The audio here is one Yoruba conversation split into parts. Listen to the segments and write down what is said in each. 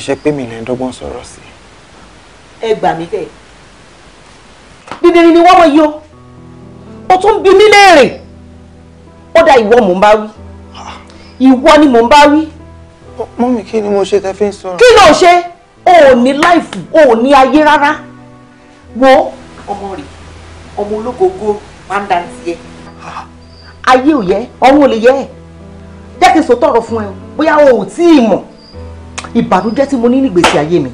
iṣẹ́ pé mi lẹ́yìn sọ̀rọ̀ sí. ẹ gbà mí kẹ́ dídìrín ni wọ́n mọ yìí o ó tún bí mí léèrè ó dá ìwọ mò ń bá wí ìwọ ni mò ń bá wí. mọ́mí kí ni mo ṣe tẹ́ fi ń sọ̀rọ̀. kí ló ṣe o ò ní láìfù o ò ní ayé rárá wo ọmọ rẹ̀ ọmọ ológogo pàǹdàǹtì ẹ ayé ò yẹ ọ̀run ò lè yẹ ẹ jẹ́ kí n sọ tọ̀rọ̀ fún ẹ bóyá o ò tí ì mọ̀ ìbànújẹ́ tí mo ní nígbèsí ayé mi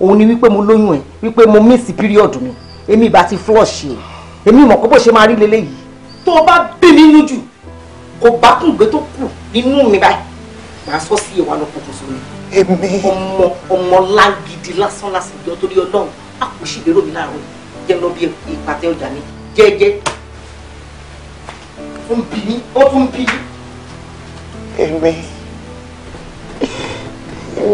òun ni wípé mo lóyún ẹ wípé mo mísì píríọ̀dù mi èmi ìbá ti flush o èmi ìmọ̀ kó bó ṣe máa rí leléyìí tó o bá bí mi nínú jù kò bá kùngbé tó kù nínú mi báyìí màá sọ sí ìwà lọ́kùnkùn sórí. èmi ọmọ ọmọ lágidi lásán lásán jọ torí ọlọ́run a kò sì lérò mi láàárọ̀ jẹ́ lọ bí ìpàtẹ ọjà mi jẹ́jẹ́ ó ń bí mi ó tún bí mi. èmi.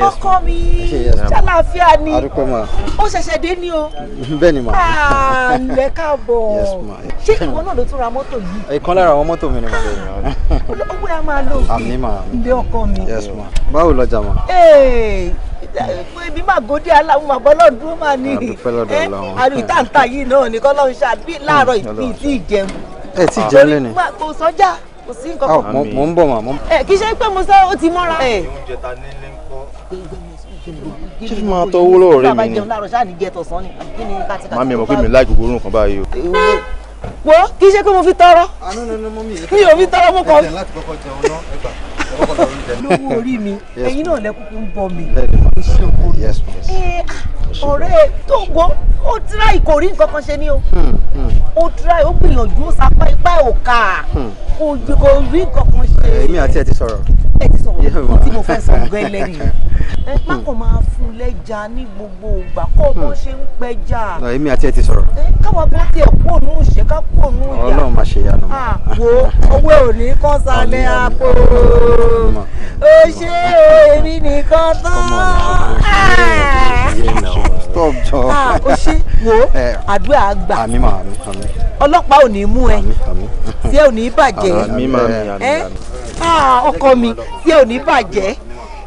ọkọ mi ṣàlàáfíà ni ó ṣẹ̀ṣẹ̀ dé ni o bẹ́ẹ̀ ni ma àlẹ́ ah, káàbọ̀ ṣé ìwọ náà ló tún ra mọ́tò yìí. ìkan lára àwọn mọ́tò mi ni mo lè rà. owó ya máa lò sí ilé ọkọ mi. báwo lọjà ma. ebi máa gòdì aláwọ̀ máa bọ́ lọ́dún máa ní àrùn eh, ìtàǹtà yìí náà ní kọ́lọ́ ń ṣàbí láàárọ̀ ìbí tí ì jẹun. ẹ ti jẹun lẹ́nu. kò sọ́jà kò sí nǹkan ah, kan. mo ń bọ̀ mà. Eh, kì í ṣe pé mo sọ ó ti mọ́ra. oúnjẹ ta ṣé fi máa tọ owó lọ́wọ́ rẹ mi ni màmí ẹ̀ mọ̀ pé mi láì gbogbo orun kan báyìí o. wo kì í ṣe pé mo fi tọrọ ah, mi ò fi tọrọ mo kàn. lówó orí mi ẹ̀yin náà lẹ́kùnkùn eh, ah, ń bọ̀ mi iṣẹ́ oko rẹ̀ ọ̀rẹ́ ó tíráì kò nǹkan kan ṣe ní o hmm, hmm. ó tíráì ó gbìyànjú ó sapá ipá ò kà hmm. kò rí nǹkan kan ṣe. èmi àti ẹ ti sọ̀rọ̀ ẹ ti sọ̀rọ̀ nǹkan tí mo fẹ́ sọ gẹ́lẹ́ ni má kàn máa fún lẹ́jà ní gbogbo ìgbà kọ́ ọmọ hmm. ṣe ń pẹja. èmi àti ẹ ti sọ̀rọ̀. káwọn bá tiẹ̀ kú òun ṣe ká kú òun yà. ọlọ́run máa ṣe ìyanu. wo owó òní kan sálẹ̀ àpò o ṣe èmi nìkan tán. stop jọ. o ṣe wo àdúrà àgbà. ọlọ́pàá ò ní mú ẹ tí ẹ ò ní bàjẹ́. àmín ọkọ mi tí ò ní bàjẹ́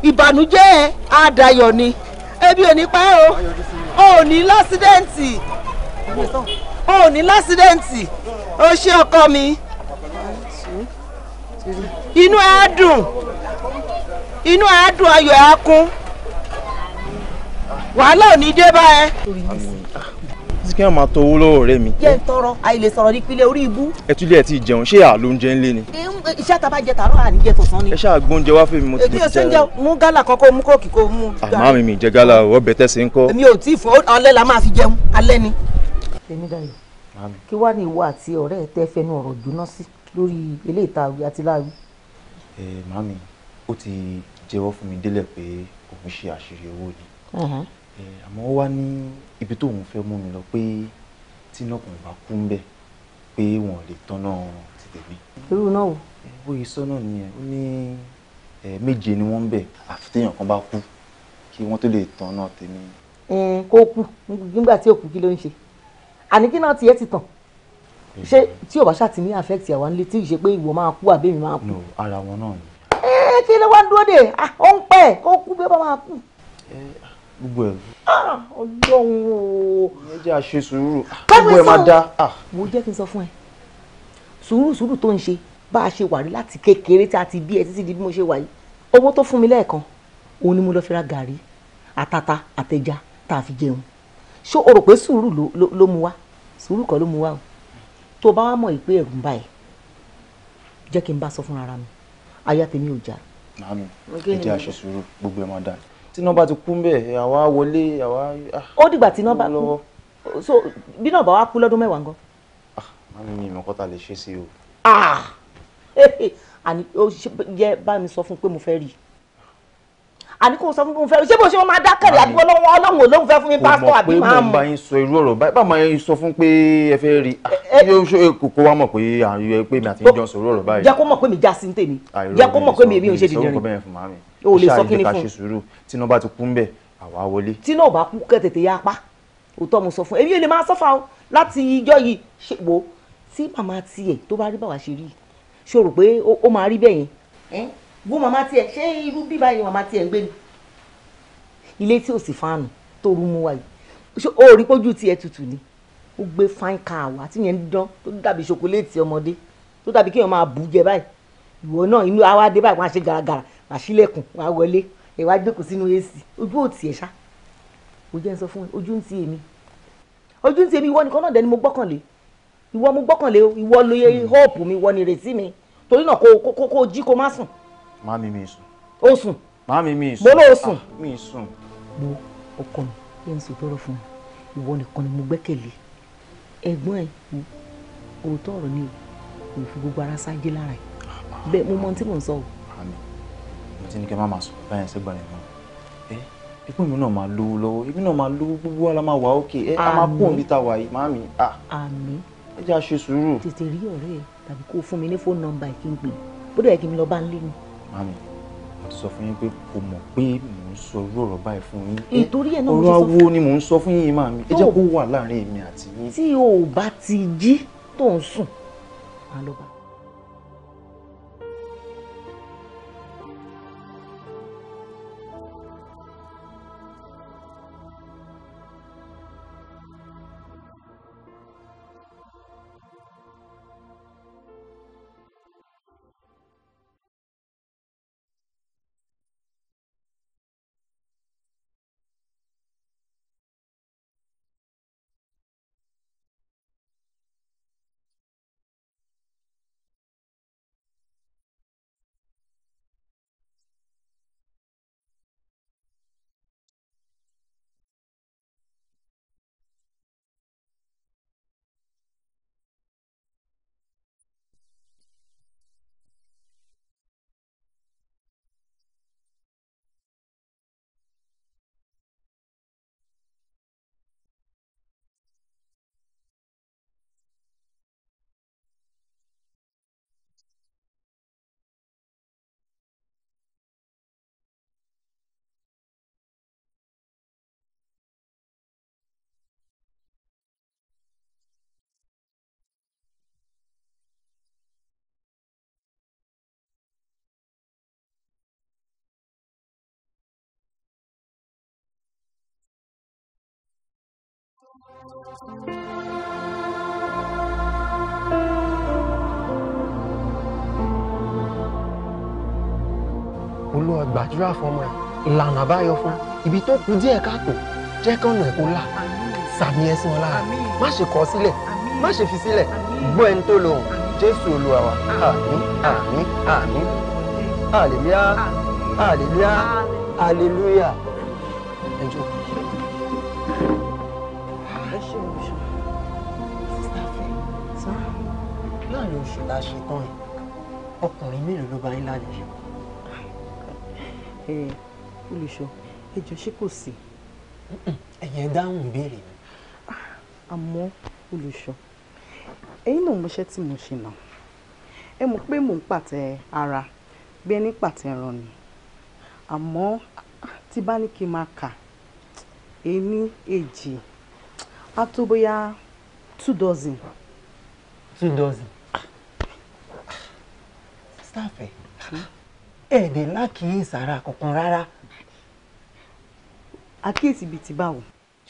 ìbànújẹ́ àdàyọ̀ ni ebi ò ní pa ẹ́ o ò ní lásídẹ́ǹtì ò ní lásídẹ́ǹtì o ṣé ọkọ mi inú ẹ á dùn inú ẹ á dùn ayọ̀ ẹ á kún wàhálà ò ní dé bá ẹ títí kí wọ́n máa tọ owó lọ́wọ́ ọ̀rẹ́ mi. jẹ́ ń tọrọ àìlè sọ̀rọ̀ ní ìpínlẹ̀ orí ibú. ẹ tún lé ẹ ti jẹun ṣé àló ń jẹ ń lé ni. iṣẹ́ ta bá jẹ tààrọ̀ àníjẹ tọ̀sán ni. ẹ ṣáà gbóúnjẹ wá fún mi mo ti lè ti jẹ. mú gálà kan kó mú kóòkì kó mú. àmọ́ mi mi jẹ gálà ọbẹ̀ tẹ̀sí ń kọ́. èmi ò tí ì fún alẹ́ la máa fi jẹun alẹ́ ni. èmi dayọ̀ kí wàá ní ìwọ àti ọ̀rẹ́ ẹ tẹ́ fẹnu ọ̀rọ̀ jóná sí lórí ilé ìtawí àti láàrú. ẹ màmí ó ti jẹ́wọ́ fún mi délẹ̀ pé òun ṣe àṣírí owó ni àmọ́ ó wá ní ibi tó ń fẹ́ mú mi lọ pé tí iná kan bá kú ń bẹ̀ pé wọ́n lè tanná ti tèmi. irú náà wò. bóyá sọ́nà nìyẹn ó ní méje ni wọ́n ń bẹ̀ àfi téèyàn kan bá kú kí wọ́n tó lè tanná tèmi. kó kú nígbà tí òkú kí ló ń ṣe àní kí náà tiẹ̀ ti tàn ṣé tí o bá ṣàtìní àfẹ́ẹ̀tì àwa nílé tí ì ṣe pé ìwọ máa kú àbẹ́mi máa kú. ara wọn náà ni kí ló wá dúró dè ah, ó ń pẹ́ kó kú bí ó bá máa kú gbogbo ẹ̀. Ah, ọlọ́run o ẹ jẹ́ àṣe sùúrù ah, gbogbo ẹ̀ máa dá. Ah. mo jẹ́ kí n sọ fún ẹ sùúrù sùúrù tó ń ṣe bá a ṣe wà rí láti kékeré tí a ti bí ẹ títí di bí mo ṣe wà yìí owó tó fún mi lẹ́ẹ̀kan òun ni mo lọ́ọ́ fi ra gàrí àtàtà àtẹja tá a fi jẹun ṣó o rò pé sùúrù ló mu wá sùúrù kọ́ ló mu wá o tó o bá wá mọ̀ yìí ẹ̀rù ń bá ẹ jẹ́ kí n bá sọ fúnra mi aya tèmi ò já. màámi ẹ jẹ́ àṣẹ sùúrù gbogbo ẹ̀ máa dáa tí nọ́mbà ti kú mbẹ àwa wọlé àwa. Ah, ó dìgbà tí nọ́mbà kú so bí nọ́mbà wa kú lọ́dún mẹ́wàá gan. Ah, màmí mi ìmọ̀ kọ́ta lè ṣe sí o. Ah! àní ó yẹ bá mi sọ fún pé mo fẹ́ rí i àní kò sọ fún mi mo fẹ́ rí i ṣé bó ṣe máa dákẹ́ rẹ̀ àdúgbò lọ́wọ́ ọlọ́run ò lóun fẹ́ fún mi pásítọ̀ àbí máa mọ̀. kò mọ̀ pé mo bá yín sọ irú ọ̀rọ̀ báyìí bá máa yín sọ fún pé ẹ fẹ́ rí i eh, eh. kò wá mọ̀ pé àyè pé mi àti yín jọ sọ irú ọ̀rọ̀ báyìí. jẹ́ kó mọ̀ pé mi já sí ní tèmi jẹ́ kó mọ̀ pé mi èmi ò ṣe dìdìrín o lè sọ kíni fún un ṣáà ìjọba ṣe sùúrù tí náà bá ti kú ń bẹ̀ àwa wọlé. tí náà bá kú kẹ́ tètè ya apá òótọ́ mo sọ fún èmi ò lè máa sọ́fà o láti ijọ́ yìí ṣe wò ó tí màmá tiẹ̀ tó bá rí báwa ṣe rí ṣe rò pé ó máa rí bẹ́ẹ̀ yẹn wo màmá tiẹ̀ ṣé irú bíbá yẹn màmá tiẹ̀ ń gbé ni ilé tí ò sì fáànù tó rú mu wa yìí ṣé o rí pójú tiẹ̀ tutù ni ó gbé fine car wá tí yẹn ń dán tó dàbí ṣokoléètì ọmọdé tó dàbí kéèyàn máa bù jẹ báyìí ìwọ náà inú àwa dé báyìí wọn á ṣe gàràgàrà àṣìlẹ̀kùn wàá wọlé ẹ wàá jókòó sínú ac ojú ò tiẹ̀ ṣá ojú ẹ sọ fún mi ojú ń ti èmi ojú ń ti èmi ìwọ nìkan náà dẹni mo gbọ́kànlé ìwọ mo gbọ́kànlé o ìwọ ló yẹ hope mi ìwọ ni ìrètí mi torí náà kò kò kò jí kó má sùn. má mi mi sùn. o sùn. má mi mi sùn. mo ló sùn. Ah, mi sùn. wo ọkọ mi kí n sòtọrọ fún mi ìwọ nìkan ni mo gbẹ́kẹ̀lé ẹ̀gbọ́n ẹ̀ òótọ́ ọ̀rọ̀ ni o kò fi gbogbo ara ṣáájú lára ẹ̀ ah, bẹ́ẹ̀ mo mọ ohun tí mò ń sọ o mo ti ní kí n má máa sọ báyẹn sẹ́gbà rẹ̀ náà ẹ ikú mi náà máa lówó lọ́wọ́ èmi náà máa lówó gbogbo wa la máa wà ókè ẹ a máa pọ̀ níbi tá a wà yìí màámi à àmín ẹ jẹ́ a ṣe sùúrù. tètè rí ọ̀rẹ́ ẹ tàbí kó o fún mi ní fóònù nọ́mbà kí n pè bódà kí n lọ bá ń lé ni. màámi mo sọ fún yín pé kò mọ̀ pé mò ń sọ irú ọ̀rọ̀ báyìí fún yín. ìtorí ẹ̀ náà mo ṣe sọ fún ọ̀rọ̀ awo ni mò ń sọ fún yín o ò bá ti jí olúwa gbàdúrà fọmọ ẹ lànà àbáyọ fún ibi tó kù díẹ̀ káàtó jẹ́ kọ́nà ẹ̀ kó là sàmì ẹ̀sìn ọ̀la má ṣe kọ̀ sílẹ̀ má ṣe fi sílẹ̀ gbọ́ ẹni tó lòun jésù olúwa wa àmín àmín àmín hallelujah hallelujah hallelujah. la ṣe tán ẹ̀ ọkùnrin mélòó ló bá yín lálejò. ẹ olùṣọ́ ẹjọ ṣé kò sí. ẹyẹ dáhùn ìbéèrè mi. àmọ́ olùṣọ́ ẹ̀yin náà mọṣẹ́ tí mo ṣe náà ẹ mọ̀ pé mò ń pàtẹ ara bí ẹni pàtẹ ẹran ni àmọ́ tí bá ní kí n máa kà ení èjì á two dozen. two dozen sísàfẹ́ ẹ̀ẹ́dẹ̀ lákìíyèsí ara kankan rárá. àkíyèsí bíi ti báwo.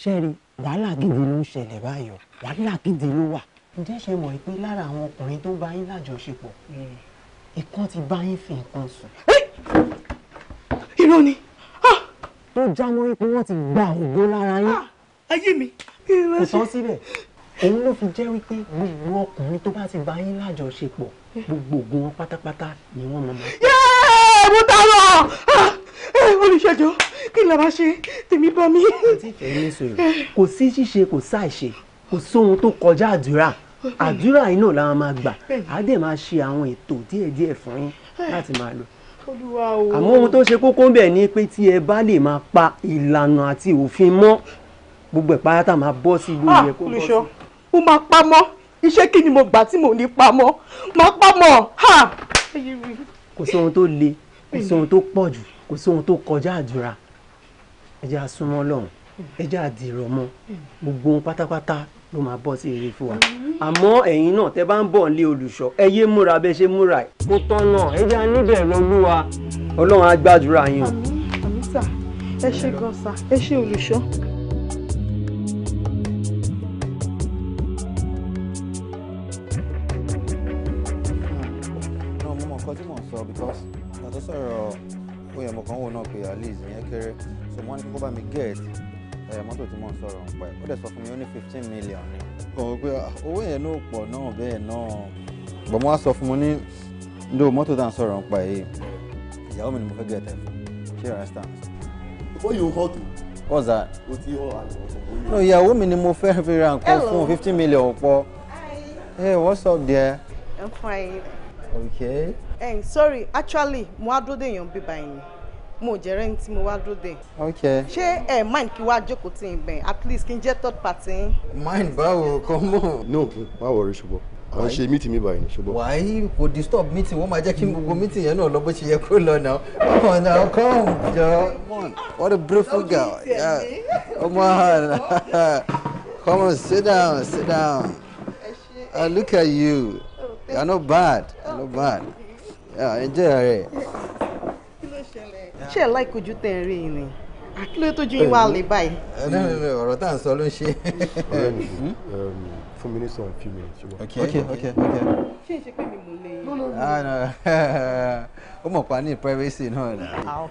ṣẹ́ẹ̀rì wàhálà gidi ló ń ṣẹlẹ̀ báyìí o wàhálà gidi ló wà. ǹjẹ́ ṣe mọ̀ pé lára àwọn ọkùnrin tó bá yín lájọṣepọ̀ ìkan ti bá yín fi nǹkan sùn. irọ́ ni. Ah! tó já mọ́ pé wọ́n ti gba ògo lára yín. Ah! ayé mi. kò tán síbẹ̀ òun ló fi jẹ́ wípé gbogbo ọkùnrin tó bá ti bá yín lájọṣepọ̀ gbogbo ògùn wọn pátápátá ni wọ́n mọ̀ mọ́. yéè mo ta lọ ah, eh, olùṣèjọ kí ni a máa ṣe tèmi bọ́ mi. àti ìfẹ́ ní sòrò kò sí ṣíṣe kò ṣàìṣe kò sóhun tó kọjá àdúrà àdúrà yìí náà làwọn máa gbà á dẹ̀ máa ṣe àwọn ètò díẹ̀díẹ̀ fún yín eh, láti máa lò àmọ́ ohun tó ṣe kókó ń bẹ̀ ni pé tí ẹ bá lè máa pa ìlànà àti òfin mọ́ gbogbo ẹ̀ pátá máa bọ́ sí ibi ìyẹn bọ́ sí. Ah, mo máa pamọ́ iṣẹ́ kí ni mo gbà tí mo ní pamọ́ máa pamọ́ ha. kò sí ohun tó le kò sí ohun tó pọ̀ jù kò sí ohun tó kọjá àdúrà ẹ jẹ́ a súnmọ́ Ọlọ́run ẹ jẹ́ a mọ́ gbogbo ohun pátápátá ló máa bọ́ sí ire fún wa àmọ́ ẹ̀yin náà tẹ́ bá ń bọ̀ nílé olùṣọ́ ẹ yé múra bẹ́ẹ̀ ṣe múra ẹ̀ mo tọ́nà ẹ jẹ́ níbẹ̀ lọ́lúwa Ọlọ́run á gbàdúrà yín o. àmín àmín sà ẹ ṣé gan sà ẹ ṣé olùṣọ́. kéré so wọ́n ní kókó bá mi get eh, mọ́tò tí mò ń sọ̀rọ̀ ń pẹ́ ó dẹ̀ sọ fún mi ó ní fifteen million ni mo rò pé ah, owó yẹn ló pọ̀ náà bẹ́ẹ̀ náà bọ̀ mo wá sọ fún mi ní ndo mọ́tò tá à ń sọ̀rọ̀ ń pa yìí ìyàwó mi ni mo fẹ́ get ẹ̀ fún ṣé ẹ̀ stand. before you hot o. what's that. o ti hot àlọ́ ọ̀sán. no ìyàwó mi ni mo fẹ́ fi ra nǹkan fún fifteen million pọ̀. hey what's up there. I'm fine. okay. Hey, eh, sorry actually mo á dúró dé èèyàn bíbá yìí mo jẹ́ rẹ́ni tí mo wá dúró dé. ok ṣé ẹ mind kí wàá jókòó tí ń bẹ̀ at least kí n jẹ́ third party. mind báwo come on. no má wọrí ṣùgbọ́n à ṣe meeting mi báyìí ni ṣùgbọ́n. wàyí kò disturb meeting wọ́n máa jẹ́ kí gbogbo meeting yẹn náà lọ bó ṣe yẹ kó lọ náà. come on now come jọ what a beautiful girl ọmọ hàn come on sit down sit down uh, look at you oh, you are oh, not bad you are not bad yeah, enjoy rẹ ṣé ẹ láì kojú tẹ̀ ń rí ni àkílẹ̀ tójú yín wà lè báyìí. Eh, ọ̀rọ̀ tá à ń sọ ló ń ṣe. Hmm? Um, fún mi ní some few minutes. ok ok ok. ṣé ìṣe pé mi mò lè. Ah, ó mọ̀ pa ní privacy náà ni. Ah,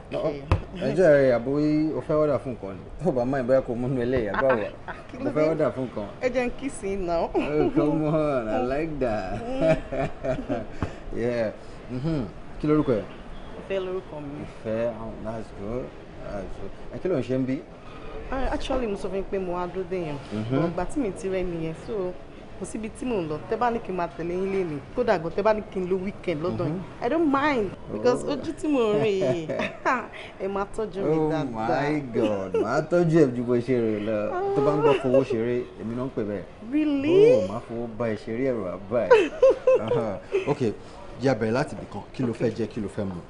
ẹjọ́ rẹ̀ àbò o fẹ́ ọ̀dà fún nǹkan ni ó bá máa ìbára kò mú inú ẹlẹ́yà bá wà o fẹ́ ọ̀dà fún nǹkan. ẹ jẹ́ n kí sí i náà. Oh, come on i like that. Mm. yeah. Mm-hmm. kí lorúkọ ẹ̀ ìfẹ́ lórúkọ mi. ìfẹ́ that's good that's good ẹ kí ló ń ah, actually mo sọ fún yín pé mo wá dúró dèèyàn ọgbà mhm. tí mi ti so kò síbi tí mò ń lọ tẹ́ bá ní kí n máa lo weekend lọ́dọ̀ yín mhm. i don't mind because oh. ojú tí mò ń rìn yìí ẹ mi dáadáa. oh my god máa tọ́jú ẹ̀ ju bó ṣe rè lọ tó bá ń gbọ́ fowó ṣeré èmi náà ń pè really oh máa fowó bá ẹ ṣeré ẹ̀rọ àbá ẹ̀ ok jẹ́ abẹ̀rẹ̀ láti ibìkan kí ló fẹ́ jẹ kí ló fẹ́ mu.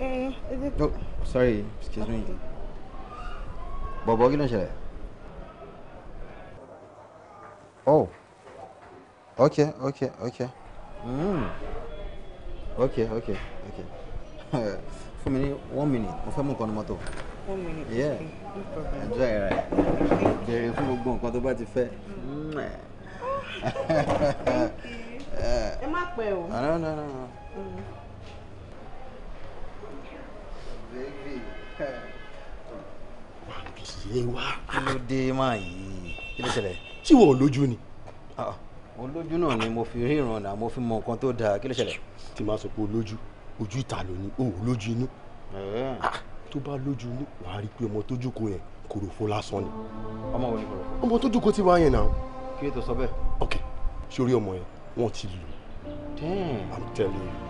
Uh, Oh, sorry. Excuse okay. me. Bọ̀bọ̀ kí ló Oh. Okay, okay, okay. Mm. Okay, okay, okay. Fún mi ní one minute, mo fẹ́ mú nǹkan ní mọ́tò. One minute. Yeah. Enjoy right? Bẹ̀rẹ̀ fún gbogbo nǹkan tó bá ti fẹ́. Oh, thank you. Eh. Ẹ má pẹ́ o. No, no, no. no. Mm. wà kì í ṣe wá. kí ló dé máa yìí kí ló ṣẹlẹ̀. ni. Ah, ah. olójú náà ni mo fi ríran náà mo fi mọ nǹkan tó dáa kí ló ṣẹlẹ̀. tí màá sọ pé olójú ojú ìta ló ní o ò lójú inú. Eh. Ah, tó bá lójú inú wàá rí i pé ọmọ tójú ko yẹn kòròfo lásán ni. ọmọ wo ni kòròfo. ọmọ tójú ko ti wá yẹn náà. kí ló tó sọ bẹ́ẹ̀. ok sórí ọmọ yẹn wọ́n ti lù. damn i'm telling you.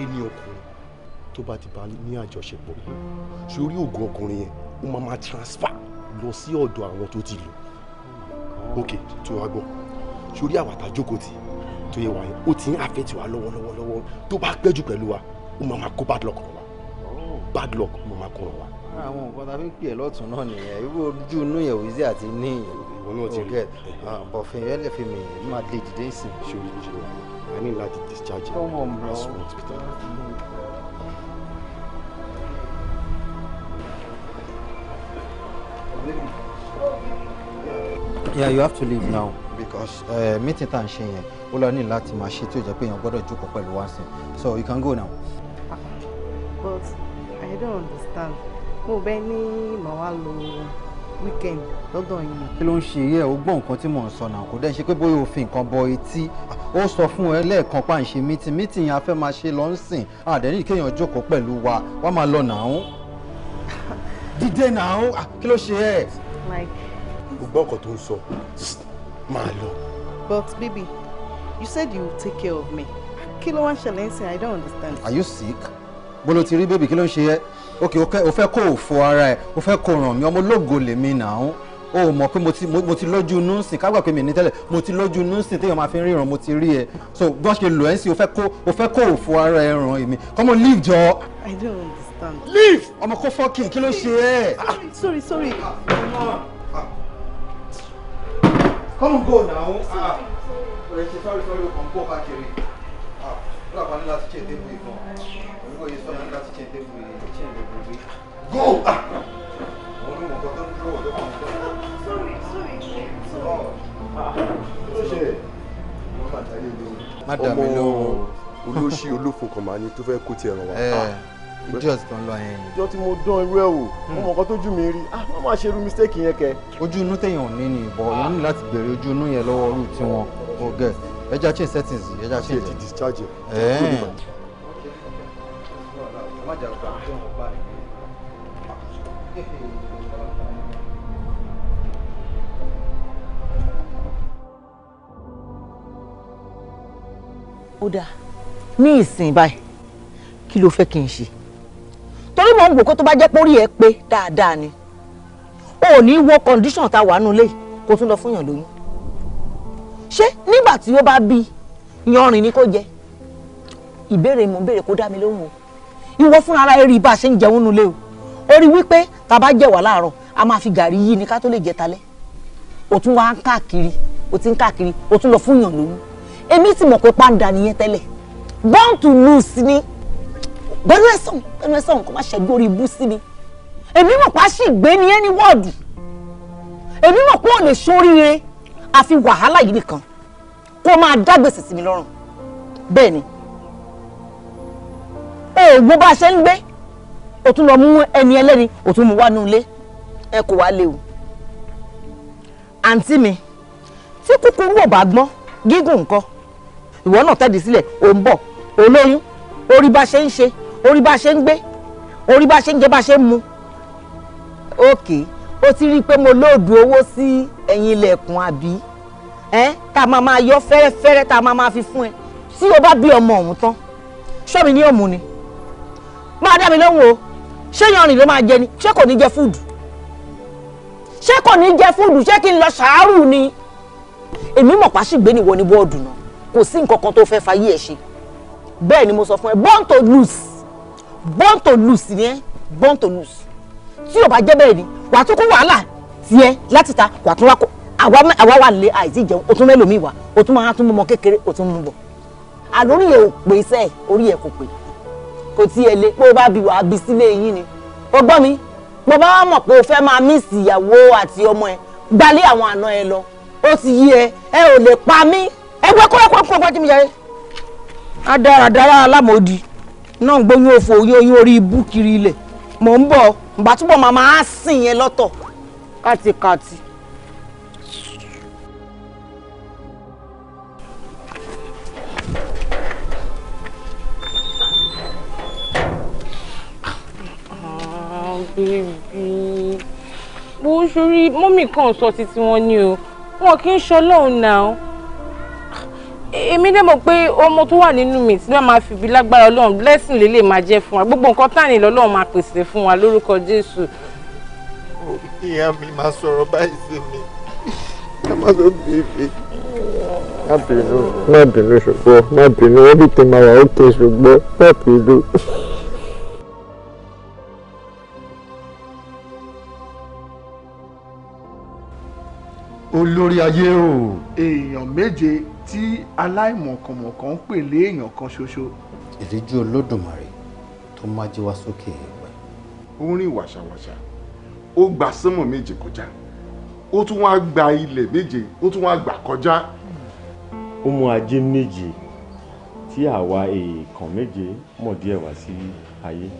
ẹni ọkùnrin tó bá ti bá ní àjọṣepọ̀ sórí oògùn ọkùnrin yẹn ó máa máa transfer lọ sí ọ̀dọ̀ àwọn tó ti lò ok tó wá gbọ́ sórí àwàtà jókòó tì tó yẹ wá yẹn ó ti ń àfẹ́tì wá lọ́wọ́lọ́wọ́ tó bá pẹ́jù pẹ̀lú wa ó máa máa kó bad luck ràn wá bad luck ó máa máa kó wá. àwọn nǹkan tá a fi ń pè é lọ́tún náà nìyẹn irú ojú inú yẹn wíṣẹ́ àti níyìn òkè bọ̀fìn yẹn lè fi mí máa lè dìde ìsìn. sórí ìṣòro a ní láti discharge ẹ̀ ní asun hospital. Yeah, you have to leave now because uh, meeting tá à ń ṣe yẹn ó lọ ní láti máa ṣe tí ó jẹ́ pé èèyàn so you can go now. Ah, but I don't understand mo bẹ ní weekend lọ́dọ̀ yìí. kí ló ń ṣe yẹ o gbọ́ nǹkan tí mò ń sọ náà kò dẹ́n ṣe pé bóyá o fi nǹkan bọ etí ó sọ fún ẹ lẹ́ẹ̀kan pa à ń ṣe mítìn mítìn yẹn a fẹ́ máa ṣe lọ́nsìn àdẹ́rìn kéèyàn jókòó pẹ̀lú wa wá máa lọ nàá ń dídé nàá ń kí ló ṣe ẹ. gbogbo ọkọ tó ń sọ máa lọ. but baby you said you would take care of me kí ló wá ṣẹlẹ̀ ń sìn i don't understand. are you sick? bolo ti rí bébì kí ló ń ṣe ẹ Okay, o fẹ́ kó o fọ ara ẹ̀ o fẹ́ kó o ràn mí ọmọ ológo lèmi náà o mọ̀ pé mo ti lójú nùsìn kágbà pé mi ní tẹ́lẹ̀ mo ti lójú nùsìn téèyàn máa fi ríran mo ti rí ẹ so bó ṣe lò ẹ́ sí o fẹ́ kó o fọ ara ẹ ràn èmi come on leave jọ. I don't understand. leave ọmọ kó fọ́ọ̀kì kí ló ṣe ẹ́. sorry sorry. come on go now. Ah. Sorry, sorry, sorry. sọ́rí o kàn ń bọ̀ káàkiri. ọ̀rẹ́ ah, ní láti ṣe é débò ìfọ̀n. Go! ah, Madam ọmọ olóṣì olófokàn máa ní tó fẹ́ kó tiẹ̀ ràn wá. idiot eh, ah. kan lọ yẹn ni. ìjọ tí mo dán irú ẹ wò mo mọ̀ nǹkan tójú mi rí ah má má ṣe irú mistake yẹn kẹ. ojú inú téèyàn ò ní ni ìbọ̀ èèyàn ní láti bèrè ojú inú yẹn lọ́wọ́ rú tiwọn ọ̀gẹ̀ ẹja change settings ẹja change. ẹ ti discharge ẹ. Eh. ẹ má jà ọ̀gá. ó dáa ní ìsìn báyìí kí ló fẹ́ kí n ṣe torí mò ń wò kó tó bá jẹ́ pórí ẹ pé dáadáa ni o ò ní wọ condition tá a wà nù lẹ́yìn kó tún lọ fún yàn lóyún ṣé nígbà tí ó bá bí yanrìn ni kò jẹ ìbéèrè mò ń béèrè kó dá mi lóhùn o ìwọ fúnra ara rí bá a ṣe ń jẹun nulẹ̀ o ó rí wípé tá a bá jẹ̀wà láàárọ̀ a máa fi gàrí yí ni ká tó lè jẹ talẹ́ o tún wá ń káàkiri o ti ń káàkiri o tún lọ fún yàn lóyún èmi sì mọ̀ pé pàǹdà nìyẹn tẹ́lẹ̀ born to lose ni pẹ̀lú ẹ̀sán pẹ̀lú ẹ̀sán nǹkan má ṣe gbórí ibú sí mi èmi mọ̀ pé a sì gbé ní ẹni wọ́ọ̀dù èmi mọ̀ pé ò lè ṣoríire àfi wàhálà yìí nìkan kó máa dá sí mi lọ́rùn bẹ́ẹ̀ ni oògùn bá a ṣe ń gbé o tún lọ mú ẹni ẹlẹ́ni o tún mú wá ní ilé ẹ kò wá lé o àǹtí mi tí kúkúrú ò bá gbọ́n gígùn nǹkan ìwọ náà tẹ̀dí sílẹ̀ ò ń bọ̀ olóyún orí bá ṣe ń ṣe orí bá ṣe ń gbé orí bá ṣe ń jẹ bá ṣe ń mu òkè ó ti rí i pé mo lóòdù owó sí ẹ̀yìn ilẹ̀kùn àbí ẹ́ tá a máa máa yọ fẹ́rẹ́fẹ́rẹ́ tá a máa máa fi fún ẹ tí o bá bí ọmọ ọ̀hún tán ṣọ́mi ní òmù ni máa dá mi lóhùn o ṣé yanrìn ló máa jẹ ni ṣé kò ní jẹ fúdù ṣé kò ní jẹ fúdù ṣé kí n lọ ṣàárù ni èmi mọ̀ pàṣígbé nìwọ ni bọ́ọ̀dù náà kò sí nǹkan kan tó fẹ́ fayé ẹ̀ ṣe bẹ́ẹ̀ ni mo sọ fún ẹ born to lose born to lose ni ẹ born to lose tí ò bá jẹ́ bẹ́ẹ̀ ni wàá tún kó wàhálà tiẹ̀ láti ta wàá tún wá kó àwa wà lé àìsí ìjẹun o tún mẹ́lòmíì wá o tún máa tún mú ọmọ kékeré o tún mú bọ̀ àlórí ẹ̀ ò pè sẹ́ẹ̀ orí ẹ̀ kò pè kò tí ẹ lé pé ó bá bi wàá bi sílé yín ni ó gbọ́ mi mo bá wà mọ̀ pé o fẹ́ máa mísì ìyàwó àti ọmọ ẹ gbalé àwọn àna ẹ lọ ó ti yí ẹ ẹ ò lè pa mí ẹgbẹ́ kọ́lọ́kọ́ kó ọgbọ́n tí mi yẹ adáradára alámòdì náà gbóyún òfò yóyún orí ibú kiri ilẹ̀ mò ń bọ̀ ǹgbà túbọ̀ màmá á sìn yẹn lọ́tọ̀ kátikati. bèbí bó ṣorí mọ́mì kan sọ títí wọn ni o wọn kì í ṣọlọ́run náà èmi dẹ̀ mọ̀ pé ọmọ tó wà nínú mi tí wọ́n máa fi bí lágbára ọlọ́run blessing lè lè máa jẹ́ fún wa gbogbo nǹkan tá à ní lọ́lọ́run máa pèsè fún wa lórúkọ jésù. ìyá mi máa sọ̀rọ̀ báyìí sí mi ká má lọ bèbè. má bínú má bínú ṣùgbọ́n má bínú everything máa wà ókè ṣùgbọ́n má bínú. olórí ayé o èèyàn méje tí aláìmọ̀kànmọ̀kàn ń pè lé èèyàn kan ṣoṣo. ìríjú olódùmarè tó májí wá sókè èèpẹ̀. ó rìn wàṣàwàṣà ó gba sánmọ̀ méje kọjá ó tún wá gba ilẹ̀ méje ó tún wá gbà kọjá. ó mú ajé méje tí àwa èèkàn méje mọ̀ díẹ̀ wá sí ayé.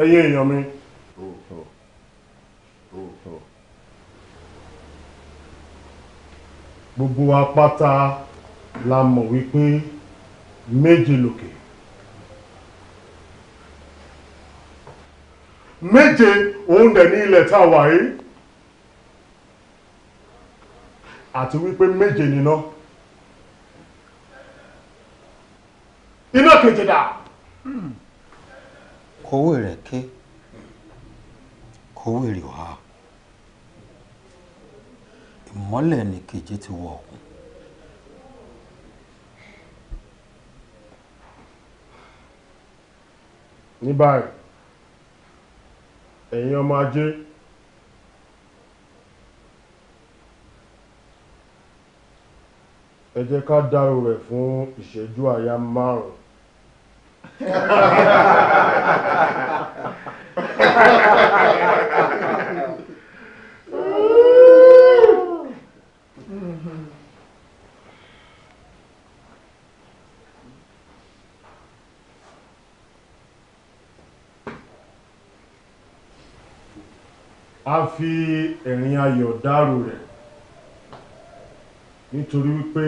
ẹyẹ èèyàn mi. gbogbo apáta la mọ̀ wípé méje lòkè méje òun dẹ̀ ní ilẹ̀ tá a wà yìí àti wípé méje níná iná kejì dà. Mm. kọwé rẹ̀ ké kọwé rẹ̀ wá ìmọ́lẹ̀ ní kejì ti wọ̀ ọ̀kun. ní báyìí ẹ̀yin ọmọ ajé ẹ jẹ́ ká dárò rẹ̀ fún ìṣẹ́jú àyá márùn-ún. a fi ẹrin ayọ̀ dárò rẹ̀ nítorí wípé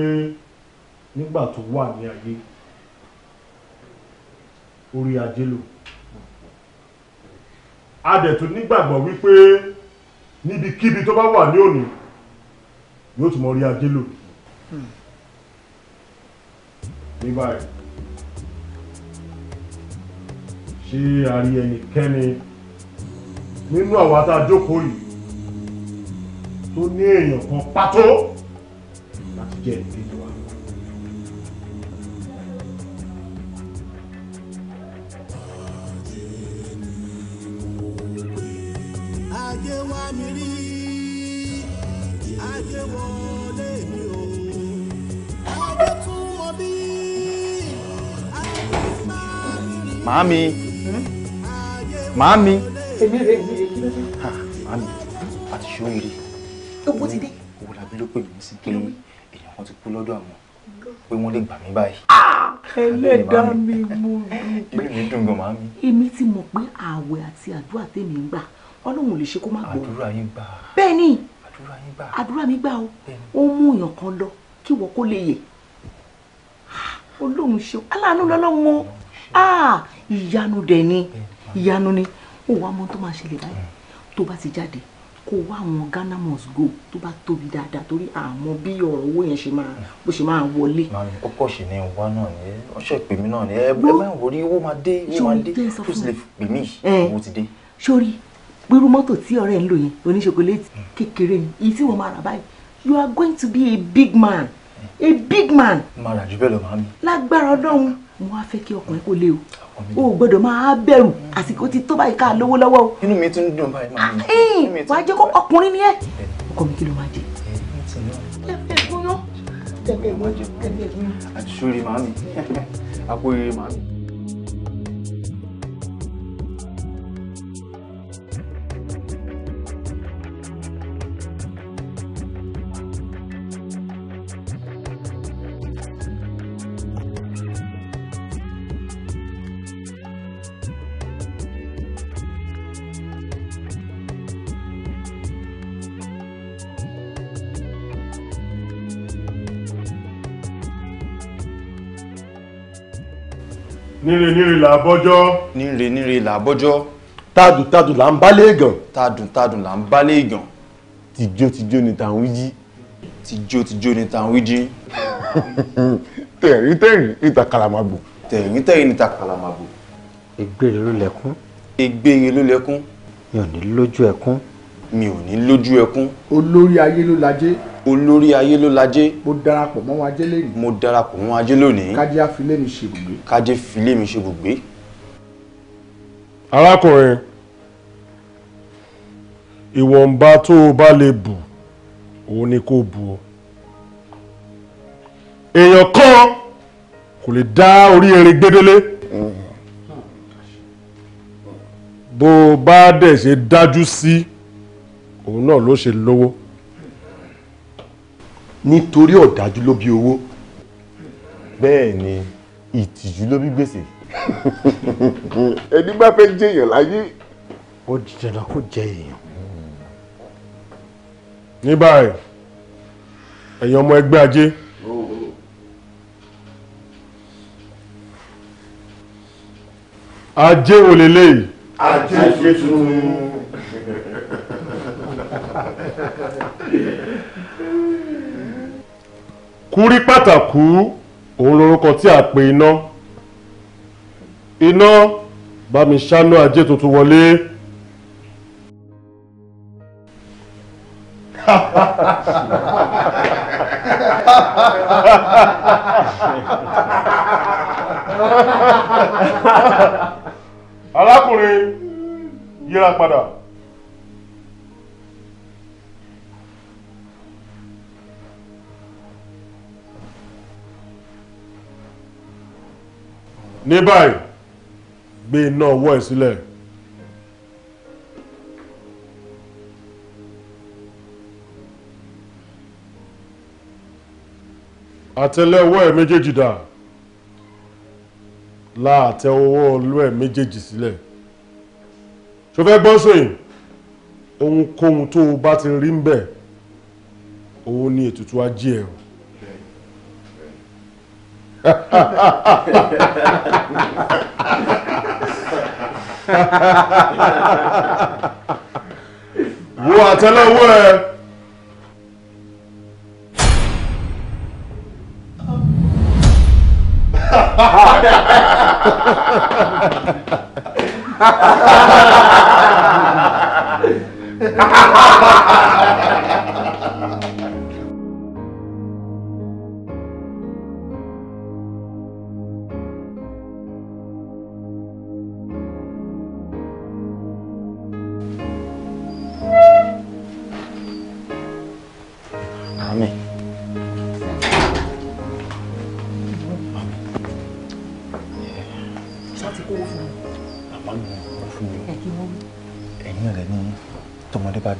nígbà tó wà ní ayé. orí ajé lò a dẹ̀ tún nígbàgbọ́ wípé níbikíbi tó bá wà ní òní yóò tún mọ orí ajé lò ní báyìí ṣé a rí ẹnikẹ́ni nínú àwa tá a yìí tó ní èèyàn kan pàtó láti jẹ́ ìdí. màámi hmm? màámi màámi àti ṣóyèrè owó ti dé owó làbí ló pè mí sí pé èèyàn kan ti kú lọ́dọ̀ àwọn pé wọ́n lè gbà mí báyìí. Ah! ẹlẹ́dàá mi mo dùn. èmi dùn gan màámi. èmi ti mọ̀ pé ààwẹ̀ àti àdúrà tèmi ń gbà ọlọ́run lè ṣe kó má gbọ́. àdúrà yín gbà. bẹ́ẹ̀ ni àdúrà yín mi gbà o ó mú èèyàn kan lọ kí wọ́n kó lè yè ah! ọlọ́run ṣe aláàánú lọ́lọ́run o. Ah, ìyanu dẹ̀ ni ìyanu ni ó wá mọ́ tó máa ṣẹlẹ̀ báyìí tó bá ti jáde kó wá àwọn Ghana must go tó bá tóbi dáadáa torí àmọ́ bí ọ̀rọ̀ owó yẹn ṣe máa bó ṣe máa wọlé. ó pọ̀ sí ní wa náà ni ó ṣe pè mí náà ni ẹ máa ń wọrí owó máa dé owó máa dé tó sì lè pè mí owó ti dé. sórí gbérú mọ́tò tí ọ̀rẹ́ ń lò yẹn oníṣokoléètì kékeré ni èyí tí wọ́n máa rà báyìí you are going to be a big man a big man. máa rà jù bẹ́ẹ̀ lọ màámi. lágbára ọlọ́run mo wá fẹ́ kí ọkùnrin kò le o o gbọ́dọ̀ máa bẹ̀rù àsìkò ti tó báyìí ká lówó lọ́wọ́ o. inú mi tún dùn báyìí máa ah, eh, mi. wàá jẹ́ kó ọkùnrin ni ẹ́ eh, eh, ọkọ mi kí ló máa jẹ. tẹ̀fẹ̀ gbóná tẹ̀fẹ̀ gbóná tẹ̀fẹ̀ gbóná. àti sórí màmí àpò ìrè màmí. níre níre là bọ́jọ́. níre níre là bọ́jọ́. tádùn tádùn là ń bá léègàn. tádùn tádùn là ń bá léègàn. tìjó tìjó ni tàwọn jí. tìjó tìjó ni tàwọn jí. tẹ̀rín tẹ̀rín ni tàkàlà máa bò. tẹ̀rín tẹ̀rín ni tàkàlà máa bò. ló lẹkún. ègbére ló lẹkún. mi lójú ẹkún mi ò ní lójú ẹkún. olórí ayé ló lajé. olórí ayé ló lajé. mo darapọ̀ mọ́ wọn ajé lónìí. mo darapọ̀ mọ́ wọn ajé lónìí. kájé afilé mi ṣe bùgbé. kájé filé mi ṣe bùgbé. arákùnrin ìwọ̀nba tó o bá lè bù òun ni kò bù o èèyàn kan kò lè dá orí erin gbédélé bó o bá dẹ̀ ṣe dájú sí. Si òun náà ló ṣe lówó nítorí ọ̀dájú ló bí owó bẹ́ẹ̀ ni ìtìjú ló bí gbèsè ẹni bá fẹ́ jẹ èèyàn láyé ó di dandan kó jẹ èèyàn. ní báyìí ẹ̀yin ọmọ ẹgbẹ́ ajé. ajé wo leléyìí. ajé tuntun. kúrí pàtàkù òun lorúkọ tí a pè iná iná bá mi ṣáná ajé tuntun wọlé. arákùnrin yíra padà. ní báyìí gbé iná ọwọ́ ẹ̀ sílẹ̀. àtẹlẹ ọwọ́ ẹ̀ méjèèjì dà la àtẹ ọwọ́ ọlọ́ ẹ̀ méjèèjì sílẹ̀ ṣo fẹ́ gbọ́ sóyìn ohunkóhun tó o bá ti rí ń bẹ̀ òun ni ètùtù ajé ẹ̀ wo àtẹ́lẹwọ́ ẹ.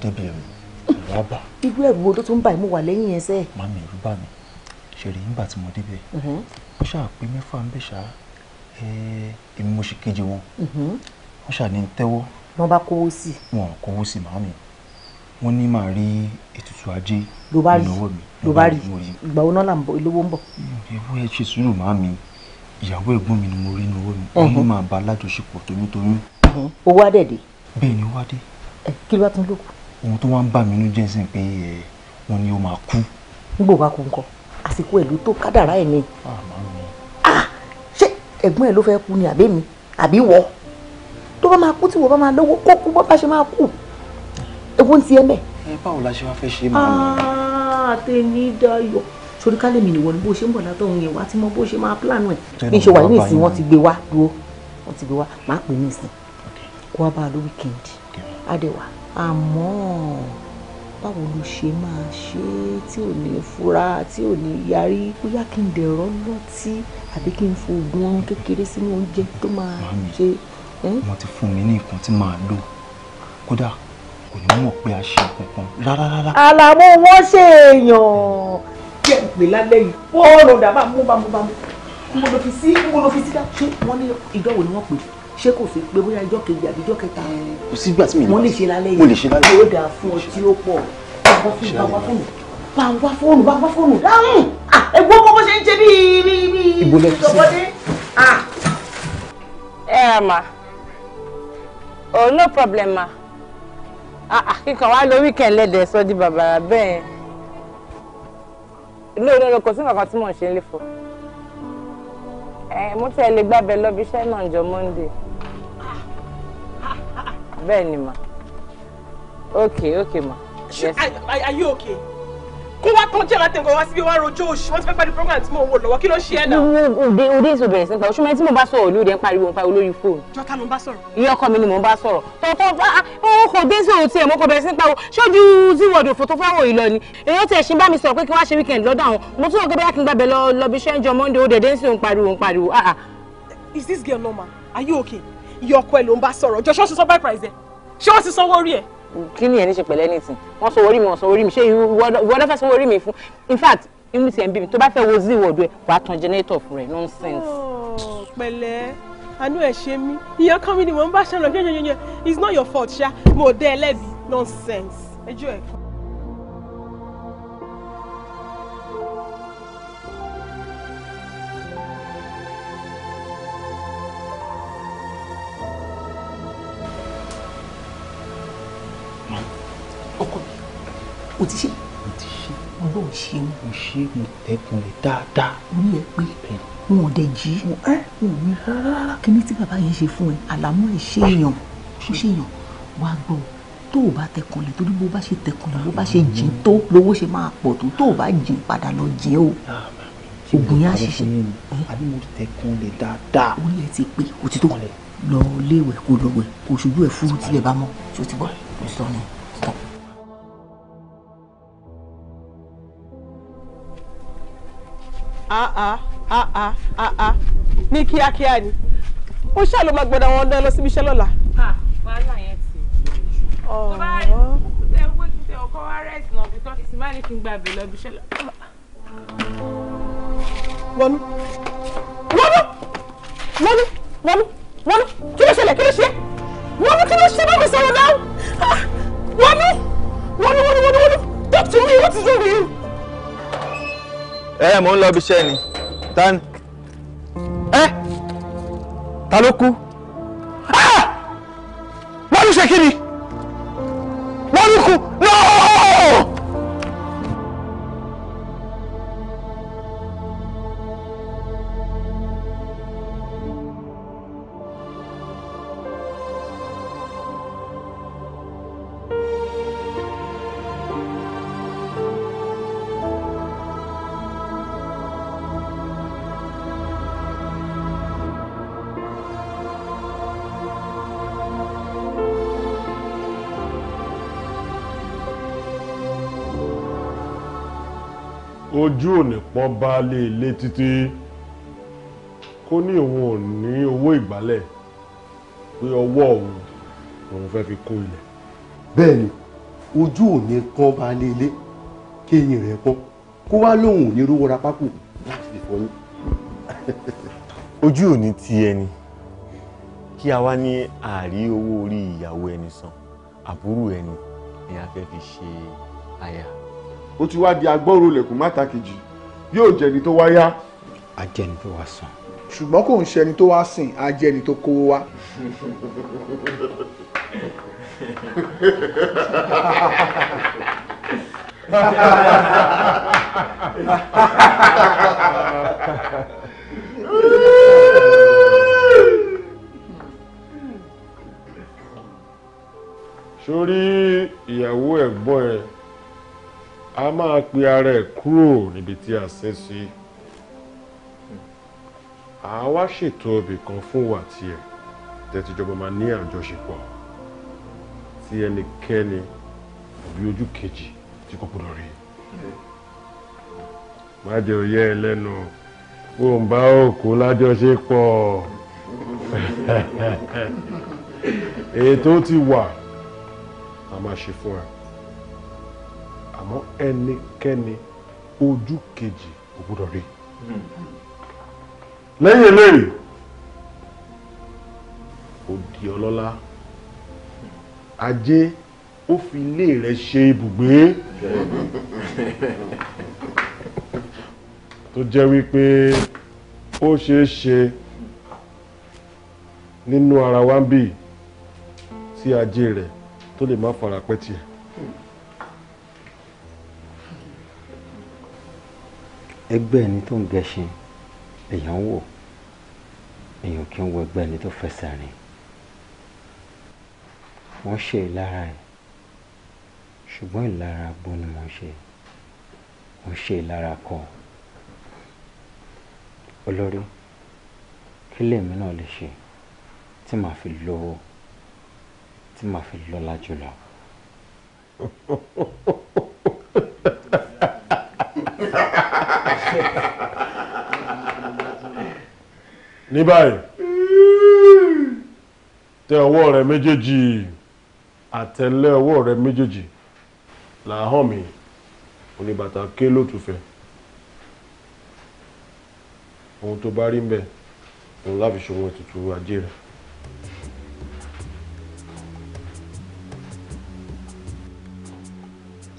débi ẹ̀rù ẹ̀rù á bà. irú ẹ̀rù wo ló tún bá ìmú wà lẹ́yìn ẹsẹ̀. màmí ẹ̀rù bà mí ṣèrè nígbà tí mo débẹ̀ mm-hmm. wọ́n ṣáà pé mẹ́fà ń bẹ̀ ṣá èmi mo ṣe kejì wọn mm-hmm. wọ́n ṣáà ní tẹ́wọ́. wọ́n bá kówó sí. wọn ò kówó sí màmí wọ́n ní màá rí ètùtù ajé ìnáwó mi ló bá rí ìgbà wo náà là ń bọ olówó ń bọ̀. ìwọ ẹ ṣe sùúrù màmí ìyàwó ẹ̀gbọ́n mi ni mo rí ìnáwó mi òun ló máa bá alájọṣepọ̀ tóyúntóyún. owó adẹ̀dẹ̀. bẹ́ẹ̀ ni owó adé. kí ló wá tún lókun ohun tó wá ń bà mí nú jẹ́ sìn pé wọ́n ní ó máa kú. nígbò bá kú nǹkan àsìkò ẹ̀ ló tó kádàrá ẹ̀ ni ah, ah, ṣé ẹ̀gbọ́n ẹ̀ ló fẹ́ kú ni àbí mi àbí wọ́ tó bá máa kú tí wọ́n bá máa lówó kó kú bó bá ṣe máa kú ewu ń ti ẹ́ mẹ́. ẹ báwo la ṣe wá fẹ́ ṣe máa ah, lọ. àtẹni dayọ sori ká lèmi nìwọ ni bó ṣe ń bọ̀ látọ̀ òun yẹn wá tí mo bó ṣe máa pílànù ẹ̀ ní ṣe wà ní ìsìn wọn ti gbé wá dúró wọn ti gbé wá máa pè ní ìsìn kó wá bá a lórí kìndì á Àmọ́ báwo lo ṣe máa ṣe tí ò ní fura, tí ò ní yarí? Bóyá kí n dẹ̀rọ̀ lọ́tí àbí kí n fo òògùn kékeré sínú oúnjẹ tó máa ṣe. Wọ́n ti fún mi ní nǹkan tí màá lò. Kódà kò ní mọ̀ pé a ṣe kankan rárá rárá. Àlàmú wọ́n ṣe èèyàn. Jẹ́ ìpè lálẹ́ yìí. Fọ́ọ̀rọ̀ dàbà mú bámú bámú. Mo lọ fi sí, mo lọ fi sí ká. Ṣé wọ́n ní ìjọ́wò ni wọ́n pè é? ṣé kò sí pé bóyá ijọ́ kejì àbí ijọ́ kẹta. kò sí ìgbà tí mi lè wá mo lè ṣe lálẹ́ yìí. yóò dáa fún ọ tí ó pọ̀ bá wá fóònù bá wá fóònù dáhùn ẹgbẹ́ owó bó ṣe ń ṣe bíi bíi bíi oh no problem ma kíkan wá lórí kẹlẹ́dẹ̀ sọ di bàbàrà bẹ́ẹ̀ lóòrùn lóko sí nǹkan tí mò ń ṣe ń lè fọ mo tẹ̀ lè gbábẹ́ lọ́bi iṣẹ́ náà jọ monday bẹ́ẹ̀ ni mà okay okay ma. ṣe are you okay? kó wá tán jẹ́ látẹ̀ nǹkan wá síbi wá rojọ́ oṣù wọ́n ti fẹ́ parí program tí mò ń wò lọ́wọ́ kí ló ṣe ẹ̀ náà. òde òde èso bẹ̀rẹ̀ sí ń pa oṣù mẹ́rin tí mo bá sọ̀rọ̀ ní òde ń pariwo ń pa olórí fóònù. jọ́tà ló ń bá sọ̀rọ̀. iye ọkọ mi ni mò ń bá sọ̀rọ̀ tọ́tọ́ ó ah, kò dé sí òun tiẹ̀ mo kò bẹ̀rẹ̀ sí ń pariwo ṣojú zíwọ̀dù fòtó fẹ́ wòye lọ ni èyí ó tiẹ̀ ṣe bá mi sọ̀rọ̀ pé kí wá ṣe weekend lọ́dọ̀ àwọn mo tún ọ̀gá bẹ́yà kí n gbàgbẹ́ ah, ah. Is this girl normal? Are you okay? iye ọkọ ẹ ló ń bá sọ̀rọ̀ jọ ṣọ́ọ̀ṣì sọ báyìí price ẹ ṣé wọ́n ti sanwó orí ẹ̀. kí ni ẹ̀ ní ṣe pẹ̀lẹ́ ní ìsìn wọ́n sanwó orí mi wọ́n sanwó orí mi ṣé ìwọ náà sanwó orí mi fún in fact inú ti ẹ̀ ń bí mi tó bá fẹ́ wo zí wọ̀dù ẹ̀ wàá tan generator fún rẹ̀ nonsense. Oh, pẹ̀lẹ́ àánú ẹ̀ ṣe mí ìyẹn kan mi ni mò ń bá ṣàlọ́ yẹ́nyẹ́nyẹ́ it's not your fault ṣá mo dé ẹlẹ́bi nonsense ẹjọ́ ẹ̀. kò ti ṣe. mo ti ṣe. ọlọ́run ṣe mo. mo ṣe mo tẹkùn rẹ dáadáa. orí ẹ pé wọn ò dẹ jí. ẹ ò ní rárá. kíní tí bàbá yẹn ṣe fún ẹ àlámú ẹ ṣe èèyàn ṣe èèyàn wá gbọ́ tó o bá tẹkànlẹ̀ torí bó bá ṣe tẹkànlẹ̀ bó bá ṣe jìn tó lówó ṣe máa pọ̀ tó tó o bá jìn padà lọ jìn o ògùn yẹn á ṣiṣẹ́. àbí mo tẹkànlẹ̀ dáadáa. orí ẹ ti pé òtítọ́ lọ léwẹ̀ kó lọ wẹ̀ kó ṣojú ẹ̀ fúrú tilẹ̀ bá mọ́ ṣó ti bọ́ ìsọ̀nù. àá àá àá ní kíákíá ni ó ṣáà ló máa gbọ́dọ̀ wọn dán lọ síbi iṣẹ́ lọ́la. Ah, wàhálà yẹn ti tó bá rí kúkúté pé kúkúté ọkọ wa rẹ́ẹ̀sì náà bí tọ́kì sí má ní kí n gba àbẹ̀ lọ ibi iṣẹ́ lọ. wọnú wọnú wọnú wọnú wọnú kí ló ṣẹlẹ̀ kí ló ṣe wọnú kí ló ṣe bá mi sọ̀rọ̀ náà ah, wọnú wọnú wọnú wọnú talk to me what is wrong with you ẹ mò ń lọ ibi ni ta ni ẹ ta ló kú ah! wọ́n ló ṣe kí ni wọ́n ló kú náà. ojú òní pọ́n baálé ilé e títí kó ní òun ò ní owó ìgbálẹ̀ pé ọwọ́ òun òun fẹ́ fi kó ilẹ̀. bẹ́ẹ̀ ni ojú òní pọ́n baálé ilé e kéyìn rẹ̀ pọ́n kó wá lóun ò ní rówó ra pákó láti fi fọyín. ojú òní ti ẹni kí a wá ní àárí owó orí ìyàwó ẹni san àbúrò ẹni ni a fẹ́ fi ṣe aya ó ti wá di agbọ́rò lẹ̀kùn máta kejì yóò jẹni tó wá yá. a jẹni tó wá sàn. ṣùgbọ́n kò ń ṣẹni tó wá sìn a tó kówó wá. sórí ìyàwó ẹ̀gbọ́n rẹ̀ a máa pe ara ẹ̀ kúrò níbi tí a sin sí a wá ṣètò ibì kan fún wa tiẹ̀ tẹ́tíjọba máa ní àjọṣepọ̀ tí ẹnikẹ́ni àbí ojú kejì tí kò gbọdọ̀ rí má jẹ́ òye ẹ lẹ́nu o ń bá òkú lájọṣepọ̀ ètò ti wà a máa ṣe fún ẹ àmọ́ ẹnikẹ́ni ojú kejì ò gbọ́dọ̀ rí lẹ́yìn eléyìí ó di ọlọ́lá ajé ó fi ilé rẹ̀ ṣe ibùgbé tó jẹ́ wípé ó ṣeé ṣe nínú ara wa ń bì tí ajé rẹ̀ tó lè má fara pẹ́ tiẹ̀. ẹgbẹ́ ẹni tó ń gẹṣin èèyàn wò èèyàn kì í wo ẹgbẹ́ ẹni tó fẹsẹ̀ rìn wọ́n ṣe ìlara ẹ̀ ṣùgbọ́n ìlara agbó ni wọ́n ṣe wọ́n ṣe ìlara kọ́ olórí kí lèmi náà lè ṣe tí màá fi lówó tí màá fi lọ́lá jùlọ. ní báyìí tẹ ọwọ́ rẹ méjèèjì àtẹlẹ ọwọ́ rẹ méjèèjì làáhàn mi oníbàtà ké lótùfẹ́ ohun tó bá rí ń bẹ òun láfi ṣòwò ètùtù ajé rẹ.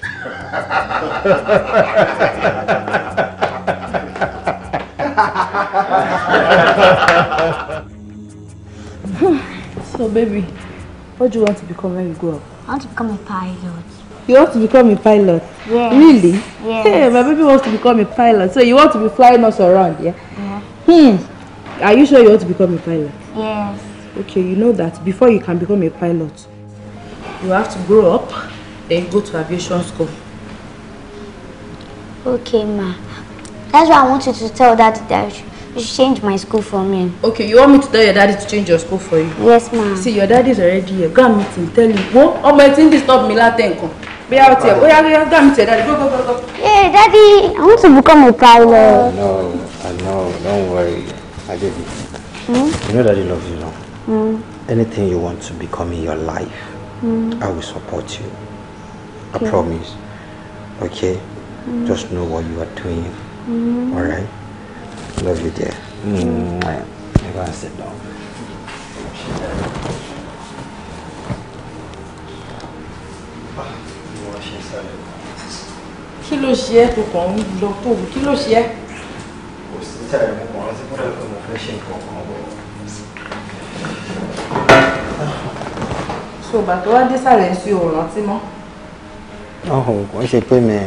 ha ha ha ha ha ha so, baby, what do you want to become when you grow up? I want to become a pilot. You want to become a pilot? Yes. Really? Yes. Hey, my baby wants to become a pilot. So you want to be flying us around, yeah? Yeah. Hmm. Are you sure you want to become a pilot? Yes. Okay, you know that before you can become a pilot, you have to grow up, then go to aviation school. Okay, ma. That's why I want you to tell Daddy that Change my school for me. Okay, you want me to tell your daddy to change your school for you? Yes, ma'am. See, your daddy is already here. Go and meet him. Tell him. Whoa, ọmọ ẹ ti ń disturb mi láti Be out here. Oh, yeah, yeah, go and meet your daddy. Go, go, go, go. Hey, daddy, I want to become a pilot. No, I know. Don't worry. I did it. Hmm? You know daddy loves you, no? Hmm. Anything you want to become in your life, hmm. I will support you. I promise. Okay? Mm. Just know what you are doing. Mm. Alright? Love you, dear. Mm. -hmm. Go and sit down. kí ló ṣe ẹ́ tó kàn ń lọ tó wù kí ló ṣe ẹ́. kò sí sáré mo kàn rántí kúrò pé mo fẹ́ ṣe nǹkan kan bọ̀. so bàtọ́ wá dé sàlẹ̀ sí o rántí mọ́. ọ̀hún kò ń ṣe pé mi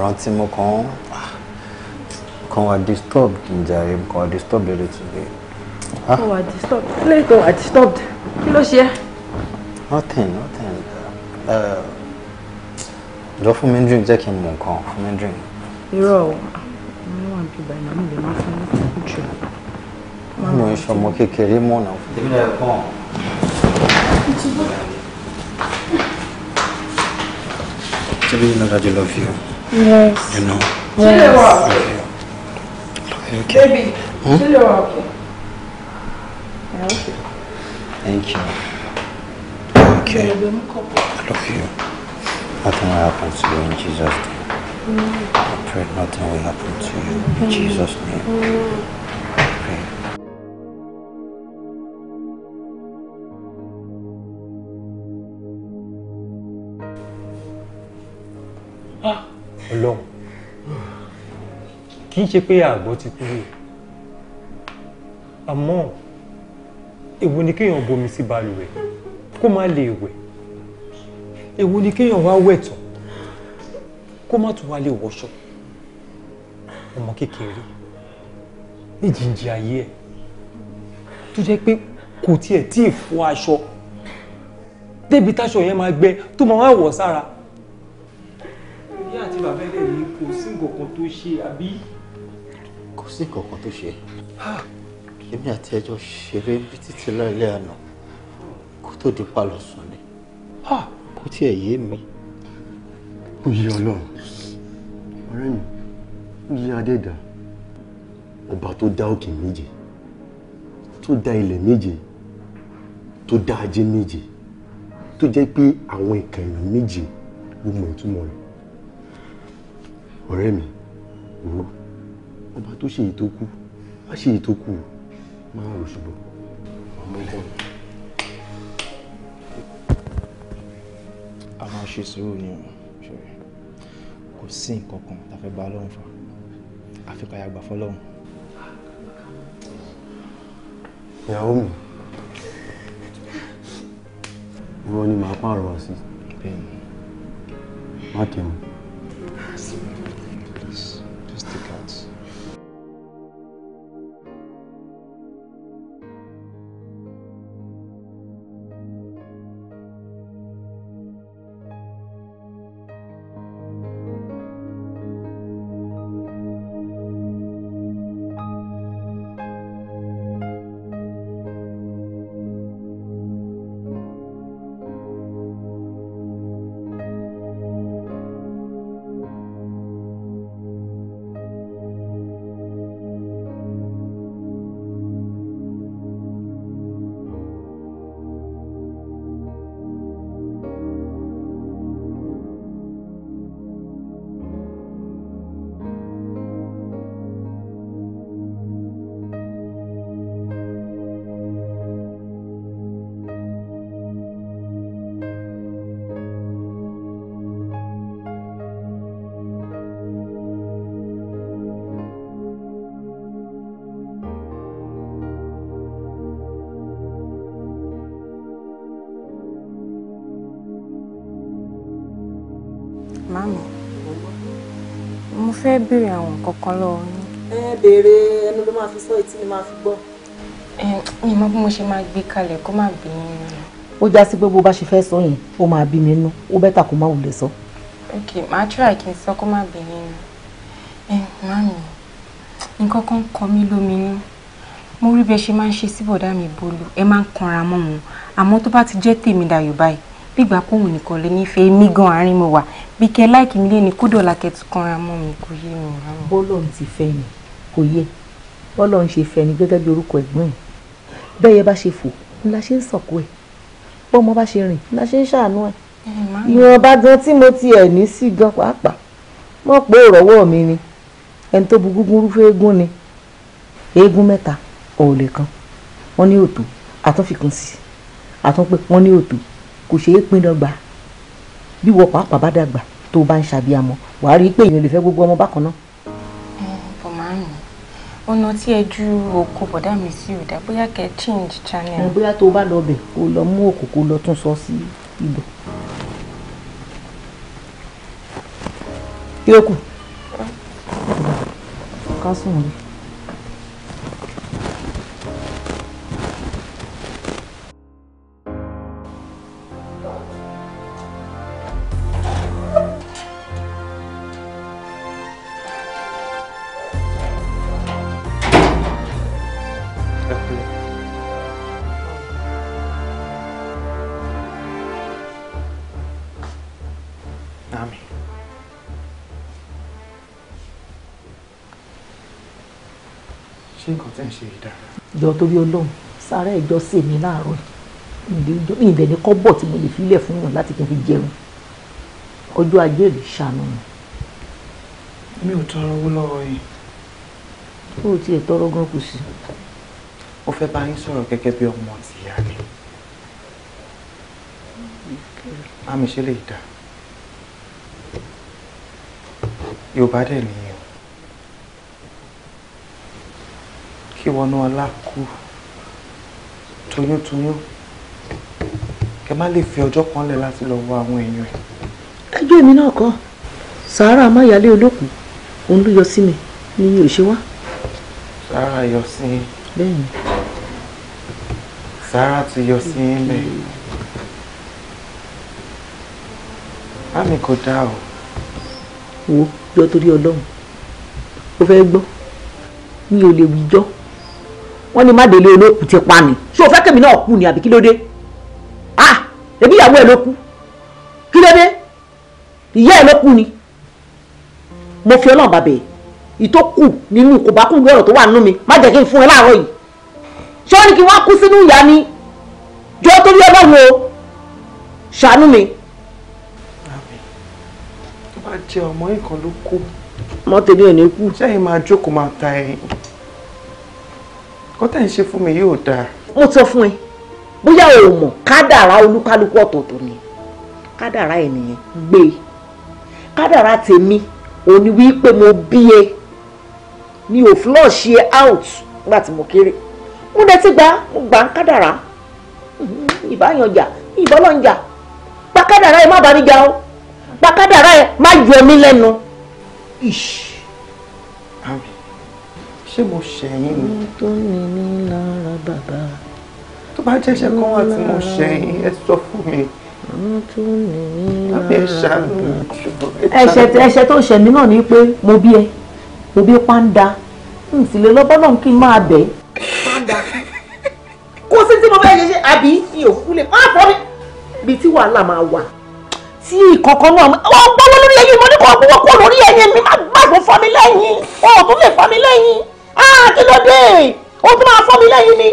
rántí mo kàn ń kan wà disturbed njàre kan wà disturbed lórí today. kan wà disturbed lẹ́yìn kan wà disturbed kí ló ṣe é. nothing nothing jọ fún mi drink jẹ́ kí n mú nǹkan fún mi drink. irọ́ o àwọn wà bí bàyìí màmí lè má fún mi jù. mo ń ṣọmọ kékeré mọ̀ náà. ìbílẹ̀ kan. Tell me you know that you love you. Yes. You know. Yes. yes okay, Baby, hmm? Huh? you're okay. Yeah, okay. Thank you. Okay. I love you. Nothing will happen to you in Jesus' name. Mm. I pray nothing will happen to you in mm. Jesus' name. Mm. Ọlọ́run kì í ṣe pé àgbọ̀ ti kúrò àmọ́ èwo ni kéèyàn bomi sí balùwẹ̀ kó má lè wẹ̀ èwo ni kéèyàn wá wẹ̀ tán kó má tún wá lè wọṣọ ọmọ kékeré ní jìnjì ayé ẹ̀ tó jẹ́ pé kò tiẹ̀ tí ì fọ aṣọ débi táṣọ yẹn máa gbẹ tó máa wá wọ̀ sára ìyá àti bàbá ẹ̀ ní kò sí nǹkan kan tó ṣe àbí sí kankan tó ṣe èmi àti ẹjọ́ ṣeré bí títí lálẹ́ àná kó tó di pa lọ sùn ni kó tiẹ̀ yé mi. ó yé ọlọ́run ọ̀rẹ́ mi ó yé adẹ́dà ọba tó dá òkè méje tó dá ilẹ̀ méje tó dá ajé méje tó jẹ́ pé àwọn ìkànnì méje ló mọ ìtumọ̀ rẹ̀ ọ̀rẹ́ mi ọba tó ṣe ìtókù má ṣe ìtókù máa ń rò ṣùgbọ́n ọmọ ilé a máa ṣe sùúrù ni o ṣòro kò sí nǹkan kan tá a fẹ́ bá lọ́hùn fa àfi ká yàgbà fọlọ́hùn. ìyàwó mi ìwọ ni màá pààrọ̀ sí má kí n. fẹ́ béèrè àwọn kankan lọ́wọ́ yín. ẹ béèrè ẹnu ló máa fi sọ etí ni máa fi gbọ́. ẹ mi mọ bí mo ṣe máa gbé kalẹ̀ kó má bí mi nù. ó já sí pé bó bá ṣe fẹ́ sọ yẹn ó máa bí mi nú ó bẹ́tà kó má wulẹ̀ sọ. ok màá try kí n sọ kó má bí mi nù. ẹ màmí nǹkan kan kọ mí lóminú mo rí bí ẹ ṣe máa ń ṣe síbọ̀dá mi bolu ẹ máa ń kanra mọ́ wọn àmọ́ tó bá ti jẹ́ tèmi dayọ̀ báyìí bí ìgbà nìkan lè nífẹ̀ẹ́ mí gan àárín mo wà bí kẹ láìkí mi lé ní kódò làkẹ́ tún kanra mọ́ mi kò yé mi rárá. bọ́lọ̀ ń ti fẹ́ ni kò yé bọ́lọ̀ ń ṣe fẹ́ ni gẹ́gẹ́ bí orúkọ ẹ̀gbọ́n ẹ̀ bẹ́ẹ̀ bá ṣe fò ńlá ṣe ń sọ̀kò ẹ̀ bọ́mọ bá ṣe rìn ńlá ṣe ń ṣàánú ẹ̀ ìwọ̀nba gan tí mo ti ẹ̀ ní sí gan pàápàá mọ̀ pé òrọ̀wọ́ mi ni ẹni tó bu gúngún rúfẹ́ eégún ni eégún mẹ́ta ọ̀ọ̀lẹ̀ kan wọ́n ní òtò àtúnfikún sí àtúnpẹ́ wọ́n ní òtò kò ṣeé pín dọ́gba bí wọ́n pàápàá bá dàgbà tó bá ń ṣàbíamọ wàá rí i pé èèyàn lè fẹ́ gbogbo ọmọ bákan náà. bọ̀mọ́mí ọ̀nà tí ẹ ju òkú bọ̀dá mi sí ò dá bóyá kẹ́ change channel. bóyá tó o bá lọ bẹ̀ o lọ mú òkú kó lọ tún sọ sí ibò. yókù kásùn rí. ń ṣe ìdára. jọ torí Ọlọ́run sára ẹjọ sèmi láàárọ̀ mi ìbẹ̀ ní kọ́bọ̀ tí mo lè fi ilẹ̀ fún yàn láti kí n fi jẹun ọjọ́ ajé rè ṣàánú mi. mi ò tọrọ owó lọ́wọ́ yìí. ó tiẹ̀ tọrọ gan kù sí. ó fẹ́ bá yín sọ̀rọ̀ gẹ́gẹ́ bí ọmọ ti yá ni. àmì ṣe lè dá. yorùbá dẹ̀ nìyẹn. kí wọnú ọlá kú toyúntoyún kẹ má lè fi ọjọ́ kan lẹ̀ láti lọ wo àwọn èèyàn ẹ̀. ẹjọ́ èmi náà kọ́ sàárà amáyálé olókùn òun ló yọ sí mi ni mi ò ṣe wá. sàárà yọ sí i. bẹ́ẹ̀ni. sàárà ti yọ sí i bẹ́ẹ̀. bámi kò dáa o. wo jọ́ torí ọlọ́run ó fẹ́ gbọ́ mi ò lè wíjọ́ wọ́n ní mádélé olókùú ti pa ni ṣé o fẹ́ kẹ́mi náà kú ni àbí kí ló dé ah ẹbí ìyàwó ẹ̀ ló kú kí ló dé ìyá ẹ̀ ló kú ni mo fi ọlọ́run bàbẹ̀ ìtókù nínú kò bá kún ọ̀rọ̀ tó wà nínú mi má jẹ́ kí n fún ẹ láàárọ̀ yìí ṣé ó ní kí wọ́n kú sínú ìyá ni jọ torí ọlọ́run o ṣàánú mi. bá jẹ ọmọ nǹkan ló kú. mọ́tẹ́lẹ̀ ò ní kú. sẹ́yìn máa jókòó máa ta ẹyin nǹkan tẹ̀ ń ṣe fún mi yóò dáa. mo sọ fún ẹ bóyá o mọ̀ kádàrá olúkálukú ọ̀tọ̀ọ̀tọ̀ ni kádàrá ènìyàn gbé e kádàrá tèmi ò ní wípé mo bí e mi ò flush e out nígbà tí mo kéré mo dẹ̀ ti gbà mo gbà ń kádàrá ìbáyan jà ìbọn náà ń jà pa kádàrá ẹ má bá mi jà o pa kádàrá ẹ má yọ mí lẹ́nu. Ish ṣé mo ṣẹ̀yìn ni. mo tó ní ní lára bàbá. tó bá jẹ́ ṣe kán wà tí mo ṣẹ̀yìn ẹ sọ fún mi. mo tó ní ní lára bàbá. ẹ̀ṣẹ̀ tó ṣẹ̀ mí náà ni pé mo bí ẹ mo bí pàǹdà n sì lè lọ́bọ́ náà kí n máa bẹ̀ pàǹdà kó sí tí mo fẹ́ ṣe ṣe àbí mi ò kú lè má fọ́ mi bíi tí wàhálà máa wà tí ìkọ̀kan náà wọ́n gbọ́ lórí ẹyin mo ní kò gbọ́ kó lórí ẹyin mi má gbàgbọ́ fọ́ mi lẹ́yìn o ò tún lè fọ́ mi lẹ́yìn. Ah, kí ló dé o tún máa fọ́ mi lẹ́yìn ni.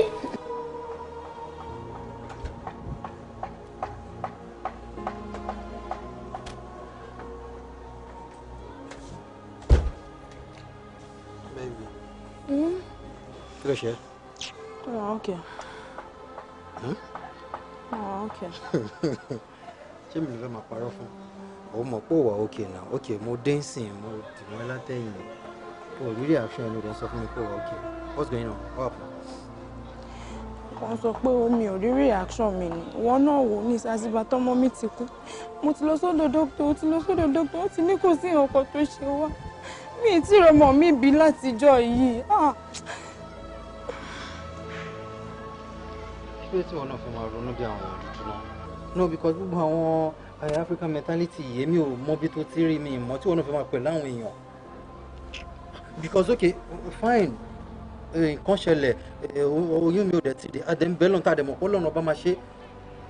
Hmm? Kí ló ṣe? Ọ̀rọ̀ òkè. Ọ̀rọ̀ òkè. Ṣé mi ló fẹ́ máa parọ́ fún? Òun mọ̀ pé ó wà òkè náà. Òkè mo dé ń sìn mo dì wọ́n látẹ̀yìn. Oh, really action ẹnu rẹ̀ sọ fún mi pé wà okay. What's going on? What happened? Wọ́n sọ pé omi ò rí reaction mi ni. Wọ́n náà wò ní ìsásíba tọ́mọ mi ti kú. Mo ti lọ sọ́dọ̀ dókítà, ó ti lọ sọ́dọ̀ dókítà, ó ti ní kò sí nǹkan tó ṣe wá. Mi ì tí ì rọmọ mi bí látijọ́ yìí. Ah. Kí ló tí wọn náà fi máa ronú bí àwọn òdúdú náà? No, because gbogbo àwọn African mentality yìí, èmi ò mọ bí tó ti rí mi ìmọ̀ tí wọn náà fi máa pẹ̀lú àwọn èèyàn because okay fine nǹkan eh, ṣẹlẹ̀ eh, oyún mi ò dẹ̀ ti dé adẹ̀ ń bẹ́ lọ́n tá a dẹ̀ mọ̀ pé lọ́nà ọba máa ṣe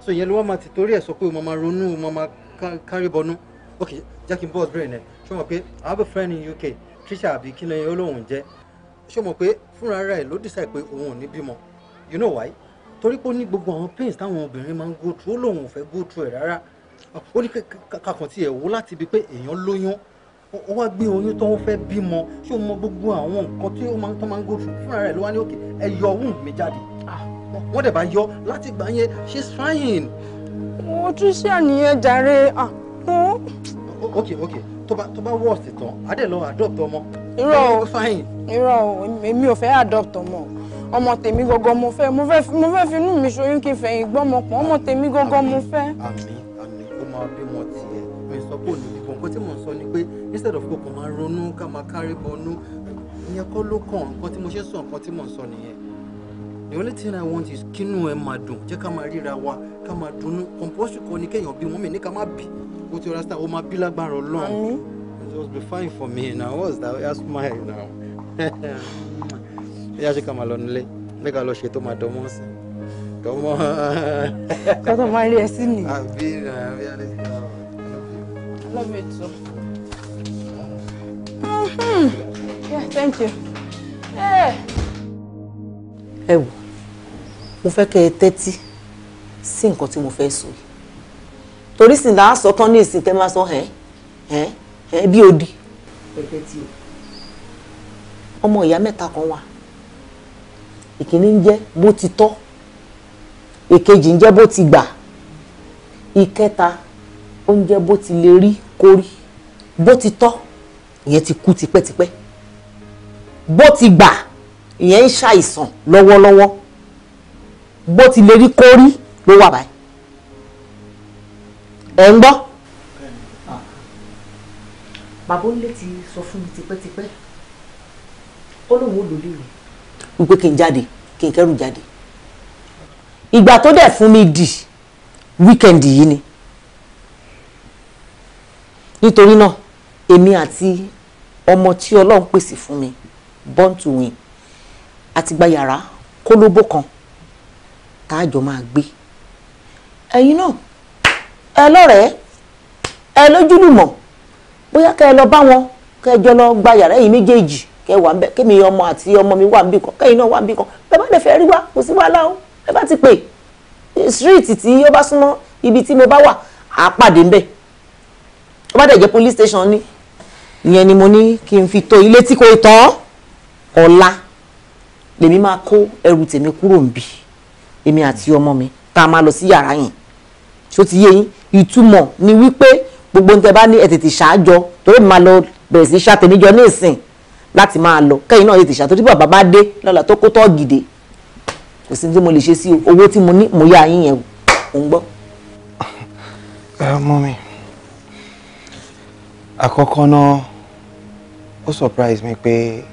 so ìyẹn ló wá máa ti torí ẹ̀ sọ pé mo máa ronú mo máa kárí bọnú ok jẹ́ kí n bọ́ọ̀sì bẹ̀rẹ̀ nẹ̀ ṣé mo pé i have a friend in UK Trisha àbí kí lẹ́yìn olóhùn jẹ́ ṣé mo pé fúnra rẹ̀ ló decide pé òun ò ní bímọ you know why torí pé ó ní gbogbo àwọn pains táwọn obìnrin máa ń go through ó lóun ò fẹ́ go through ẹ̀ rárá ó ní kàkàntì ẹ̀ wò láti ibi pé èèyàn lóyún ó wá gbé oyún tó ń fẹ́ bímọ ṣé o mọ gbogbo àwọn nǹkan tí ó máa ń gòṣù fúnra rẹ̀ ló wá ní òkè ẹ yọ wùn mi jáde ah, wọ́n dẹ̀ bá yọ láti gbà yẹn she's fine. mo tún ṣe àníyàn jàre. Ah, ok ok tó bá tó bá wọ́ọ̀sì tán adé lọ adopt ọmọ. irọ́ o irọ́ o èmi ò fẹ́ adopt ọmọ ọmọ tèmi gangan mo fẹ́ mo fẹ́ mo fẹ́ finú mi ṣoyún kí n fẹ̀yìn gbọ́mọ pọ̀ ọmọ tèmi gangan mo fẹ́. àmì àmì ó máa bímọ tiẹ̀ mi sọ pé òní ìbọn nǹkan tí mò ń sọ ni pé instead of kó kàn máa ronú ká máa kárí bọnú ìyẹn kọ́ ló kàn nǹkan tí mo ṣe sọ nǹkan tí mò ń sọ nìyẹn the only thing i want is kínú ẹ máa dùn jẹ́ ká máa ríra wa ká máa dunnú compulsion kọ́ ni kéèyàn bí wọ́n mi ní ká má bì ó ti rasta ó máa bí lágbára ọlọ́run it just be fine for me now what's that just smile now ẹ yá ṣe ká máa lọ nílé bẹ́ẹ̀ ká lọ ṣe tó máa dánmọ́ sí dánmọ́. kọ́tọ̀ máa rí ẹ sí mi. àbí àbí àlejò. I love you too. Ewu, Yeah, thank fẹ ke 30 si nkan ti mo fẹ so. Tori sin da so ton ni sin te ma so he. He? He bi odi. Pepe ti o. Omo iya meta Ikini nje bo ti to. ekeji nje bo ti gba. Iketa onje nje bo ti kori. Bo ti to. ìyẹn ti kú tipẹ́tipẹ́ bó ti gbà ìyẹn ń ṣàìsàn lọ́wọ́lọ́wọ́ bó ti lè rí kórí ló wà báyìí ẹ̀ ń gbọ́. bàbá onílé ti sọ fún mi tipẹ́tipẹ́ ó lóun ò lò lè rè. wípé kí n jáde kí n kẹ́rù jáde ìgbà tó dẹ̀ fún mi dì wíkẹ̀ndì yìí ni nítorí náà èmi àti ọmọ tí ọlọ́run pèsè fún mi born to win àti gba yàrá kólóbó kan tá a jọ máa gbé ẹ̀yin náà ẹ lọ́rẹ̀ẹ́ ẹ lójúlùmọ̀ bóyá kẹ́ ẹ lọ bá wọn kẹ́ ẹ jọ lọ gba yàrá yìí méjèèjì kẹ́ ẹ wà ń bẹ kémi ọmọ àti ọmọ mi wà ń bì kan kẹ́yìn náà wà ń bì kan bẹ́ẹ̀ bá lè fẹ́ rí wa kò sí wàhálà o ẹ bá ti pè street tí ó bá súnmọ́ ibi tí mo bá wà àpàdé ń bẹ̀ ó bá dẹ̀ jẹ́ police station ni ìyẹn ni mo ní kí n fi tó ilé tí kò tán ọ̀la lèmi máa kó ẹrù tèmi kúrò níbí èmi àti ọmọ mi tá a máa lọ sí yàrá yẹn ṣó ti yé yín ìtumọ̀ ni wípé gbogbo ń tẹ bá ní ẹ tètè ṣáájọ torí mi máa lọ bẹ̀rẹ̀ sí ṣàtẹ̀míjọ ní ìsìn láti máa lọ kẹ́yìn náà tètè ṣàtọ́jú bàbá bá dé lọ́la tó kó tọ́ọ̀gì dé kò sí tí mo lè ṣe sí owó tí mo ní mo yá yín yẹn ò ń gbọ́. ẹ mọ mi àkọ́kọ́ náà ó surprise mi pé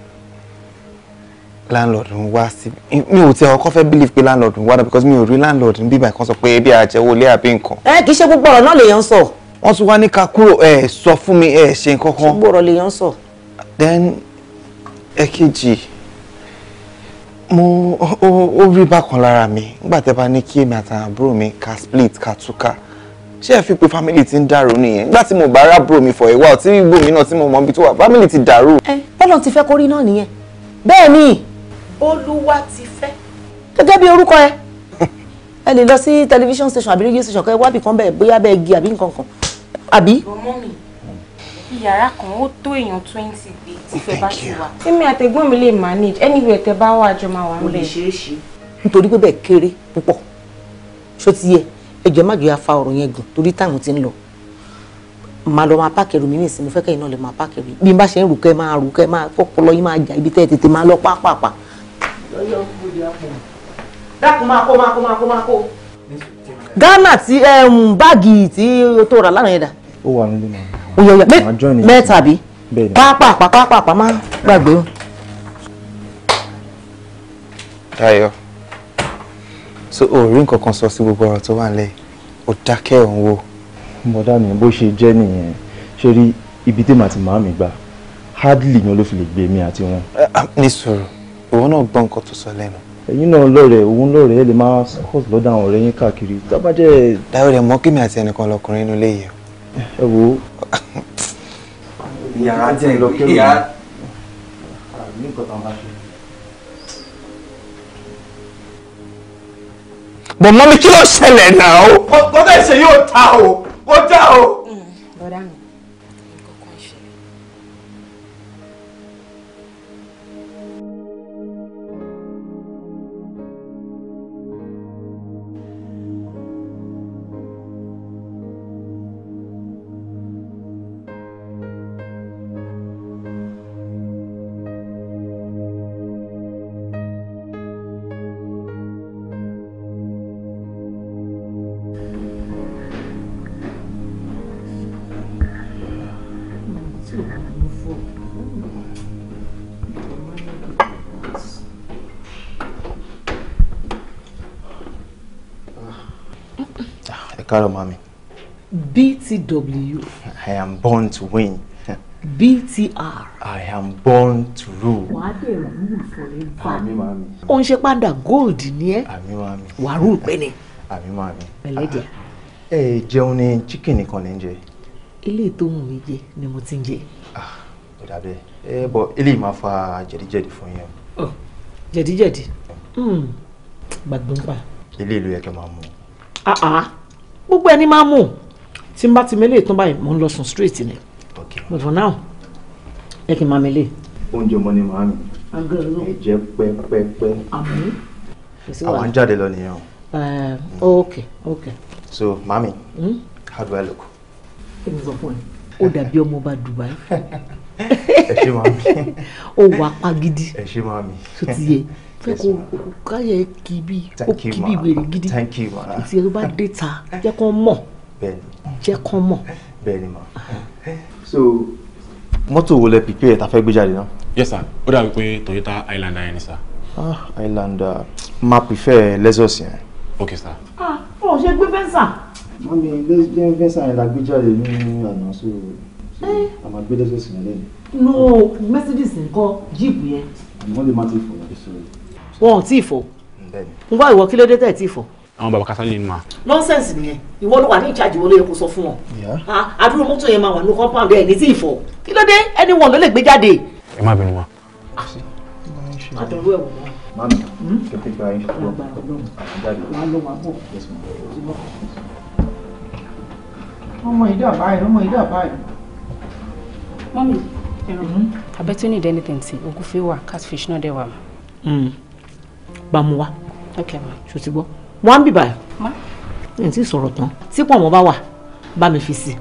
landlord ń wá sí mi ò tiẹ̀ ọkọ fẹ́ believe pé landlord ń wá náà because mi ò rí landlord ń bí ìgbà kan sọ pé bí àjẹwò ilé àbí nǹkan. ẹ kì í ṣe gbogbo ọ̀rọ̀ náà lèèyàn sọ. wọ́n tún wá ní ká kúrò ẹ sọ fún mi ẹ ṣe nǹkan kan. gbogbo ọ̀rọ̀ lèèyàn sọ. then èkejì mo ó rí bákan lára mi nígbà tẹ́ bá ní kí èmi àtàwọn àbúrò mi ká split ká túká ṣé ẹ fi pé family ti ń dàrú nìyẹn nígbà tí mo bá rábùrò mi for a while tí gbòmí náà tí mo mọ ibi tó wà family ti dàrú. ẹ bọ́lọ̀ ti fẹ́ kó náà nìyẹn bẹ́ẹ̀ ni. olúwa ti fẹ́. gẹ́gẹ́ bí orúkọ ẹ ẹ lè lọ sí television station àbí radio station kẹ́ ẹ wábì kan bẹ́ẹ̀ bóyá bẹ́ẹ̀ gi àbí nǹkan kan àbí. ọmọ mi iyàrá kan ó tó èèyàn twenty gbé tí fẹ́ bá ti wà. èmi àtẹ̀gbọ́n mi lè manage anywhere tẹ bá wà jọ máa wà ń bẹ̀. nítorí pé bẹ́ẹ̀ kéré púpọ̀ ṣó ti yẹ ẹjọ má jẹ́ afa ọ̀rọ̀ yẹn gùn torí táwọn ti ń lọ màá lọ máa páàkì ẹrù mi ní ìsinmi fẹ́kẹ́ iná lè máa páàkì ẹrù bí n bá ṣe ń rù kẹ́ máa rù kẹ́ máa fọ́pọlọ yín máa jà ibi tẹ́ ẹ tètè máa lọ pápápá. dákun máa kó máa kó máa kó máa kó. Ghana ti báàgì tí tó rà lánàá yẹn dà. ó wà nílé náà. oyè oyè mẹ́ta bí pápápá pápápá má gbàgbé. Táyọ̀ so o rí nǹkan kan sọ sí gbogbo ọ̀rọ̀ tó wà nílẹ̀ o dákẹ́ òun wò. mọ̀dá mi bó ṣe jẹ́ nìyẹn ṣé rí ibi tí màá ti máa mi gbà hardly ni ló fi lè gbé mi àti wọn. ní sọ̀rọ̀ òun náà gbọ́ nǹkan tó sọ lẹ́nu. ẹ̀yin náà lọ́rẹ̀ẹ́ òun lọ́rẹ̀ẹ́ ẹ lè máa scott lọ́dọ̀ àwọn ọ̀rẹ́ yín káàkiri tó bá jẹ́. dáwọ́ rẹ̀ mọ́ kémi àti ẹnìkan lọkùnrin inú ilé yìí. ẹ wo. ìyàrá jẹ́ ìlọkẹ́rù. ìyàrá. bọ̀ mọ́ mi kí ló ṣẹlẹ̀ náà o. kọ́tà ìṣe yóò ta o kó ta o. bọ́dà mi Káàárọ̀ mami. BTW. I am born to win. BTR. I am born to rule. Wàá dẹ̀rọ̀ rúùlù forever. Àmì mami. Ó ń ṣe pàdà gold ni ẹ́. Àmì mami. Wàá rúùlù pé ni. Àmì mami. Pẹ̀lẹ́dẹ̀. Ẹ jẹun ni chicken nìkan lè ń jẹ. Ilé tó ń mi jẹ ni mo ti ń jẹ. Ó ah, dàbẹ̀. Ẹ bọ̀ eléyìí máa fa jẹ̀díjẹ̀dí fún yín o. Oh, hmm, Gbàgbọ́n pa. Ilé ìlú yẹ kẹ́ máa mú. Ah ah gbogbo ẹni máa mú tí n bá ti mélé ìtàn báyìí mò ń lọ sùn straight ni but for now ẹ kì í máa mélé. oúnjẹ ọmọ ni màá mi ẹ jẹ pẹpẹpẹ àwọn jáde lọ nìyẹn o. Eh, ok ok. so mami hmm? how do i look. èmi sọ fún ẹ ó dàbí ọmọ ọba Dubai ẹ ṣe máa mi. ó wà pa gidi ẹ ṣe máa mi. tó fẹ́ kó káyọ̀ kìbí kó kìbí wèrè gidi tí ẹ bá dé ta jẹ́ kó mọ̀ jẹ́ kó mọ̀. bẹ́ẹ̀ni ma so mọ́tò wo lẹ ta fẹ́ gbé jáde náà. yes sir ó dàbí pé Toyota Islander, yẹn ni sir. ah Islander. ma prefer Lexus yẹn. ok sir. ah ọ̀ ṣe gbé fẹ́ǹsà. wọ́n ní ilé fẹ́ǹsà yẹn la gbé jáde ní àná so àmọ́ eh. gbé Lexus yẹn lẹ́nu. no Mercedes nǹkan jíìpù yẹn. àmọ́ lè ti fò wọn ò tí ì fọ n bá ìwọ kí ló dé tẹ̀ tí ì fọ. àwọn bàbá kásá lè ma. nọ́nsẹ̀nsì nìyẹn ìwọ ló wà ní ìjáde ìwọ ló yẹ kó sọ fún wọn. àdúró mọ́tò yẹn máa wà ní compound ẹ̀ ní tí ì fọ kí ló dé ẹni wọn ló lè gbé jáde. ẹ má bínú wa. Ah, àdúró ẹ̀ wọ̀ wọ́n. mami kẹ́kẹ́ gba yín ṣùgbọ́n àtijáde. ọmọ ìdá báyìí ọmọ ìdá báyìí. mọ́mí abẹ́tún ní ìdẹ́nitẹ̀ǹtì ògúnfẹ́ wà catfish náà dẹ̀ wà. Mm bá mu wá. okay ma. ṣòtì gbọ́ wọ́n á bì báyìí. ma. ẹ̀ ń tí sọ̀rọ̀ tán tí pọ̀nmọ́ bá wà bá mi fi sí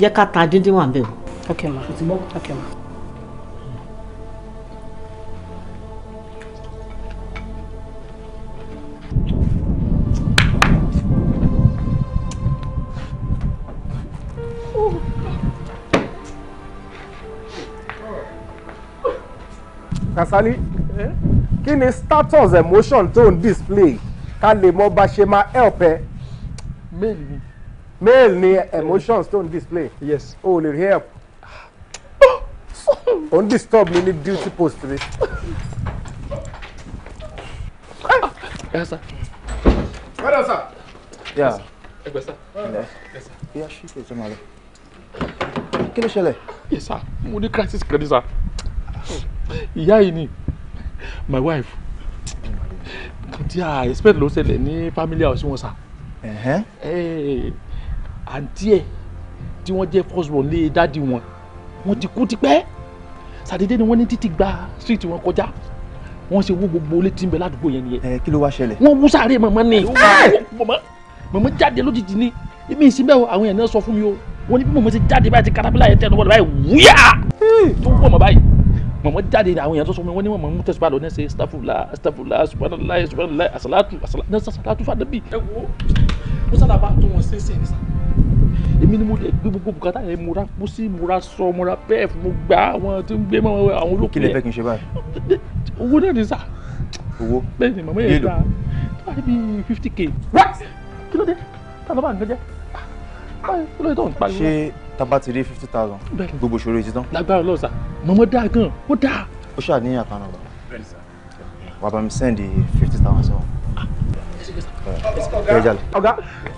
jẹ́ ká ta díndín wà bẹ́ẹ̀ o. ṣòtì gbọ́ Kasali. Eh? kí ni status emotion tó ń display ká lè mọ bá ṣe máa help ẹ. mail ni. mail ni emotions tó ń display. yes. o oh, lè rí help. o ń disturb mi ní duty post mi. yes sir. Madam sir. Yeah. Ẹgbẹ́ sá. Bí a ṣí kò tó máa lọ. Kí ló ṣẹlẹ̀? Yes sir, mo ní crisis credit sir. Ìyá yìí ni my wife kan tí a expect ló ṣẹlẹ̀ ní family house wọn sà eh, àǹtí ẹ̀ tí wọ́n jẹ́ first born lé dáàdi wọn wọ́n ti kú tipẹ́ sàdédé ni wọ́n ní títí gba street wọn kọjá wọ́n ṣe wó gbogbo ilé tí ń bẹ ládùúgbò yẹn nìyẹn. ẹ eh, kí ló wá ṣẹlẹ̀. wọ́n wú sáré mọ̀mọ́ ni mọ̀mọ́ jáde lójijì ni ibi ìsinmi àwọn èèyàn náà sọ fún mi o wọ́n ní bí mọ̀mọ́ ṣe jáde báyìí ti katapila yẹn tẹ̀ lọ́wọ́ báyìí wúyà tó wọ̀ mọ́ báyìí mọ̀mọ́ jáde àwọn èèyàn tó sọ fún mi wọ́n ní wọ́n mọ̀ mú tẹ̀síwá lọ nẹ́sẹ̀ astafula astafula subhanallah subhanallah asalatu asalatu fadabi. ẹ wo mo sábà tó wọn ṣẹṣẹ ní sá. èmi ni mo lè gbé gbogbo bùkátà yẹn mo ra pósí mo ra sọ mo ra pẹ́ẹ̀f mo gbá àwọn tó ń gbé mọ́ àwọn olókùn yẹn. kí lè fẹ́ kí n ṣe báyìí. owó náà ni sá. owó bẹ́ẹ̀ ni màmá yẹn gbà tó bá dé bíi fifty k. kí ló dé tá a lọ bá nǹkan jẹ́ olóyè tó ń pariwo. ṣé tábà ti rí fifty thousand. bẹ́ẹ̀ni gbogbo ìṣòro ìtìtàn. lágbára lọ sà mọmọ dáa gan ó dáa. ó ṣáà ní àkànnà wa wàá bá mi sẹ́ndì fifty thousand sọ. ọ̀gá ọ̀gá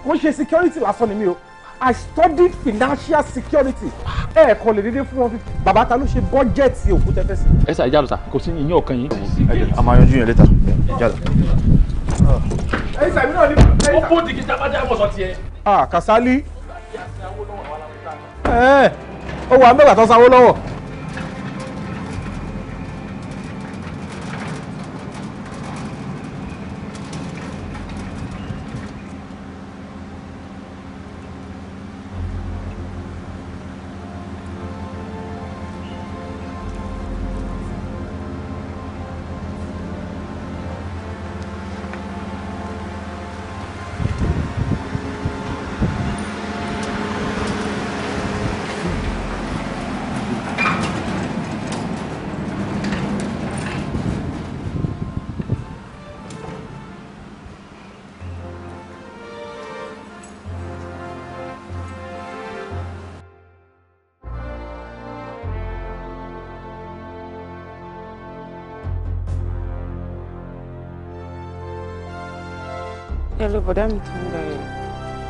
wọ́n ṣe security lásán ni mí o I studied financial security. Ẹ kò lè dédé fún wọn fífi. Bàbá ta ló ṣe bọ́jẹ̀tì òkú tẹ́tẹ́ sí. Ẹ sà ìjà lọ sà, kò sí ìyín ọ̀kan yín. A máa yanjú yẹn létà. Ìjà lọ. Ẹ sà ìbí náà ní. Ó bó dìgí tábàjá ìwọ̀sán tiẹ̀. Ah, Kasali. Eh, ó wà mẹ́wàá tó sanwó lọ́wọ́. lọ́dọ̀ bọ̀dá mi tó ń lọ yẹn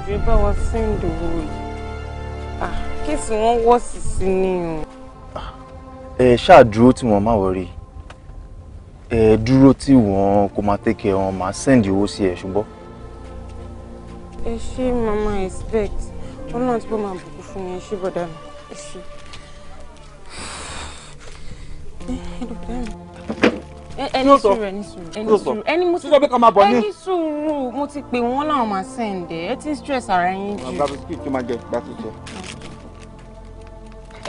ju bá ah, wọn sẹ́ńdì owó yìí kéèsì wọn wọ́ sí sí ni o. ẹ ṣáà dúró tí wọn máa wọrí ẹ dúró tí wọn kò máa tẹkẹ wọn máa sẹ́ńdì owó sí mama expect ọlọ́run tí wọ́n to put my yẹn in bọ̀dá mi Eh, she. ẹ ẹ lọ Any sùúrù any sùúrù any mo Any ẹni sùúrù mo ti pè won láwọn máa sẹ́ǹdẹ̀ ẹ ti stress ara yín jù. bàbá bisikì tó máa jẹ ìgbà tó jẹ.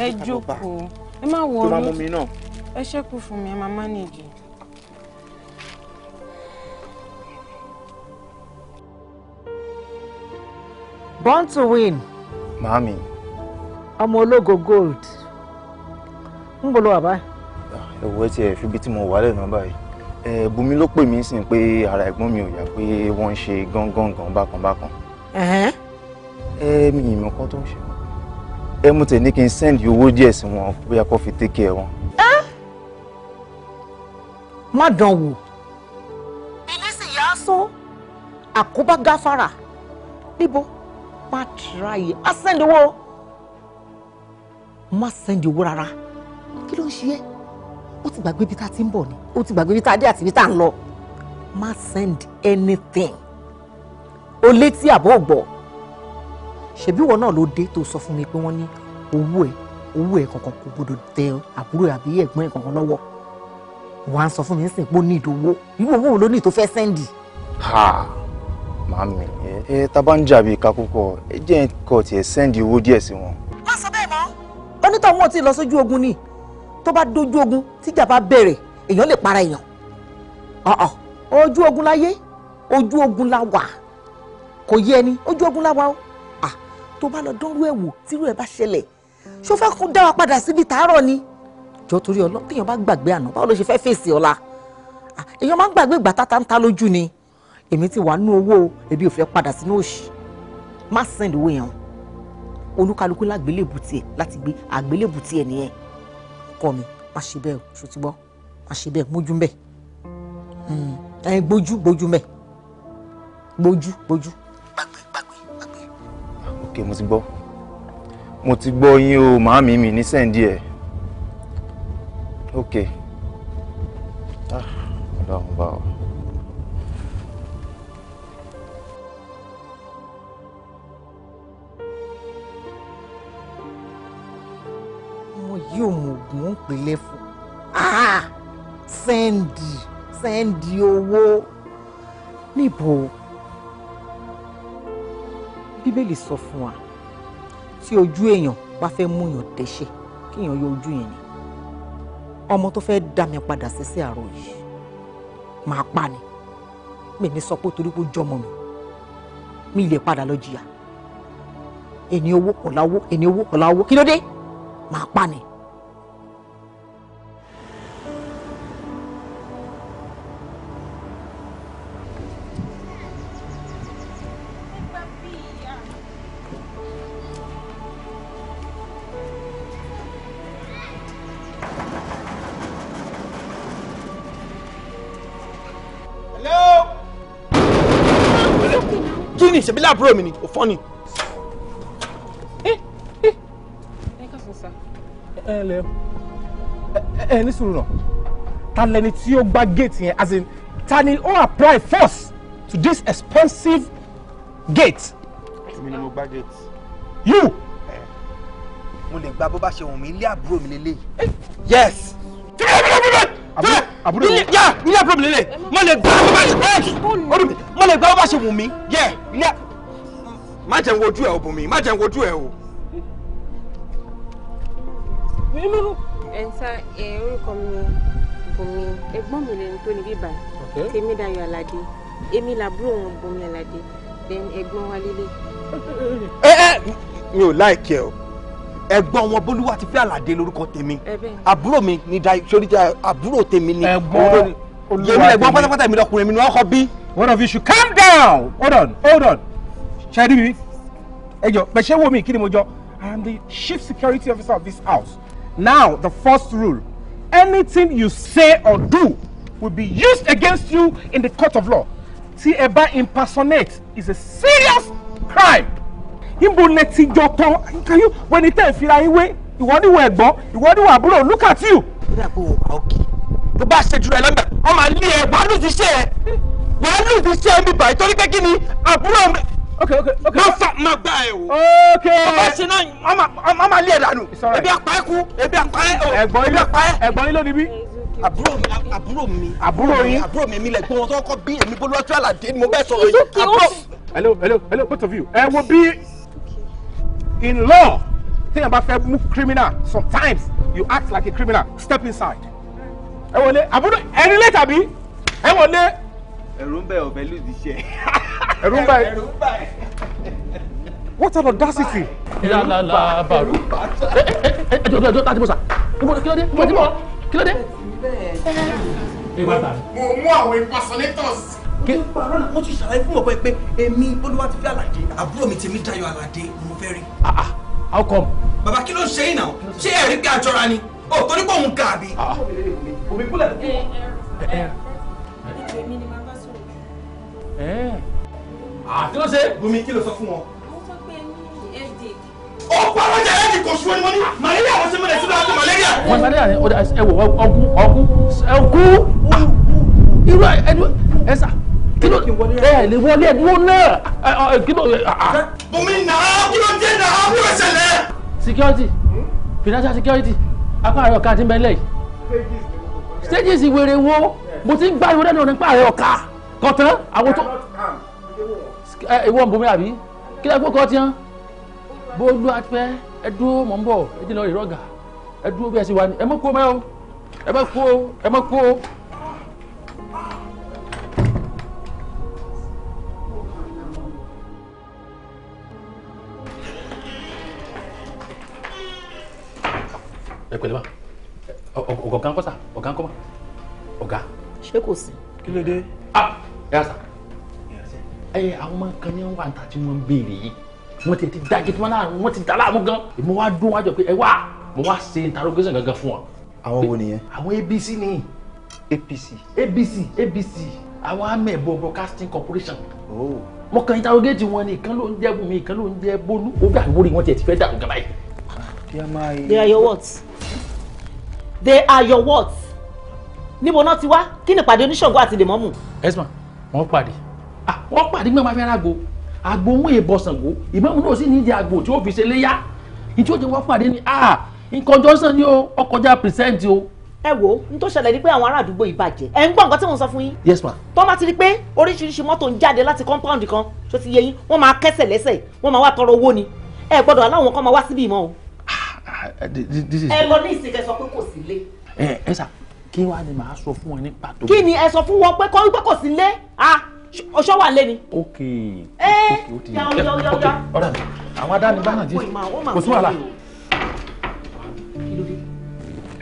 ẹ jókòó ẹ má wọ ọrùn ẹ ṣẹ́kù fún mi ẹ máa manage. born to win. màámi. ọmọ ológo gold Ngolo abai ẹ̀wọ́ ti ẹ̀ fi bí tí mo wà lẹ́nu báyìí ẹ̀ Bùnmi ló pè mí sí pé ara ẹ̀gbọ́n mi ò yá pé wọ́n ń ṣe gángangan bákan bákan. ẹ mi yìnbọn kọ́ tó ń ṣe ẹ mo tẹ̀ ní kí n send owó díẹ̀ sí wọn bóyá kó fi take care wọn. má dán wò ilé sì yá sún àkóbá gáfárà níbo má tíráyè á send owó má send owó rárá kí ló ń ṣe é ó ti gbàgbé ibi tá a ti ń bọ̀ ni ó ti gbàgbé ibi tá a dé àti ibi tá a ń lọ má send anything o létí àbọ̀ ọ̀gbọ̀ ṣebí wọn náà ló dé tó sọ fún mi pé wọ́n ní owó ẹ̀ owó ẹ̀ kankan kò gbọdọ̀ tẹ àbúrò àbí ẹ̀gbọ́n ẹ̀ kankan lọ́wọ́ wàá sọ fún mi nísìnyí pé ó ní ìdòwó ìwọ owó ló ní ìtò fẹ́ sẹ́ndì. ha màámi ẹ ẹ tábà ń jàbí ká púpọ̀ ẹ jẹ́ ẹ kọ́ tiẹ̀ sẹ́ndì owó díẹ̀ sí wọn. má sọ bẹ́ẹ̀ mọ́ onítọ̀hún ò tí ì lọ sójú ogun ni tó bá dojú ogun tíjà bá bẹ̀rẹ̀ èèyàn lè para èèyàn ojú ogun láyé ojú ogun la wà kò yé ẹni ojú ogun la wà ó tó bá lọ dánrú ẹ̀ wò tírú ẹ̀ bá ṣẹlẹ̀ ṣó fẹ́ kó dá wa padà síbi tàárọ̀ ni jọ torí ọlọ́run téèyàn bá gbàgbé àná báwo ló ṣe fẹ́ fèsì ọ̀la èèyàn máa ń gbàgbé ìgbà tá táńtá lójú ni èmi ti wà nú owó ebi ò fẹ́ padà sínú òṣì má sẹ́ndìwó yẹn olúkálukú lágbélébùtì ẹ̀ láti gbé àgbélébùtì ẹ̀ nìyẹn ọkọ mi má ṣe bẹ́ẹ̀ o ṣó ti gbọ́ má ṣe bẹ́ẹ̀ mójú mbẹ́ hmm, ẹ gbójú gbójú mbẹ́ gbójú gbójú. ok mo ti gbọ́ mo ti gbọ́ yín o màámi mi ní sẹ́ǹdí ẹ̀ ok ah ọ̀dọ̀ àwọn bá wa. ọmọ yìí ò mọ̀ ògùn ó pè lẹ́fọ̀ sẹ́ndì sẹ́ndì owó níbo bíbélì sọ fún wa tí ojú èèyàn bá fẹ́ mú èèyàn dẹ́ṣẹ̀ kí èèyàn yọ ojú yẹn ni ọmọ tó fẹ́ dá mi padà sẹ́sẹ́ àárọ̀ yìí máa pa ni mi ní sọ pé torí pé ó jọmọ mi mi lè padà lọ jìyà ènìyàn owó kọ̀láwó ènìyàn owó kọ̀láwó kí ló dé máa pa ni. ṣebí láàbúrò mi ni ò fọ́ ni. ẹ lẹ ẹ ní sùúrù náà ta lẹni tí ó gba gate yẹn as in ta ni ó apply force to this expensive gate. èmi ni mo gba gate. you. mo lè gba bó bá ṣe wù mí ilé àbúrò mi lélẹ̀. Eh, yes. àbúrò mi yà ilé àbúrò mi lélẹ̀ mo lè gba bó bá ṣe eh, mo lè gba bó bá ṣe wù mí yẹ ilé má jẹun wojú ẹ o bùnmi má jẹun wojú ẹ o nínú. ẹ̀ńtà orúkọ mi Bùnmi ẹ̀gbọ́n mi lẹni tó ní bíbá tèmi Dayọ̀ Aládé èmi làbúrò wọn Bùnmi Aládé then ẹ̀gbọ́n wa lílé. ẹ ẹ mi ò láìkẹ o ẹ̀gbọ́n wọn Bólúwa ti fẹ́ Aládé lórúkọ tèmi àbúrò mi ni dayo sori àbúrò tèmi ni. ẹ̀gbọ́n yẹmi ẹ̀gbọ́n pátápátá mi lọkùnrin mi ni wọn kọ bí. one of you should calm down hold on hold on ṣe é rí mi ẹ jọ pẹ̀ṣẹ́ wo mi kí ni mo jọ I am the chief security officer of this house Now, the first rule anything you say or do will be used against you in the court of law. Tí ẹ bá impersonate is a serious crime. Ibo neti ti can you when it tell fila iwe, you Ìwọ ni wọ ẹ̀gbọ́n, ìwọ ni wọ look at you. Ó dà pé o kà ókè. Tó bá ṣe jùlọ lọ́gbà, wọ́n máa lé ẹ̀ wàá lù ti ṣe ẹ̀. Wàá lù ti ṣe ẹ̀ Okay, okay, okay. má fa má gbá ẹ o. Okay. ọba ṣe náà ọmọ ọmọ alẹ́ dànù. ebi apá ẹ kú ebi apá ẹ o ebi apá ẹ. ẹ̀gbọ́n yín ló ní bí. àbúrò mi àbúrò mi. àbúrò yín àbúrò mi mi lẹ gbọ́n tó kọ́ bí èmi Bolúwatifẹ́ Àlàdé ni mo bẹ́ẹ̀ sọ̀rọ̀ yìí. àbúrò. hello hello hello both of you. ẹ wo bí in law téèyàn bá fẹ́ mú criminal sometimes you act like a criminal step inside. ẹ wọlé àbúrò ẹni lẹ́tàbí ẹ wọlé ẹ̀rù ń bẹ̀ ọ̀fẹ́ lùdí iṣẹ́. ẹ̀rù ń bẹ̀ ẹ̀rù ń bẹ̀. what an audacity. ìlàlàlà bàrù. ẹjọ ẹjọ ẹjọ láti bọ sà kí ló dé kí ló dé kí ló dé. mo mú àwọn impersonators kí wọ́n ti ṣàlàyé fún ọ̀pọ̀ ẹ pé èmi Olúwatífẹ́ Àlàdé àbúrò mi tèmi Dayọ̀ Àlàdé mo fẹ́ rí. how come. bàbá kí ló ṣe é náà ṣé ẹ̀rí pé àjọra ni ó torí pé òun kà á bí. omi kúlẹ̀. ẹ ẹ Eh. Ah, kí ló ṣe. Bùnmi kí ló sọ fún wọn. àwọn sọ pé ní headache. ó pa ọjà headache kò sùn ni mo ní malaria wọn ṣe mọ̀lẹ́ sí lọ́wọ́ malaria. wọn malaria ni ọjà ẹ wò ọgún ọgún ọgún irú ẹni ẹ sà kí ló ẹ lè wọlé ẹdúró náà kí ló. Bùnmi náà kí ló dé náà kí ló ṣẹlẹ̀. security financial security apá àrẹ ọ̀ka àti mbẹ́lẹ̀ yìí stages ìwèrè wo mo ti ń gbá ìwé lẹ́nu ọ̀nà nípa àrẹ ọ̀ka kọ̀tán àwọn tó ìwọ nbomi àbí kí lè kó kọtíyàn bó lu àtẹ ẹ dúró mọ̀ ń bọ̀ ẹ jìnnà ìrọ̀gà ẹ dúró bí ẹ sì wà ní ẹ mọ̀ kó mẹ́ o ẹ mọ̀ kó o ẹ mọ̀ kó o. ẹ pẹ̀lẹ́ bá ọ̀gá ń kọ́ sà ọ̀gá ń kọ́ bá ọ̀gá. ṣé kò sí. kí ló dé. ah yàtọ̀ ẹ àwọn ọmọ kan ní wà níta tí wọ́n ń béèrè yìí wọ́n ti ti dájú tí wọ́n náà wọ́n ti dà láàmú gan èmi wá dún wájọ pé ẹ wá mo wá ṣe interrogation gangan fún ọ. àwọn wo nìyẹn. àwọn abc ni. apc. abc abc àwọn amẹ̀bọ broadcasting corporation. Oh. mo kàn interrogate wọn ni ìkan ló ń jẹ́ bùnmi ìkan ló ń jẹ́ bólú ó gbà wọ́n rí wọn tiẹ̀ ti fẹ́ dàrú gàmá yìí. they are your words. they are your words. níbo náà ti wá kí ni ìpàdé oníṣòwò àti lèmọ́mù. esma wọ́n pàdé ah, wọ́n pàdé gbọ́n máa fẹ́ rágo àgbo mú èèbọ̀ Ṣàngó ìmáàmù náà sì ní ìdí àgbo tí ó fi ṣe léyà ní tí ó jẹ́ wọ́n pàdé ni ah nǹkan Johnson ni ó ọkọjá pìrìsẹ́ǹtì o. ẹ wo n tó ṣẹlẹ̀ ni pé àwọn ará àdúgbò ìbàjẹ́ ẹ̀ ń gbọ́ nǹkan tí mo sọ fún yín. yes ma. tó ti rí pé oríṣiríṣi mọ́tò ń jáde láti compound kan tó ti yẹ yín wọ́n máa kẹ́sẹ̀ lẹ́sẹ̀ wọ́n máa wá tọrọ owó ni ẹ gbọ́dọ̀ aláwọn kan máa wá síbí mọ́ o. Ah, ah, ẹ lọ ní ìsìnkẹsọ pé kò sí ilé. ẹ ẹ sà kí wàá ni màá sọ fún ẹ ní pàtó. kí ni ẹ sọ fún wọn pé kọ́ wípé kò sí lé ọṣọ wà lé ni. ok ok ọ̀rẹ́ mi àwọn adánibá náà jẹ́ kò sí wàhálà.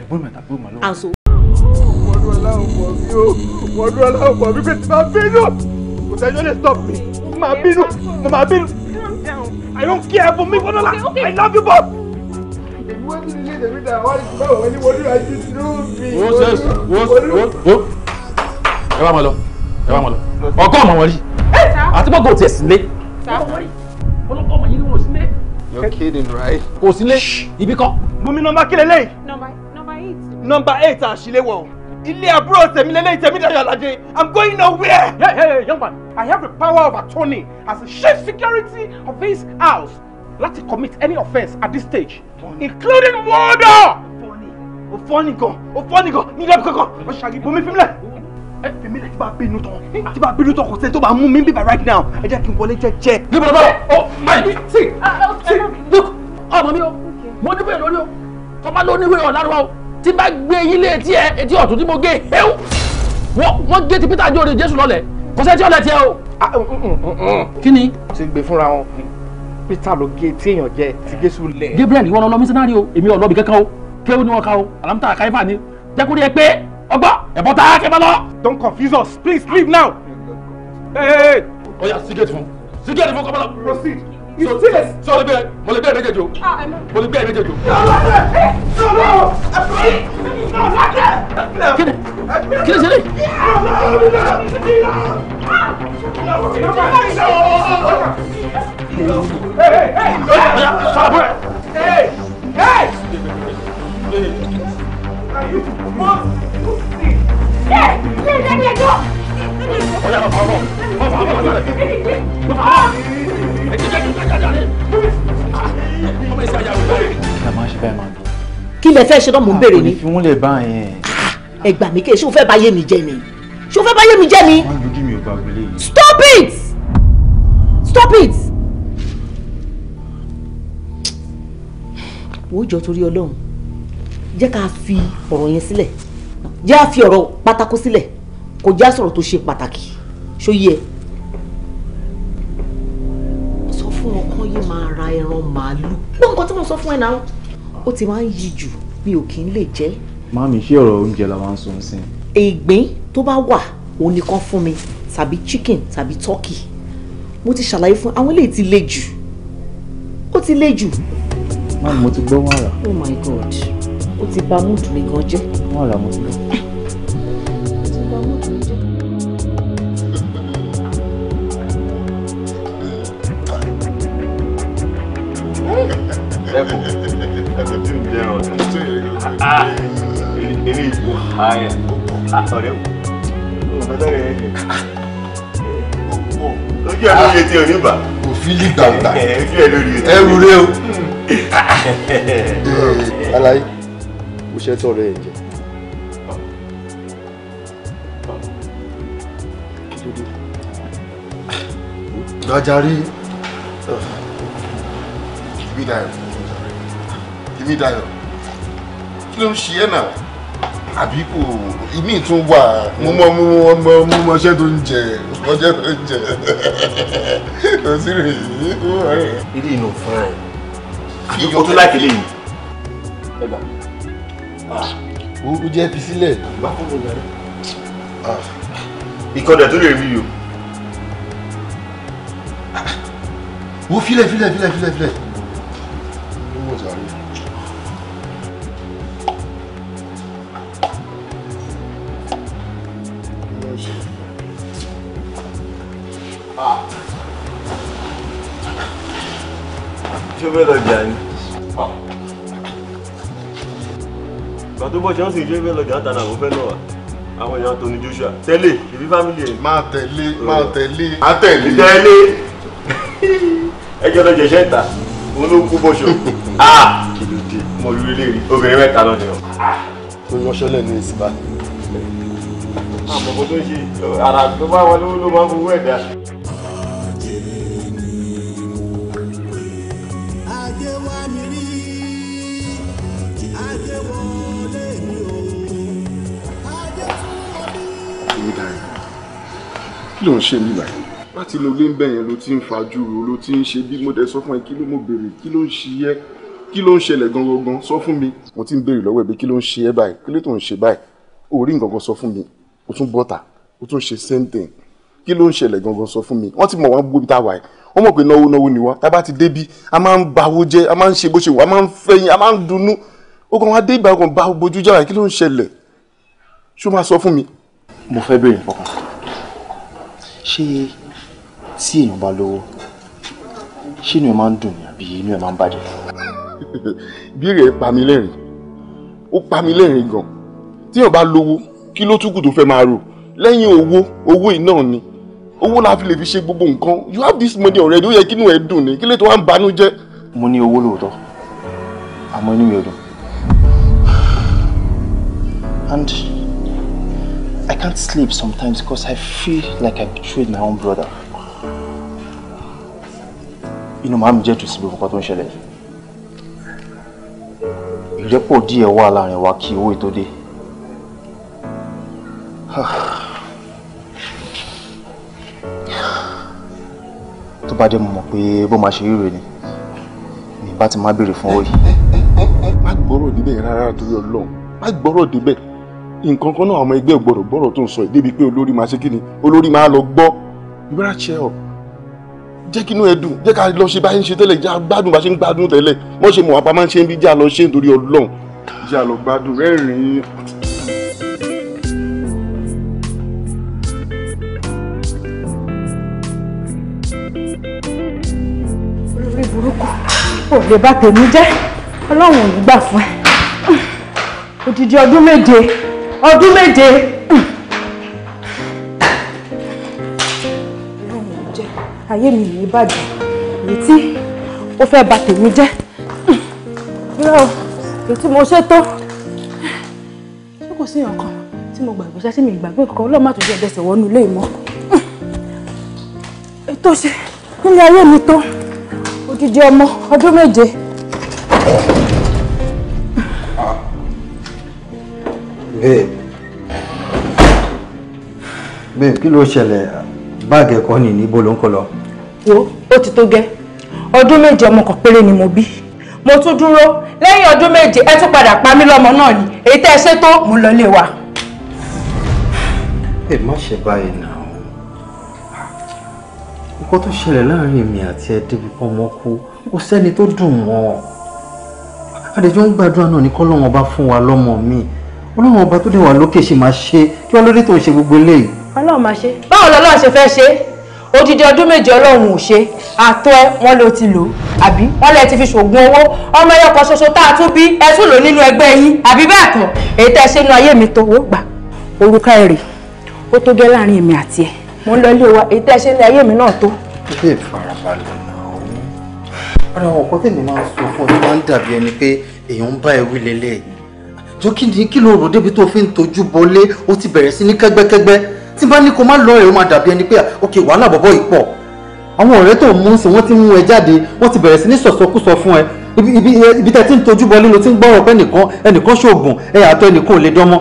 ẹ̀gbọ́n mi àtàkùn ìmọ̀ lọ́wọ́. àǹso. aláwọ̀ pọ̀ mí o aláwọ̀ pọ̀ mí máa bínú kò sẹ́jọ́ lè stop mi mo máa bínú mo máa bínú I don't care for me for dollar I love you both tèmi dà wọ́n ti báwo ni mo dúró ju dúró mi. wọ́n ṣe wọ́n wọ́n ẹ bá mọ lọ ẹ bá mọ lọ ọkọ ọmọ wọn rí àti bọ́gọ̀ tiẹ̀ sílé. ọlọ́kọ̀ ọmọ kidding right. kò sílé ibi kan. mumi nọmba kí lélẹ́yìí. nọmba eight. nọmba eight àṣìlẹ̀wọ̀ ilé àbúrò tèmi lélẹ́yìí tèmi dayọ̀ alájẹ i'm going nowhere. hey hey young man i have the power of attorney as the chief security of this house. Let him commit any offence at this stage funny. including murder. o fọ́ọ̀nì gan o fọ́ọ̀nì gan ní ìdábì kankan o ṣàgì bomi fílẹ̀. èmi náà ti ba bínú tán ti ba bínú tán kò sẹ́ni tó bá mú mi bíbá right now ẹ jẹ́ kí n wọlé jẹ́jẹ́. ní bàbá ọ máì sí sí look Oh, mi o mo ni bẹ́ẹ̀ lórí o tọ́ba ló níwèé ọ̀ lárúbáwò tí bá gbé yín ti etí ẹ etí ọ̀tún tí mo gé hew mo ge ti Peter jóore Jésù lọ́lẹ̀ kò sẹ́ni tí ọ̀lẹ̀ tiẹ̀ o. Ah, mm, mm, mm, kí ni. ti gbé fúnra wọn hospital ló gé tí èèyàn jẹ ti Jésù lẹ̀. Gabriel ìwọ lọ mísínárì o èmi ọlọ́bì kankan o kéwù ni wọn ka o alamta kaifa ni jẹkuri ẹ pé ọgbọ ẹbọ ta kẹfẹ lọ. don't confuse us please leave now. oya sigate fún sigate fún kọ́mọ́lá. proceed. You serious? Sọ lè bẹ́ẹ̀ mo lè bẹ́ẹ̀ méjèèjì o. Mo lè bẹ́ẹ̀ méjèèjì o. Kíni kíni ṣe lè? Sọ̀rọ̀ bẹ́ẹ̀. Hey! Hey! Mom! Hey! Hey! Hey! Hey! kí lẹ fẹ́ ṣe náà mò ah, ni. àpò lè bá yẹn. ẹ gbà mí ṣé o fẹ́ báyé mi jẹ́ ni ṣé o fẹ́ báyé mi jẹ́ ni. wọ́n lójú mi ò gba ògbélé yìí. stop it stop it. wo jọ torí ọlọ́run jẹ́ ká fi ọ̀rọ̀ yẹn sílẹ̀ jẹ́ ká fi ọ̀rọ̀ pátákó sílẹ̀ kò já sọ̀rọ̀ tó ṣe pàtàkì ṣó yẹ sọ fún wọn kán yé máa ra ẹran màálù gbọ́n nǹkan tí mo sọ fún ẹ náà ó ti máa ń yí jù mi ò kì í lè jẹ́. màámi ṣé ọ̀rọ̀ oúnjẹ la máa ń sọ sí. ìgbín tó bá wà òun nìkan fún mi tàbí chicken tàbí turkey mo ti ṣàlàyé fún àwọn eléyìí ti le jù ó ti le jù. má mo ti gbọ́ wàrà. oh my god ó ti bà múdù mi gan jẹ́. wàrà mo ti gbọ́. ẹkùn ẹkùn tí ń jẹ ọdún ilé ìgbò ayẹ ọ̀rẹ́ wò. ojú ẹ ló lè tẹ oníbà. òfin lè gbàgbà ojú ẹ ló lè rí. bí dáa ní dayọ̀ kí ló ń ṣe ẹ́ náà àbí kò ìmí tún wà mo mọ mo mọ mo mọ ṣẹ́ tó ń jẹ ọjọ́ tó ń jẹ kò sí rè é. ilé inú fún ẹ àbí kò tó láti lè yìí. ẹ gbà ó ah, jẹ́ fi sílẹ̀. bá kò lóye rẹ. ìkọ̀dẹ̀ tó lè rí o. wo filẹ̀ filẹ̀ filẹ̀ filẹ̀ filẹ̀. ó mọ̀ sáré. Ah, ti bọ̀. ṣé o fẹ́ lọ jà ni? ìgbà tó bọ̀ ṣẹ́wọ́n sì ṣe fẹ́ lọ jà tàdà ló fẹ́ lọ wà àwọn èèyàn tó ní Joshua tẹ́lẹ̀ ìbí fámìlì ẹ̀. máa tẹ̀lé máa tẹ̀lé. máa tẹ̀lé. tẹ̀lé ẹjọ́ lọ jẹ̀ṣẹ́ ìta òun ló kú bọ́ṣọ ah! mo rí lè rí obìnrin mẹ́ta lọ́nìí o. mo yọṣẹ́ lẹ́nu ìsìnbá àmọ̀kò tó ṣe ara tó bá wọlé ló máa ń fowó ẹ̀dá. kí ló ń ṣe mí báyìí láti lo ilé ń bẹ̀ yẹn ló ti ń fajúro ló ti ń ṣe bí mo dẹ̀ sọ fún ẹ kí ló mo béèrè kí ló ń ṣe yẹ kí ló ń ṣẹlẹ̀ gangan sọ fún mi. mo ti ń béèrè lọ́wọ́ ẹ bí kí ló ń ṣe ẹ báyìí kí ló tó ń ṣe báyìí orí nǹkan kan sọ fún mi o tún bọ́ta o tún ṣe same thing kí ló ń ṣẹlẹ̀ gangan sọ fún mi wọ́n ti mọ̀ wá gbóbi tá a wà yìí wọ́n mọ̀ pé náwó náwó ni wá tá a bá ti débi a máa ń bawó jẹ́ a máa ń ṣe bó ṣe wà a máa ń fẹ́yìn a máa ń dunnú ó kàn wá dé ìgbà kan bá bojú jáwàá kí ló ń ṣẹlẹ̀ ṣó máa sọ fún mi. mo fẹ́ béèrè nǹkan ṣé tí èèyàn bá lówó ṣé inú ẹ máa ń dùn ní àbí inú ẹ máa ń bàjẹ́. ìbéèrè ẹ pa mi lẹ́rìn ó pa mi lẹ́rìn gan-an tíyàn bá lówó kí ló tún kù tó fẹ́ máa rò lẹ́yìn owó owó iná ni owó la fi lè fi ṣe gbogbo nǹkan you have this money already ó yẹ kí inú ẹ dùn ní kí lè tó wá ń banú jẹ́. mo ní owó lóòótọ́ àmọ́ inú mi ò dùn and I can't sleep sometimes because I feel like I betrayed my own brother. inú màá mi jẹ́ jù sí gbogbo nǹkan tó ń ṣẹlẹ̀ ìrẹ́pọ̀ díẹ̀ wà láàrin wa kí owó ètò dé tó bá jẹ́ mo mọ̀ pé bó máa ṣe ríro ni ní bá ti má béèrè fún owó yìí. má gbọ́rọ̀ níbẹ̀ rárá torí ọlọ́run má gbọ́rọ̀ níbẹ̀ nǹkan kan náà àwọn ẹgbẹ́ gbọ́rọ̀ gbọ́rọ̀ tó ń sọ débi pé olórí máa ṣe kí ni olórí máa lọ gbọ́ ìbára ṣe ọ jẹ́ kí inú ẹ dùn jẹ́ ká lọ ṣe bá ṣe ń ṣe tẹ́lẹ̀ já gbádùn bá ṣe ń gbádùn tẹ́lẹ̀ mọ́ ṣe mọ̀ wá pa máa ń ṣe ń bí já lọ ṣe nítorí ọlọ́run já lọ gbádùn rẹ́rìn-ín. olórí burúkú ò lè bá tèmi jẹ́ ọlọ́run ò ní gbà fún ẹ odidi ọdún méje ọdún méje. ọlọ́run ò jẹ́ ayé mi ní ìbàjẹ́ èyí tí ó fẹ́ bà tèmi jẹ́ rírọ̀ èyí tí mo ṣe tó ṣé kò sí ọ̀kan tí mo gbàgbé ṣáṣí mi ìgbàgbé kankan ọlọ́run má tún jẹ́ ẹ̀dẹ́sẹ̀ wọnú ilé ìmọ̀ ètò ṣe nílé ayé mi tó odidi ọmọ ọdún méje. babe babe kí ló ṣẹlẹ̀ báàgì ẹ̀kọ́ ni níbo ló ń kọ lọ. wo ó ti tó gẹ́ ọdún méje ọmọ kan péré ni mo bí mo tún dúró lẹ́yìn ọdún méje ẹ tún padà pa mí lọ́mọ náà ni èyí tẹ́ ẹ ṣètò mò ń lọ lé wa. ẹ má ṣe báyìí náà nǹkan tó ṣẹlẹ̀ láàrin èmi àti ẹ débi kan mọ́ kú kò sẹ́ni tó dùn mọ́ ọ àdèjọ́ ń gbàdúrà náà ní kọ́lọ́run ọba fún wa lọ́mọ mi ọlọ́run ọba tó dé wà lókè ṣe máa ṣe kí wọ́n lórí tó ń ṣe gbogbo eléyìí. ọlọ́run máa ṣe báwo lọ́lọ́run ṣe fẹ́ ṣe odidi ọdún méje ọlọ́run ò ṣe àtọ́ ẹ wọ́n ló ti lò àbí wọ́n lẹ ti fi ṣògùn owó ọmọ ẹyọ kan ṣoṣo tá a tún bí ẹ tún lò nínú ẹgbẹ́ yín àbí bẹ́ẹ̀ kọ́ èyí tẹ́ ṣe inú ayé mi tó wó gbà orúkọ ẹ̀rì ó tó gẹ́ láàrin èmi àti ẹ̀ mo ń lọ ilé wa èyí tẹ́ ṣe ní ayé mi náà tó. ilé ìfarabalẹ̀ náà ó ara àwọn ọ̀pọ̀ tèmi máa ń sọ fún ọ máa ń dàbí ẹni pé èèyàn ń bá ewì lélẹ̀ jọ kí ni kí ló rò débi tó fi ń tojú bọlé ó ti bẹ̀rẹ̀ sí ní kẹ́gbẹ́kẹ́gbẹ́ tí bá ní kó má lọ ẹ̀rọ máa dàbí ẹni pé ok wàhálà bọ̀bọ̀ yìí pọ̀ àwọn ọ̀rẹ́ tó mú sùn wọ́n ti mú ẹ jáde wọ́n ti bẹ̀rẹ̀ sí ní sọ̀sọkúsọ fún ẹ ibi tẹ́ ti ń tojú bọlé ló ti ń gbọ́rọ̀ pé ẹnìkan ẹnìkan ṣoògùn ẹ àtọ ẹnìkan ò lè dánmọ́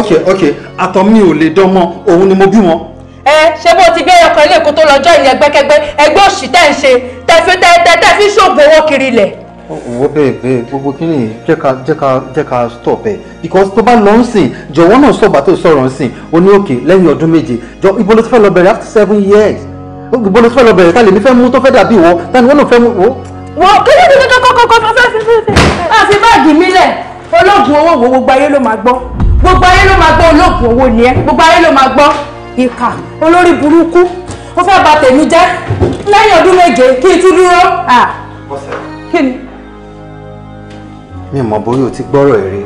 ok ok àtọ mi ò lè dánmọ́ òun ni mo bí wọn ẹ ṣé bó ti gbé ọkọ ilé ìkó tó lọ́jọ́ ìyẹn gbẹ́kẹ́gbẹ́ ẹgbẹ́ òṣì tẹ́ ń ṣe tẹ́fí tẹ́tẹ́ fi ṣògùn owó kiri ilẹ̀. wo bẹ́ẹ̀ bẹ́ẹ̀ gbogbo kí ni jẹ́ ká jẹ́ ká jẹ́ ká stop ẹ̀ because tó bá lọ ń sìn jọ̀wọ́ náà sọ̀bà tó sọ̀rọ̀ ń sìn o ní òkè lẹ́yìn ọdún méje jọ ibo ló ti fẹ́ lọ bẹ̀rẹ̀ after seven years ibo ló ti fẹ́ lọ bẹ̀rẹ̀ tá lè ní fẹ́ mú tó fẹ́ dàbí wọ tá ni wọ́n náà fẹ́ mú wo. wo kí ni kí ni kọ́kọ́kọ́ fẹ́ fi fi fi àfi báàgì mi lẹ̀ olóògùn owó wo gbogbo ayé ló máa gbọ́ gbogbo ayé ló máa gbọ́ olóògùn owó ni ẹ gbogbo ayé ló máa gbọ́ ìkà olórí burúkú ó fẹ́ bà tèmi jẹ́ lẹ́yìn ọdún méje kí n tún dúró. mi mọ̀ bóyá o ti gbọ́rọ̀ eré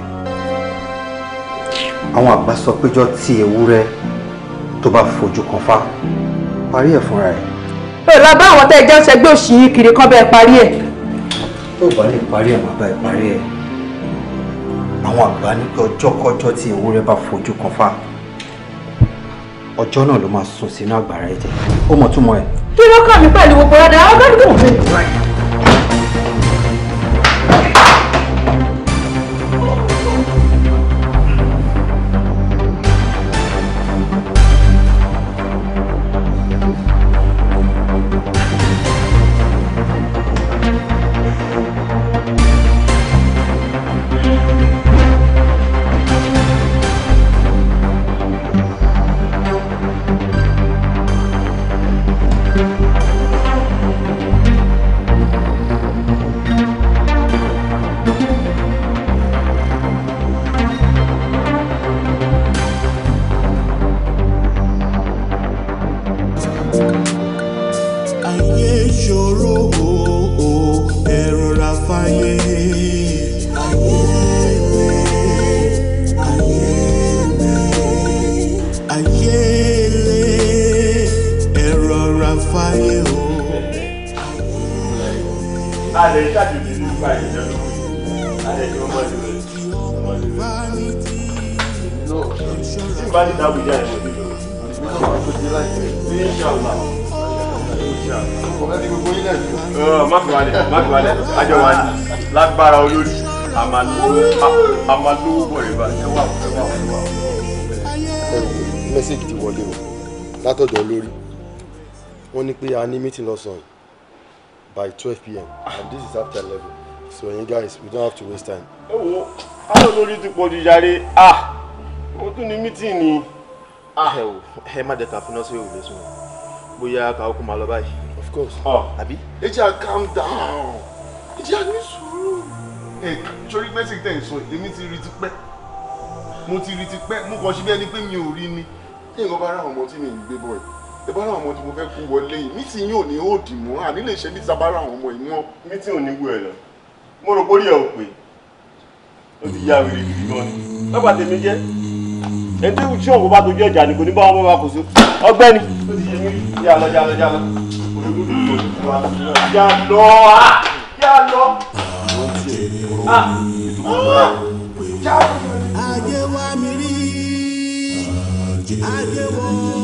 àwọn àgbà sọ péjọ tí ewúrẹ́ tó bá fojú kan fá parí ẹ̀ fúnra ẹ̀. ẹ lọ bá àwọn tẹ́ ẹ jẹ́ ṣẹgbẹ́ òṣì kiri kan bẹ́ẹ̀ parí ẹ̀. tó bá lè parí ẹ̀ má bá ẹ parí ẹ̀ àwọn àgbà ní pé tí ewúrẹ́ bá fojú kan fá ọjọ́ náà ló máa sùn sínú àgbàrá ẹ̀jẹ̀ ó mọ̀ túmọ̀ ẹ̀. kí ló kàn mí pẹ̀lú gbogbo ọ̀dà ọgọ́dún. máa lówó bọ̀ rẹ̀ bá ẹ wà ẹ wà ẹ wà. mẹ́sẹ̀gì ti wọlé o látọ̀dọ̀ olórí wọ́n ní pé a ní meeting lọ́sàn-án by twelve pm and this is after eleven so you guys we don't have to waste time. ẹ wo káwọn olórí ti pọ̀ jù ah ó tún ní meeting ni. Ah. ẹ wo ẹ má dẹ́ka fún náà sí òwúrọ̀ sùn bóyá káwọn kò máa lọ báyìí. of course. Ah. àbí. ẹ jẹ́ à calm down ẹ jẹ́ à ní sùn. Eh, sórí pé sì tẹ̀ ń sọ èmi ti rí ti pẹ́ mo ti rí ti pẹ́ mo kàn sí bí ẹni pé mi ò rí ni kí nǹkan bá ra àwọn ọmọ tí mi ń gbé bọ̀ yìí ẹ bá ra àwọn ọmọ tí mo fẹ́ kú wọlé yìí mítì yín ò ní ó dì mọ́ àní lè ṣe mítì abá ra àwọn ọmọ yìí mọ́. mítì ò ní wú ẹ lọ mo rò pé ó rí ẹ ò pé ó ti yá wèrè gidi gan ni lọ́ba tèmi jẹ́ ẹni tí tí ọ̀pọ̀ bá dojú ẹ̀jà ni kò ní bá wọn bá kò sí ọgbẹ́ni. ó ti yé mi yà lọ yà lọ yà lọ yà lọ. Ah! Ah. Ah. ajé wa mi rí ajé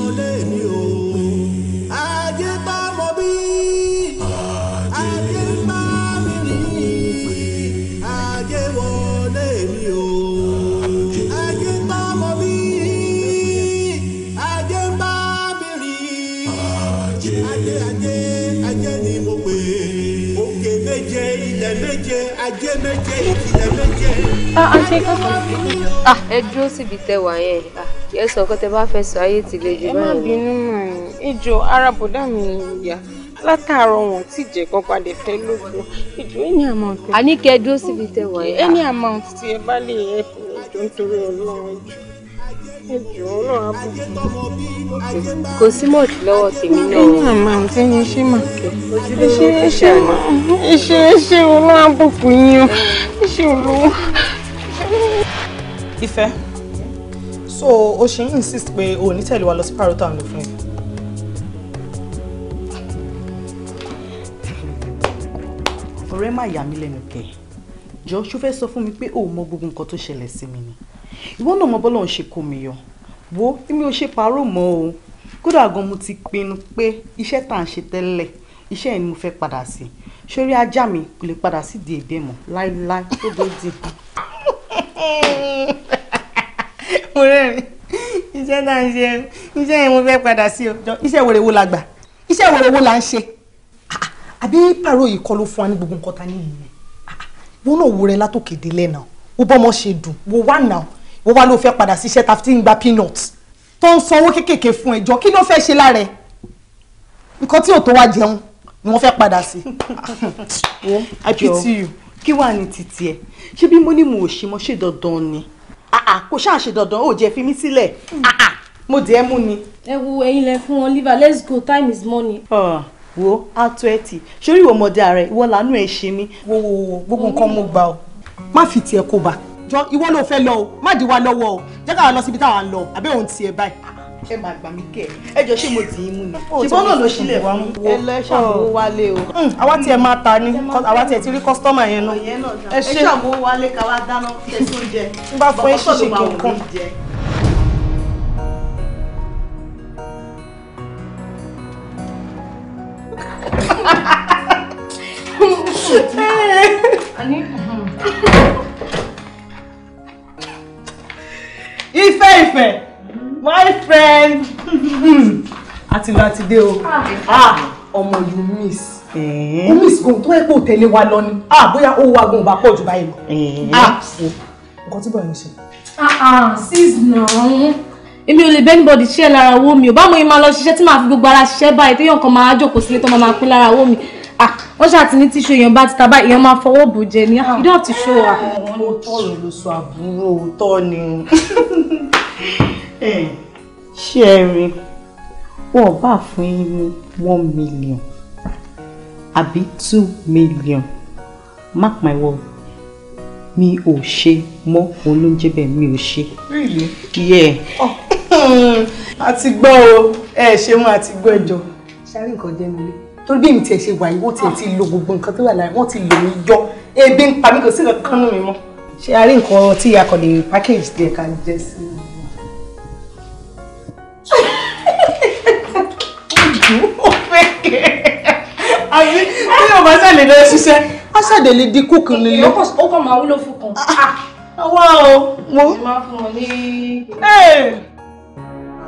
Ah, méje ìjìnlẹ̀ méje. ẹ dúró síbi tẹ wà yẹn ah, ẹ sọ pé tẹ bá fẹ́ sọ ayé ti le jù báyìí. ẹ má bínú mọ́ ẹ̀ ejò ara bọ̀dá mi nìyà látàárọ̀ wọn tí jẹ́ kan padà fẹ́ lóko ìjọ any amount. àníkẹ́ dúró síbi tẹ wà yẹn. any amount tí ẹ bá lè ẹ ẹjọ nítorí Ọlọ́run ẹjọ kò sí mọ̀tì lọ́wọ́ tèmi náà. ẹ̀yin àmà àǹtí ẹ̀yin ṣé mà ẹ ṣe mà ẹ ṣe ẹ àbùkù yín o ẹ ṣe olówó. so o ṣe ń insist pé o ò ní tẹ̀lé wa lọ sí pàrọ̀ tó à ń lò fún yìí. ọ̀rẹ́ má yà mí lẹ́nu kẹ̀ jọ ṣó fẹ́ sọ fún mi pé òun mọ gbogbo nǹkan tó ṣẹlẹ̀ sí mi ni ìwọ náà mọ bọ́lọ̀ ń ṣe kó mi yọ wo èmi ò ṣe parọ́ mọ́ o kódà gan mo ti pinnu pé iṣẹ́ tá à ń ṣe tẹ́lẹ̀ iṣẹ́ yìí ni mo fẹ́ padà sí sórí ajá mi kò lè padà sí di èdè mọ́ láéláé tó bó di. mo rẹ́rìn iṣẹ́ tá à ń ṣe iṣẹ́ yẹn mo fẹ́ padà sí o iṣẹ́ wèrèwò la gbà iṣẹ́ wèrèwò la ń ṣe ah, ah, àbí pàrọ̀ yìí kọ́ ló fún wa ní gbogbo nǹkan ta ní ìyẹn ah, wọn náà wo rẹ látòkè délẹ̀ náà wo bọ́mọ ṣe dùn wo wà náà ó wá ló fẹ́ padà síṣẹ́ ta fi ń gba peanut tó ń sanwó kéékèèké fún ẹjọ́ kí ló fẹ́ ṣe lára ẹ̀ nǹkan tí ò tó wá jẹun ni wọ́n fẹ́ padà sí. I pity you. kí wàá ní títí ẹ ṣé bí mo ní mo ò ṣe mo ṣe dandan ni kò ṣáà ṣe dandan ó jẹ́ fi mí sílẹ̀ mo dì ẹ́ mú ni. ẹ wo ẹ̀yin lẹ fún wọn liver let's go time is money. Uh wo á tó ẹ tì sórí ìwọ ọmọdé rẹ ìwọ làánú ẹ ṣe mí. wo wo wo gbogbo nǹkan mo gbà ọ má fi tiẹ̀ kó bá jọ ìwọ ló fẹ́ lọ o má di wa lọ́wọ́ o jẹ́ ká wa lọ síbi táwa ń lọ àbẹ́ òun tiẹ̀ báyìí. Ah, ẹ máa gbà mí kẹ ẹ jọ ṣé mo tì í mú ni ṣùgbọ́n náà ló ṣílẹ̀ wá mú. ẹ lọ ẹ wálé o. Mm, àwa tiẹ̀ máa ta ni àwa tiẹ̀ ti rí kọ́sítọ́mà yẹn náà. ẹ ṣe ṣàmúwó wálé ká wá dáná tẹ̀sí oúnjẹ. n bá fọ ẹ ṣíṣe kankan. Ani. Ifẹ̀ Ifẹ̀ my friend àti ìlú àti dé o ah. Ah, ọmọ you miss eh. o miss gan tó yẹ kó tẹ̀lé wa lọ ni ah, bóyá ó wa gan ò bá pọ̀ jù báyìí lọ eh. nǹkan tí bọ̀ yẹn ṣe. sis náà èmi ò lè bẹ́ẹ̀ níbọ̀dì ṣiṣẹ́ lára owó mi ò bá mo yín máa lọ ṣiṣẹ́ tí màá fi gbogbo ara ṣiṣẹ́ báyìí téèyàn kan máa jókòó sílé tó máa máa pín lára owó mi ah wọ́n ṣáà ti ní tíṣù èèyàn bá ti ta báyìí èèyàn máa fọwọ́ bò jẹ ní ah, you don't have to show her. wọ́n ní tọ́ọ̀rọ̀ ló sọ àbúrò tọ́ ni eh, ṣé ẹ rí wọn ò bá fún yín ní one million àbí two million mark my word mi ò ṣe mọ́ òun ló bẹ́ẹ̀ mi ò ṣe. really? yeah. Oh. a ti gbọ́ o ẹ ṣeun a ti gbọ́ ẹjọ́. ṣáà rí nǹkan jẹ́ mi lé torí bí èmi tiẹ̀ ṣe wà yìí wọ́n tiẹ̀ ti lo gbogbo nǹkan tó wà lára wọ́n ti lò mí yọ ebi ń pa mí kò sí kankan nù mí mọ́. ṣé a rí nǹkan tí a kò lè package díẹ̀ ká jẹ́ sí i. àbí bí o bá ṣàlè lọ ṣiṣẹ́ á ṣàdè lè di kúkú nílé. ó kàn máa wúlò fún kan. àwa ah, o. mo. mo máa fún ọ ní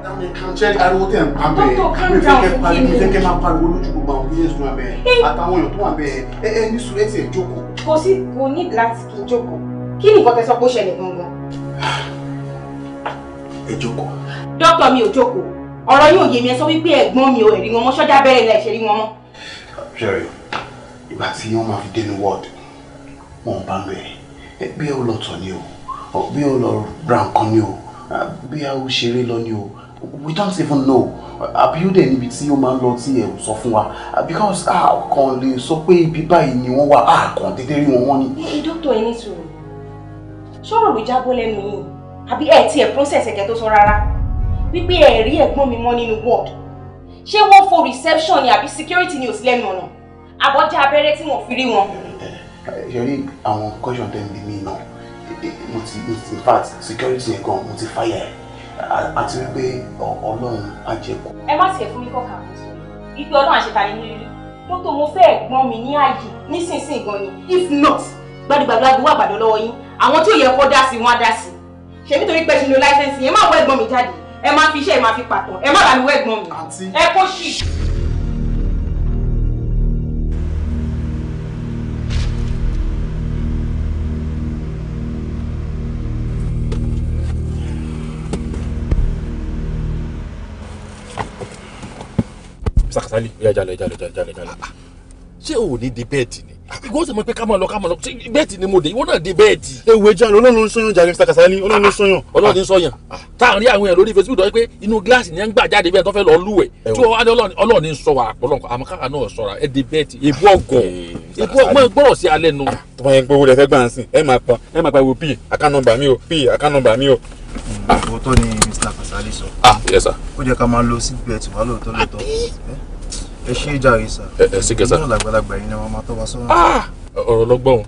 dami kan ṣe ariwo tẹ̀ ń pa bẹ́ẹ̀ mi fẹ́ kẹ́ pariwo mi fẹ́ kẹ́ máa pariwo lójú gbogbo àwọn bíyẹn sùn abẹ́ àtàwọn èèyàn tó wà bẹ́ẹ̀ ẹ ẹ ní sùn ẹ tiẹ̀ jókòó. kò sí kò ní láti kí n jókòó kí ni nǹkan tẹ́ sọ pé ó ṣẹlẹ̀ gangan. ẹ jókòó. dókítà mi ò jókòó ọ̀rọ̀ yóò yé mi ẹ sọ wípé ẹ̀gbọ́n mi ò rí wọn mọ́ ṣọ́jà bẹ́rẹ̀ ilẹ̀ ìṣẹ́rí wọn mọ́. Jerry ìgbà tí wọ́n máa fi dé ní ward wọn ò bá ń bẹ̀rẹ̀ bí ẹ ó ni o bí ẹ ó lọ ra nǹkan ni o bí ẹ ó ṣeré lọ ni o we don't even know abiodun níbi tí ó máa ń lọ tí ẹ ò sọ fún wa because a kàn lè sọ pé ibi báyìí ni wọ́n wà a kàn dédé rí wọn wọ́n ni. dókítà ẹ ní sùúrù ṣọ́rọ̀ ló jábọ́ lẹ́nu yìí àbí ẹ̀ tiẹ̀ process ẹ̀kẹ́ tó sọ rárá wípé ẹ̀ rí ẹ̀gbọ́n mi mọ́ nínú ward ṣé wọ́n fo reception ni àbí security ni ò sí lẹ́nu ọ̀nà àbọ̀já abẹ́rẹ́ tí wọ́n fi rí wọn. ṣe rí àwọn question tẹ́ ń bí mi náà mo ti in fact security yẹn gan mo ti fire àti wípé ọlọ́run á jẹ́ kó. ẹ má tiẹ̀ fún mi kọ́ka mi sọ ipe ọlọ́run àṣetani ní rírí mọ́tò mo fẹ́ ẹ̀gbọ́n mi ní ààyè nísinsìnyí gan ni if not gbàdúgbàdúgbà gbowó àgbàdo lọ́wọ́ yín àwọn tó yẹ kó dá sí wọn á dá sí ṣé nítorí pé ṣìlò láìsẹ̀nsì yẹn má wọ ẹ̀gbọ́n mi jáde ẹ má fi iṣẹ́ ẹ má fi pàtàn ẹ má bá mi wọ ẹ̀gbọ́n mi ẹ kó ṣì. sakatali ó yà jalè jalè jalè jalè. ṣé o ò ní di bẹ́ẹ̀dì ni ìwọ sì mọ pé ká máa lọ ká máa lọ bẹ́ẹ̀tì ni mo dé ìwọ náà dé bẹ́ẹ̀tì. ewu ejan ọlọ́run sọyàn jàre mr kasali ọlọ́run sọyàn. ọlọ́run ah. sọyàn táàrin àwọn èèyàn lórí facebook dọ́wọ́ pé inú gíláàsì ni ẹ ń gbà jáde bẹ́ẹ̀ tó fẹ́ lọ lúwẹ̀ tí wọ́n wá ní ọlọ́run sọ wà ọlọ́run àmọ́ káka náà sọra ẹ dé bẹ́ẹ̀tì èbú ọgọ̀ èbú ọgbọ́n gbọ́rọ̀ sí alẹ́ nu. Ah, tó bá yẹ pé owó rẹ fẹ́ gbà ń sìn ẹ máa pa ẹ máa pa wo píì àkànnọ́mbà mi o píì àkànnọ́mbà mi o lóòótọ́ ah yes sir. ó jẹ́ ká máa lo seatbelt wa lóòótọ́ lóòótọ́ ẹ ṣe é jàre sà. ẹ ẹ ṣe kẹsà. ìlú làgbàlagbà yìí ni wọn máa tọ́ wa sọ́nà. Ah! ọ̀rọ̀ lọ́gbọ́n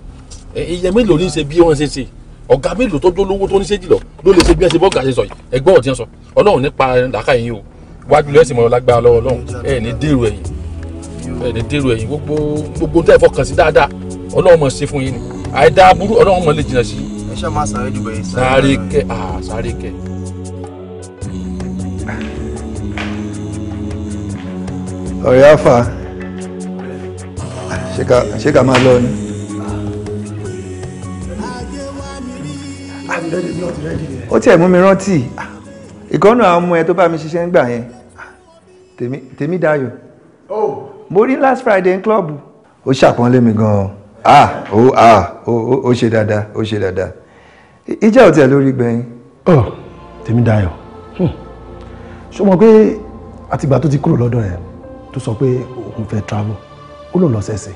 ìyẹn mélòó ní í ṣe bí wọ́n ṣe ṣe ọ̀gá mélòó tó dólówó tó ní ṣe jùlọ ló lè ṣe bí ẹ ṣe bọ́ọ̀gà ṣe sọ yìí ẹgbọ́n ọ̀tí ẹ sọ ọlọ́run nípa làákà yín o wájú lẹ́sìn mọ́ lágbára lọ́wọ́ ọlọ́run ẹ ní dèrò ẹ̀yìn ẹ ní dèrò ẹ̀yìn gbogbo gbogbo tẹ́ ẹ fọkàn sí dáadáa ọlọ́run mọ̀ ṣe fún yín ni àìdá burú ọlọ́run mọ̀ lè jìnnà sí. ẹ ṣáà ọ̀rẹ́ àfà ṣé ká máa lọ ni. ó tiẹ̀ mú mi rántí ìkọ́nù àwọn ọmọ ẹ tó bá mi ṣiṣẹ́ ń gbà yẹn tèmi dayo oh. mo rí last friday ní club ó ṣàpọ́nlé mi me an ah oh, ah oh, oh, ó ṣe dáadáa ó ṣe dáadáa ìjà ò tiẹ̀ lórí gbẹ̀yìn. ọ oh, tèmi dayo hmm. ṣọmọ pé àtìgbà tó ti kúrò lodo yẹn tó sọ pé òun fẹ́ travel ó lò lọ́sẹ̀ẹ̀sẹ̀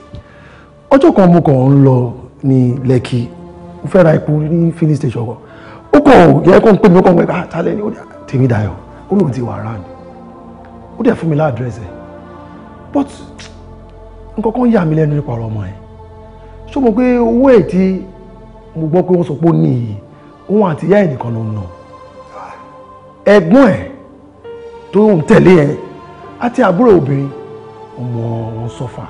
ọjọ́ kan mo kàn ń lọ ní Lẹ́kì mo fẹ́ ra epo ní filling station kan ó kàn yẹ kó ń kàn ah, ó ah, tèmi dayọ̀ ó ti wà ó dẹ̀ fún but nǹkan kan yà mí lẹ́nu nípa ọ̀rọ̀ mo pé owó ẹ̀ tí mo gbọ́ pé wọ́n sọ pé ó ní iyì òun àti ìyá ẹ̀ nìkan ló ń nà ẹ̀gbọ́n ẹ̀ tó ń tẹ̀lé àti àbúrò obìnrin ọmọ wọn sọfà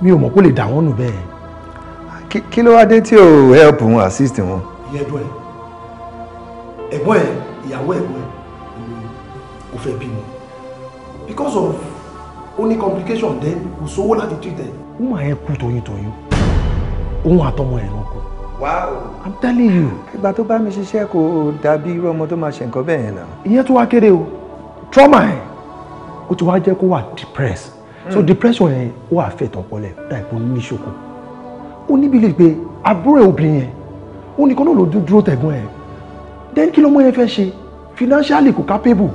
mi ò mọ̀ kó lè dà wọ́n nù bẹ́ẹ̀. kí ló wá dé tí o help wọn assist wọn. ìyẹn ẹ̀gbọ́n ẹ̀ ẹ̀gbọ́n ẹ̀ ìyàwó ẹ̀gbọ́n ẹ̀ kò fẹ́ bímọ because of only complication then kò sówó láti treat ẹ̀. ó máa ẹ kú toyuntoyun òun àtọmọ ẹ̀ ló kú. wow i'm telling you. ìgbà tó bá mi ṣiṣẹ́ kò dàbí irú ọmọ tó máa ṣe nǹkan bẹ́ẹ̀ yẹn náà. ìyẹn tó wá kéré o trauma ẹ̀ ó ti wá jẹ́ kó wà depressed so hmm. depression yẹn ó affect ọpọlọ dá ìpò ní ìṣòkò ó níbi lè pé àbúrò obìnrin yẹn ó nìkan náà ló dúró tẹ̀gbọ́n yẹn then kí lọ́mọ yẹn fẹ́ ṣe financially kò capable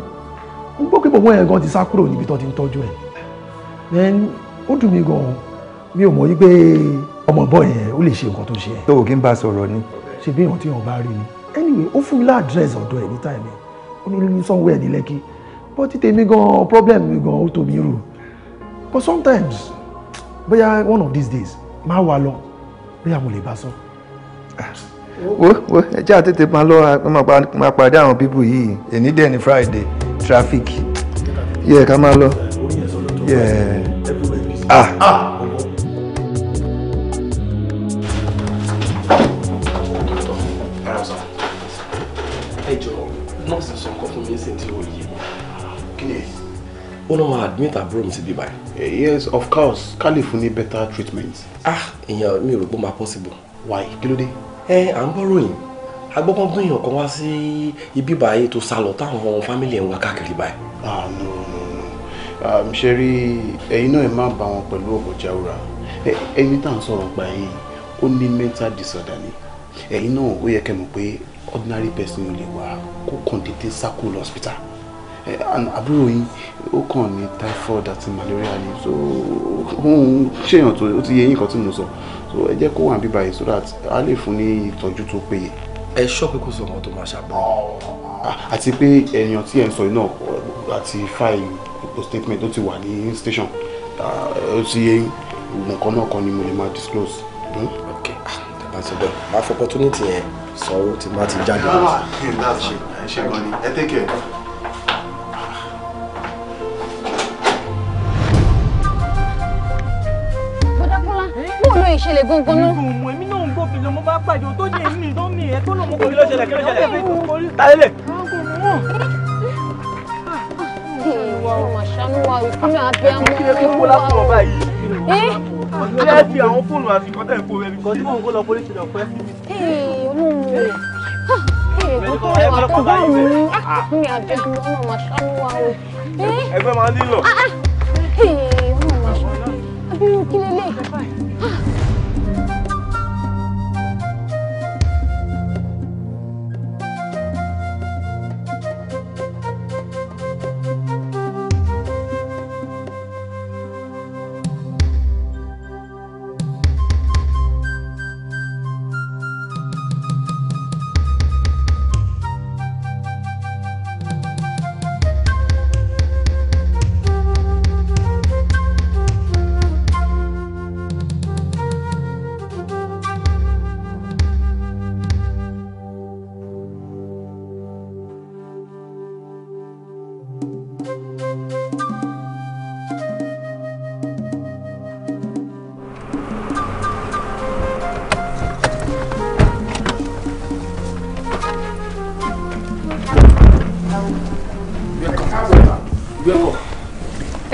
n gbọ́ pé bọ̀bọ́ yẹn gan ti sá kúrò níbi tó ti ń tọ́jú ẹ̀ then ó dùn mí gan mi ò mọ̀ yí pé ọmọ bọ́ yẹn ó lè ṣe nǹkan tó ṣe ẹ̀. tó o kí n bá sọ̀rọ̀ ni. ṣe bí èèyàn tí èèyàn bá rí ni anyway ó fún mi lá àdírẹ́sì ẹ̀ ní táìmì ó ní ní ẹ̀ ní lẹ́kì bó ti tèmi gan problem mi gan ó tòmí rò but sometimes bóyá one of these days máa wà lọ bóyá mo lè bá sọ. wo wo ẹ jẹ́ àtètè máa lọ máa pàdé àwọn pípù yìí èní dẹ̀ ni Friday traffic yẹ ká máa lọ yẹ ah. ah. ó náà máa admit àbúrò mi sí bí báyìí. Eh, yes of course ká fún ní better treatment. ah ìyẹn mi ò rò pé ó máa possible. why kí ló dé. ẹ à ń gbọ́ ròyìn agbọ́kọ́ gbìyàn kan wá sí ibi báyìí tó sá lọ táwọn fámìlì ẹ̀ ń wá káàkiri báyìí. ah no no no um, ṣe rí ẹ̀yin náà ẹ má bá wọn pẹ̀lú ọ̀bọ̀ jáwúra ẹni tá à ń sọ̀rọ̀ pa yín ó ní mental disorder ni ẹ̀yin náà ó yẹ kẹ́ pé ordinary person ò lè wá kó kàn déédéé sákò lọ́sítà. Eh, àbúrò yín ó kàn ní typhoid àti malaria ni so òun ṣèyàn tó ó ti yẹ yín kan tí mo sọ so ẹ jẹ́ kó wà bí báyìí so that a lè fún ní ìtọ́jú tó péye. ẹ ṣọ́ pé kò sọ ọmọ tó máa ṣàbọ̀. Ah, ah, àti pé èèyàn tí ẹ ń sọ yìí náà àti file statement tó ti wà ní station ah, ó ti yẹ oògùn kan náà kan ni mo lè máa disclose. Hmm? ok àti bẹ́ẹ̀ máa fọ opportunity yẹn sọ owó tí má ti jáde. ẹ ṣe gan ni ẹ take care. ìṣẹ̀lẹ̀ gbọngbọn náà. ìlú èmi náà ń gbọ́ bí lọ́mọ bá pàdé o tó yẹ èmi tó mi ẹ̀ tó lọ́mọ kò ló ṣẹlẹ̀ kí ló ṣẹlẹ̀ tálẹ́lẹ̀. ìwà ọ̀màṣánú ẹ fi àwọn fóònù àti kọ́tà ìpò rẹ̀ bíkọ́ tí mò kó lọ polisi lọ pẹ́ síbi. ẹgbẹ́ máa ń lílọ. kí lélẹ̀.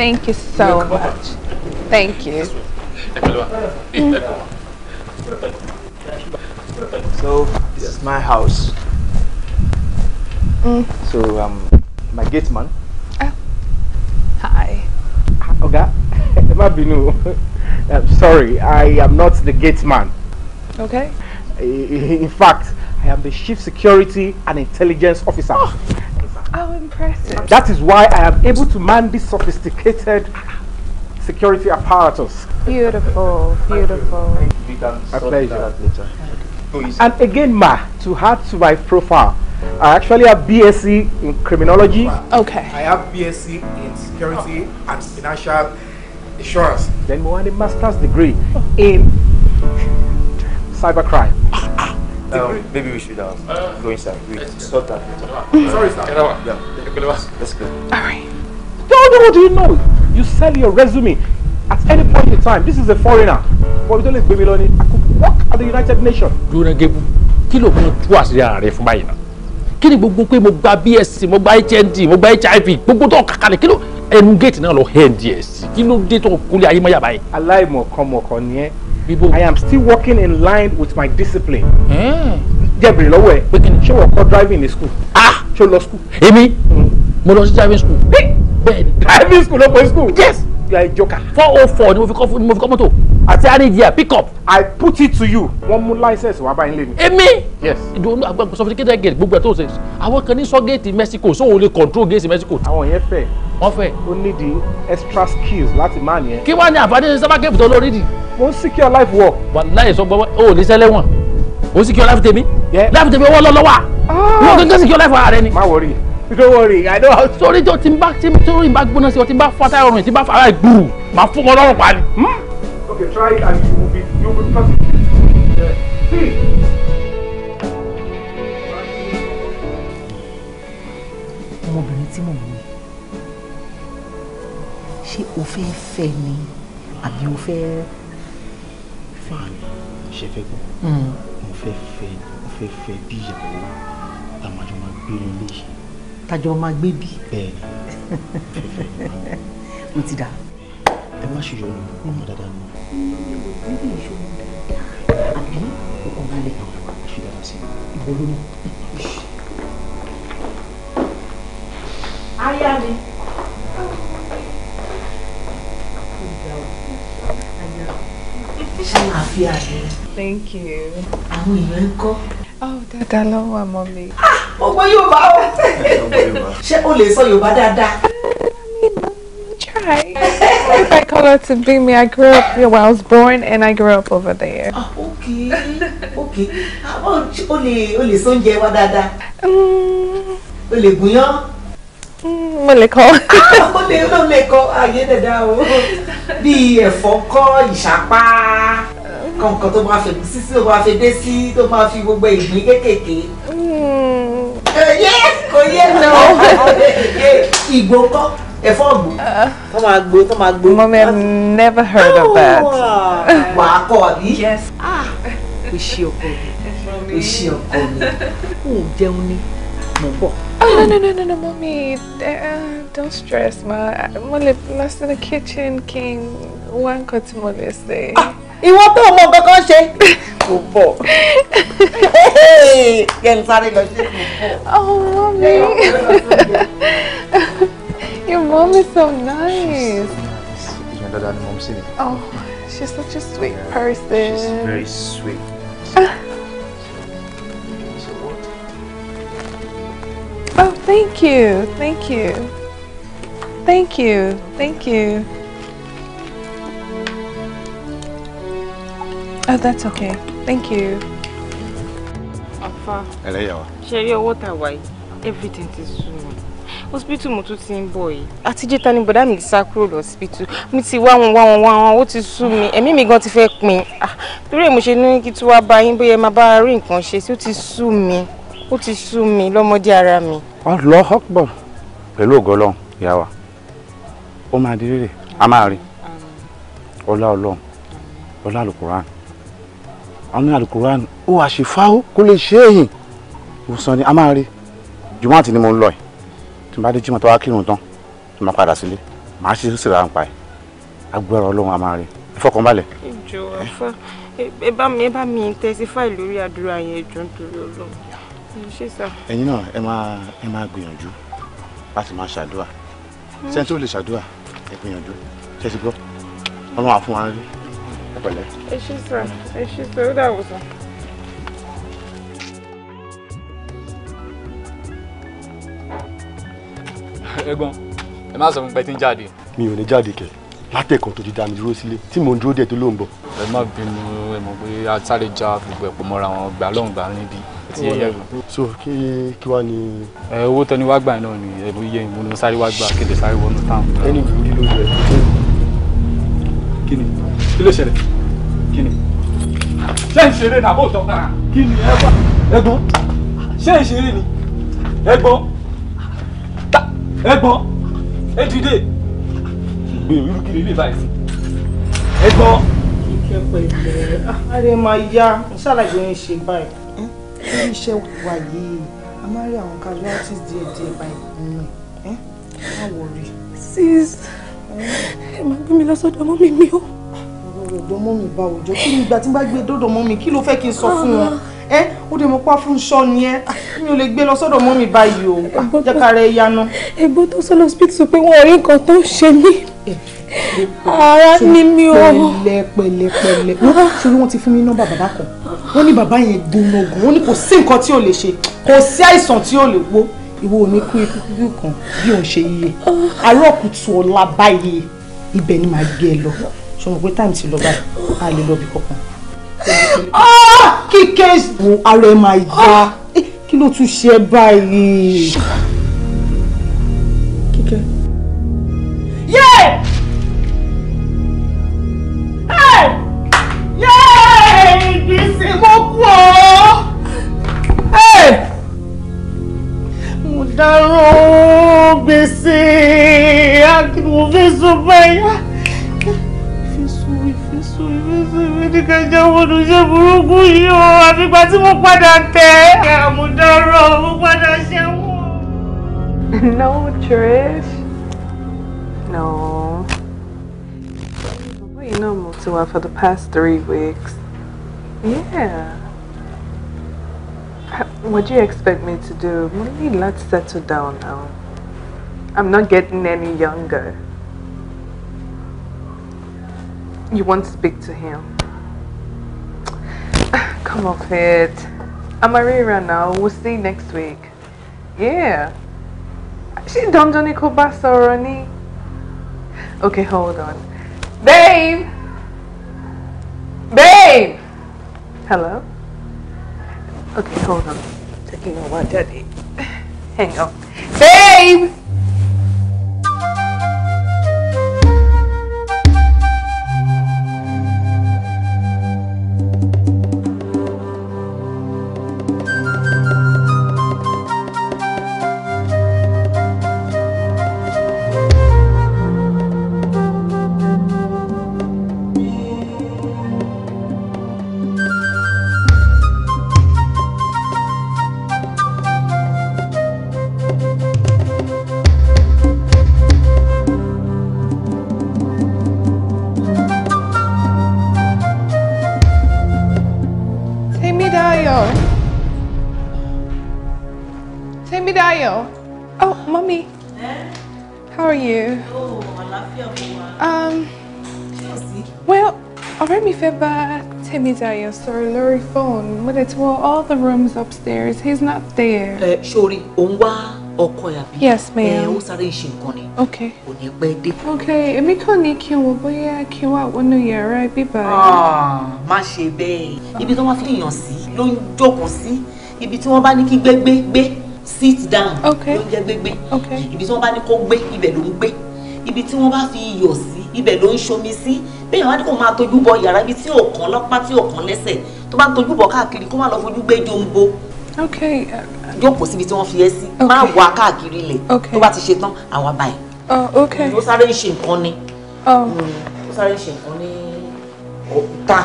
Thank you so much. Thank you. So this is my house. Mm. So um, my gate man. Oh. Hi. Oga, I'm um, sorry, I am not the gate man. Okay. In fact, I am the chief security and intelligence officer. Oh impressive. That is why I am able to man this sophisticated security apparatus. Beautiful, beautiful. A pleasure. later. And again, ma, to add to my profile, I actually have BSc in criminology. Okay. I have BSc in security oh. and financial insurance. Then we want a master's degree in cybercrime. Um, maybe we should um, uh, go inside. We sort that Sorry, sir. Yeah. Let's go. All right. No, no, what do you know? You sell your resume at any point in time. This is a foreigner. But we don't live Babylon. I could work at the United Nations. Dúró gébù, kí ló kún tú àṣírí ara rẹ fún báyìí náà? Kí ni gbogbo pé mo gba BSc, mo gba HND, mo gba HIV, gbogbo tó kàkàlẹ̀ kí ló ẹnu géètì náà lọ HNDS? Kí ló dé tó kúlẹ̀ ayé mọ́yà báyìí? Aláìmọ̀kan mọ̀kan ni ẹ́ bíbò. I am still working in line with my discipline. Hmm. jẹ́bìrì lọ́wọ́ ẹ̀ pé kí ṣé wọ́n kọ́ driving in school. ah ṣé o lọ school. èmi hmm. mo lọ sí driving school. bẹ́ẹ̀ni driving school ló pe school. yes you are a joker. four oh four ni mo fi kọ́ mọ́tò àti arrange pick up. I put it to you. Wọ́n mú license wá báyìí lẹ́nu. Èmi. Yes. Ìdùnnú àgbàgbọ́ sophisticated gate gbogbo ẹ̀ tó ṣe. Àwọn kan ní sọ́gẹ́ẹ̀tì Mexico sóhun lè control gate Mexico. Àwọn yẹn fẹ́. Wọ́n fẹ́. Ó ní di extra skills láti máa nìyẹn. Kí wàá ní àbádé sábà gẹ́pù tó lórí dì? Mo ń secure life wọ̀. Wàláyé sọ gbọ́wọ́ o ò ní sẹ́lẹ̀ wọn. O secure life tèmi. Life tèmi owó lọ́lọ́wà. Wọ́n gẹ́gẹ́ secure life ara rẹ ni. Má Don't worry, I know how. Sori tó ti ń bá gbóná sí ọ, ti ń bá fatá ọrùn, ti ń bá fara ìgbùrù, màá fún ọ lọ́rùn pa ni. Hmm? Okay, try it and you will be you will perfect. Yeah. See. ọmọbìnrin tí mò ń wò ṣé o fẹ́ fẹ́ ni àbí o fẹ́ fẹ́. ṣe fẹ́ gbọ́ hmm. mo fẹ́ fẹ́ mo fẹ́ fẹ́ bí ìyàwó àmàjọ máa gbé ní ilé yìí. tajọ máa gbé bí. bẹ́ẹ̀ mo fẹ́ fẹ́ mo ti dà. ẹ má ṣe yọnu ọmọ dáadáa ni. Thank you. Àwọn èèyàn ń kọ́. Oh, dáadáa long one, mommy. Ah, Mo gbọ́ Yorùbá o. Ṣé o lè sọ Yorùbá dáadáa? I mean, try. Pensacola to be me. I grew up here where I was born and I grew up over there. Ah, okay. Okay. How about what a I get it down. Be Come, come much o lè o lè so nje wa dáadáa? Mm. O lè gúnyán? Mm, mo lè kọ. Ah, o lè o lè kọ aye dada o. Bí ẹ̀fọ́ kọ́ ìṣàpá. Kankan tó máa fẹ́ sí sí tó máa fẹ́ dé sí tó máa fi gbogbo ìgbín kékèké. Mm. Eh, yes, kò yé lọ. Ìgbó kọ́ ẹ̀fọ́ àgbò uh-uh. tó máa gbó tó máa gbó. Mommy, I've never heard of that. wà á kọ́ àbí. Ah. o ṣe ọkọ mi o ṣe ọkọ mi o jẹun ni mo bọ̀. Oh, no, no, no, no, mommy. Uh, eh, eh, don't stress, ma. Mo lè lọ sí the kitchen kí n wá nǹkan tí Ah, lè ṣe. Ìwọ tó mọ kankan ṣe. Kò bọ̀. Kẹ́ni sáré lọ ṣe kò bọ̀. Oh, mommy. Your mom is so nice. She's my and Oh, she's such a sweet yeah, person. She's very sweet. oh, thank you. Thank you. Thank you. Thank you. Oh, that's okay. Thank you. Afa. Hello, Yawa. Sherry, what are we? Everything is soon. hospital mo tún ti ń bọ̀ yìí àtijọ́ ta ni bọ̀dá mi sá kúrò lọ hospital mi ti wá wọn wá wọn wá wọn ó ti sú mi ẹ̀mí mi gan ti fẹ́ pin ah, torí ẹ̀ mo ṣe ní kí tí wàá bá yín bóyá máa bá rí nǹkan ṣe sí ó ti sú mi ó ti sú mi lọ́mọdé ara mi. ọlọ ọpọ pẹ̀lú ògo Ọlọ́run ìyá wa ó máa di rírè a máa rí ọlá Ọlọ́run O alukuran ọmọ alukuran ó àṣìfáwó kó lè ṣe èyìn ìwòsàn ni a máa rí jùmọ̀ ni mo ń lọ yìí tí n bá dé jímọ̀ tó wá kírun tán tí n bá padà sílé màá ṣe síra ń pa ẹ̀ agbára ọlọ́run a máa rí ẹ fọkàn balẹ̀. ìjọ afa ẹ bá mi ẹ bá mi intensify lórí àdúrà yẹn ìjọ nítorí ọlọ́run ṣe sá. ẹ̀yin náà ẹ máa ẹ máa gbìyànjú láti máa ṣàdúrà sẹ́ńtì hmm. ò lè ṣàdúrà ẹ gbìyànjú ṣe ti gbọ́ ọlọ́run àfún wa rí ẹ pẹ̀lẹ́. ẹ ṣe sá ẹ ṣe sá ó dà wò sàn. ẹ̀gbọ́n ẹ má sọ fún pé tí ń jáde. mi ò ní jáde kẹ látẹ̀kọ́ tó ti dá mi dúró sílé tí mò ń dúró dẹ̀ tó ló ń bọ̀. ẹ má bínú ẹ mọ̀ pé atáré já gbogbo ẹ̀pọ̀ mọ́ra wọn gbà lọ́hùn gbà níbi tí ẹ yẹ. so kí kí wàá ní. ẹ owó tọ́ni wá gbà náà ni ẹ yẹ ìmúlò sáré wá gbà kéde sáré wọnú táwọn. ẹni ìlú lílo rẹ. kí ni kí ló ṣẹlẹ̀ kí ni. ṣé ìṣeré nàbó tọ́ kí ni ẹ wá. ẹ̀gbọ́n ṣé ìṣeré ni ẹ̀gbọ́n ẹ̀gbọ́n ẹ dìde gbèrú kí lè lè báyìí sí ẹ̀gbọ́n. kíkẹ́ pẹ̀lẹ́ àárẹ̀ máa yá ṣàlàyé ń ṣe báyìí bí iṣẹ́ wà yìí a máa rí àwọn casualties díẹ̀ díẹ̀ báyìí nínú ẹ̀ ẹ̀ máa wọ̀ rí. sis ẹ máa gbé mi lọ sọ́dọ̀ mọ́mì mi o ọ̀rọ̀ ọ̀dọ̀ mọ́ mi bá òjò kí ni ìgbà tí n bá gbé dọ́dọ̀ mọ́ mi kí ló fẹ́ kí n sọ fún wọn ẹ ó dẹ̀ mọ́ pa fún ṣọ́ ni ẹ mi o jẹ́ ká rẹ yanu. ẹ̀gbọ́n tó sọ lọ́sibítù pé wọ́n rí nǹkan tó ń ṣe mí ara ni mi ò. pẹ̀lẹ́ pẹ̀lẹ́ pẹ̀lẹ́ ah. ṣé wọn ti fún mi nọ́mbà bàbá kan wọn ní bàbá yẹn gbóngbòn wọn ní kò sí nǹkan tí ò lè ṣe kò sí àìsàn tí ò lè wó ìwọ ò ní kú ikú kíkú kan bí òun ṣe yíye àárọ̀ ah. kùtù ọ̀la báyìí ibẹ̀ ni màá gbé ẹ lọ ṣe mọ̀ pé time ti lọ báyìí a lè lọ bí kankan. Ah! kíkẹ́ wo ara ẹ̀ máa yá ah! kí ló tún ṣe báyìí. kíkẹ́. yéè. yéè ìdísí mo kú ọ́. mo dárò gbèsè akínwó fẹ́ sọ ní ká jáwọ́ ní iṣẹ́ burúkú yìí o àfìgbà tí mo padà tẹ̀ ẹ́. àmúdọ́rọ̀ mo padà ṣẹ́wọ́. No, Trish. No. Bàbá yìí náà mo ti wà for the past three weeks. Yeah. What do you expect me to do? Mo need láti settle down now. I'm not getting any younger. You won't speak to him. Come off it. I'm already around now. We'll see you next week. Yeah. She don't do Ronnie. Okay, hold on. Babe! Babe! Hello? Okay, hold on. Taking a while, daddy. Hang on. Babe! bá Tẹ́mítáyọ̀ sọ̀rọ̀ lórí Phone. mo dẹ̀ ti all the rooms upstairs he's not there. Eh, ẹ sori ò ń yes ma'am ẹ eh, ó sáré ìṣe nǹkan ni. ok kò ní pẹ́ dé. ok èmi kàn ní kí n wo bóyá kí n wà wọnú yàrá bíbá. Ah, má ṣe bẹ́ẹ̀ ibi tí wọ́n sit down Okay. ń jẹ́ gbégbé ibi tí wọ́n bá ní kó gbé ibẹ̀ ló ibi tí wọ́n bá fi iyọ̀ sí ibẹ̀ ló ń ṣomi sí bẹ́ẹ̀ wá ní kó máa tójú bọ yàrá ibi tí òkan lọ́pá tí òkan lẹ́sẹ̀ tó bá tójú bọ káàkiri kó má lọ fojú gbé jombo uh, jókòó síbi tí wọ́n fi ẹ́ sí má wà káàkiri ilẹ̀ tó bá ti ṣe tán àwa báyìí oh, ó sáré ń ṣe nǹkan ni oh. mm, ó sáré ń ṣe nǹkan ní òkúta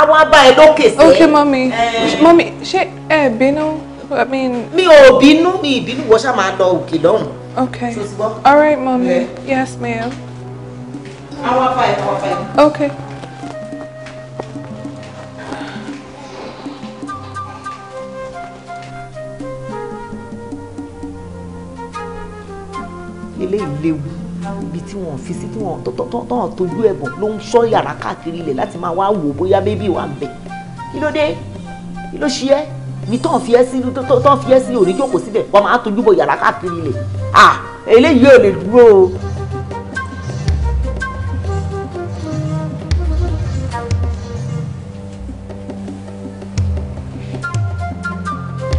àwọn abá ẹ lókè sí. ok mọ́mí eh. mọ́mí ṣé ẹ bínú. mi ò bínú mi ìbínú wọ́n ṣáà máa lọ òkè lọ́hùn Okay. All right, mommy. Okay. Yes, ma'am. Hour five, hour five. Okay. eléyìí léwu ibi tí wọn fi sí tí wọn tọ́nà tójú ẹ̀bùn ló ń ṣọ́ yàrá káàkiri ilẹ̀ láti máa wá wò bóyá bébí wà ń bẹ̀ kí ló dé kí ló ṣe é ibi tọ́n fi ẹ́ sí tọ́n fi ẹ́ sí òní jókòó síbẹ̀ wọ́n máa tójú bọ yàrá káàkiri ilẹ̀ ah eléyìí ò lè dúró o.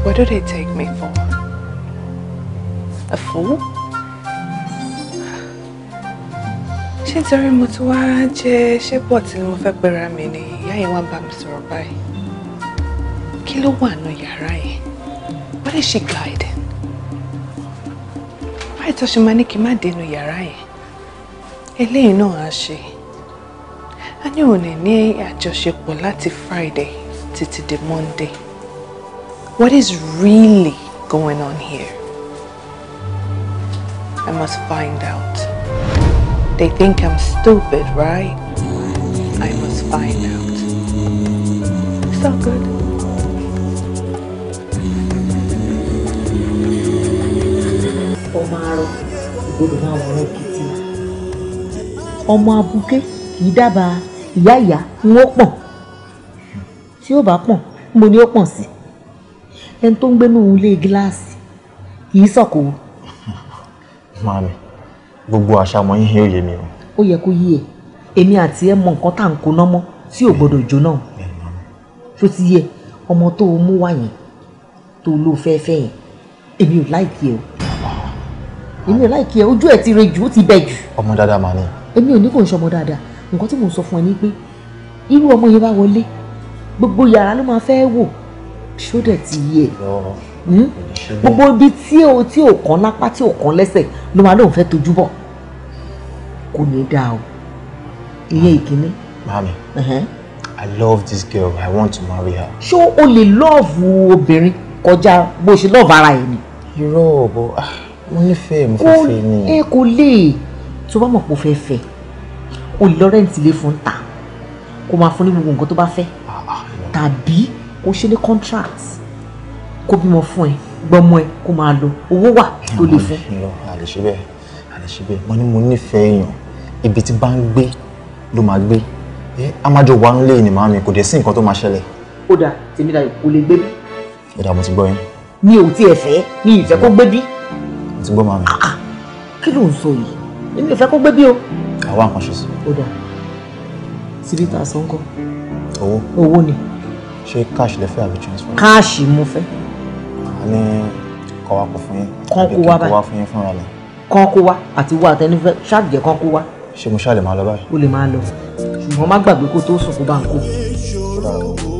What do they take me for? A fool? ṣé nítorí mo ti wá jẹ́ ṣẹ́pọ̀ tí mo fẹ́ pera mi ni ìyá yẹn wá bá mi sọ̀rọ̀ báyìí kí ló wà nù yàrá yẹn What is she guiding? báyìí tó ṣe máa ní kí n má dénú yàrá yẹn eléyìí náà á ṣe a ní òun ní ní àjọṣepọ̀ láti Friday títí di Monday what is really going on here I must find out they think I'm stupid right I must find out it's all good. ọmọ arọ ìgbọ́dọ̀ máa wà ọ̀rọ̀ kìtì ọmọ abuké kì í dábàá ìyá ìyá ń ó pọ̀n tí ó bá pọ̀n mo ní ó pọ̀n sí ẹni tó ń gbénú ilé gíláàsì kì í sọ̀kò. Màmí, gbogbo àṣà ọmọ yín yóò yé mi o. Ó yẹ kó yí ẹ, èmi àti ẹ mọ nǹkan tá à ń koná mọ́ tí ò gbọdọ̀ jóná. Tó ti yẹ ọmọ tó o mú wá yẹn tó o lò fẹ́ẹ́fẹ́ yẹn, èmi ò láìkí ẹ o èmi ò láìkí ẹ ojú ẹ ti re jù ó ti bẹ jù. ọmọ dáadáa mà ni. èmi ò ní kò ń ṣọmọ dáadáa nǹkan tí mò ń sọ fún ẹ ni pé irú ọmọ yẹn bá wọlé gbogbo yàrá ló máa fẹ́ wò ṣódẹ̀ ti yé ẹ hmm? gbogbo ibi tí o tí o kàn lápá tí o kàn lẹ́sẹ̀ ló máa lóun fẹ́ tojú bọ̀ kò ní dáa o ìyẹn ìkíní. mami i love this girl i want to marry her. ṣé o lè lọ́ọ̀fù obìnrin kọjá bó ṣe lọ́ọ̀fù ara ẹ̀ ni. irọ́ ọ̀bọ ah mo nífẹ̀ẹ́ mo fẹ́ fẹ́ ni. ẹ kò lè tó bá mọ̀ pé o fẹ́ fẹ́ o lè lọ rẹ́ǹtì ilé fún ta kó máa fún ní gbogbo nǹkan tó bá fẹ́ ah, ah, tàbí kó ṣe ní contract kó bímọ fún ẹ gbọmọ ẹ kó máa lo owó wà tó lè fún. àlè ṣe bẹ́ẹ̀ àlè ṣe bẹ́ẹ̀ mo ní mo nífẹ̀ẹ́ èèyàn ibi tí bá ń gbé ló máa gbé a máa jọ wà nílé ni màámi kò dé sí nǹkan tó máa ṣẹlẹ̀. ó dà tèmi dayọ̀ kò lè gbé bí. ó dà mo ti gbọ́ yín. mi ò tiẹ̀ fẹ́ mi ìfẹ́ kó gbé bí ti gbọ́ màmí. Ah, ah. kí ló ń sọ yìí èmi ò fẹ́ kó gbé bí o. àwa nǹkan ṣe sí. ó dà síbi tá a san kọ. owó. owó ni. ṣé cash lè fẹ́ àbí transfer. cash mo fẹ́. a ní kọ́ wa kó fún yín. kọ́ kó wa báyìí àbí kí kó wa fún yín fúnra lẹ̀. kọ́ kó wa àti wo àtẹnifẹ́ ṣáàjẹ́ kọ́ kó wa. ṣé mo ṣáà lè máa lọ báyìí. o lè máa lọ ṣùgbọ́n má gbàgbé kó tó sùn kó bá ń kó. ó dára o.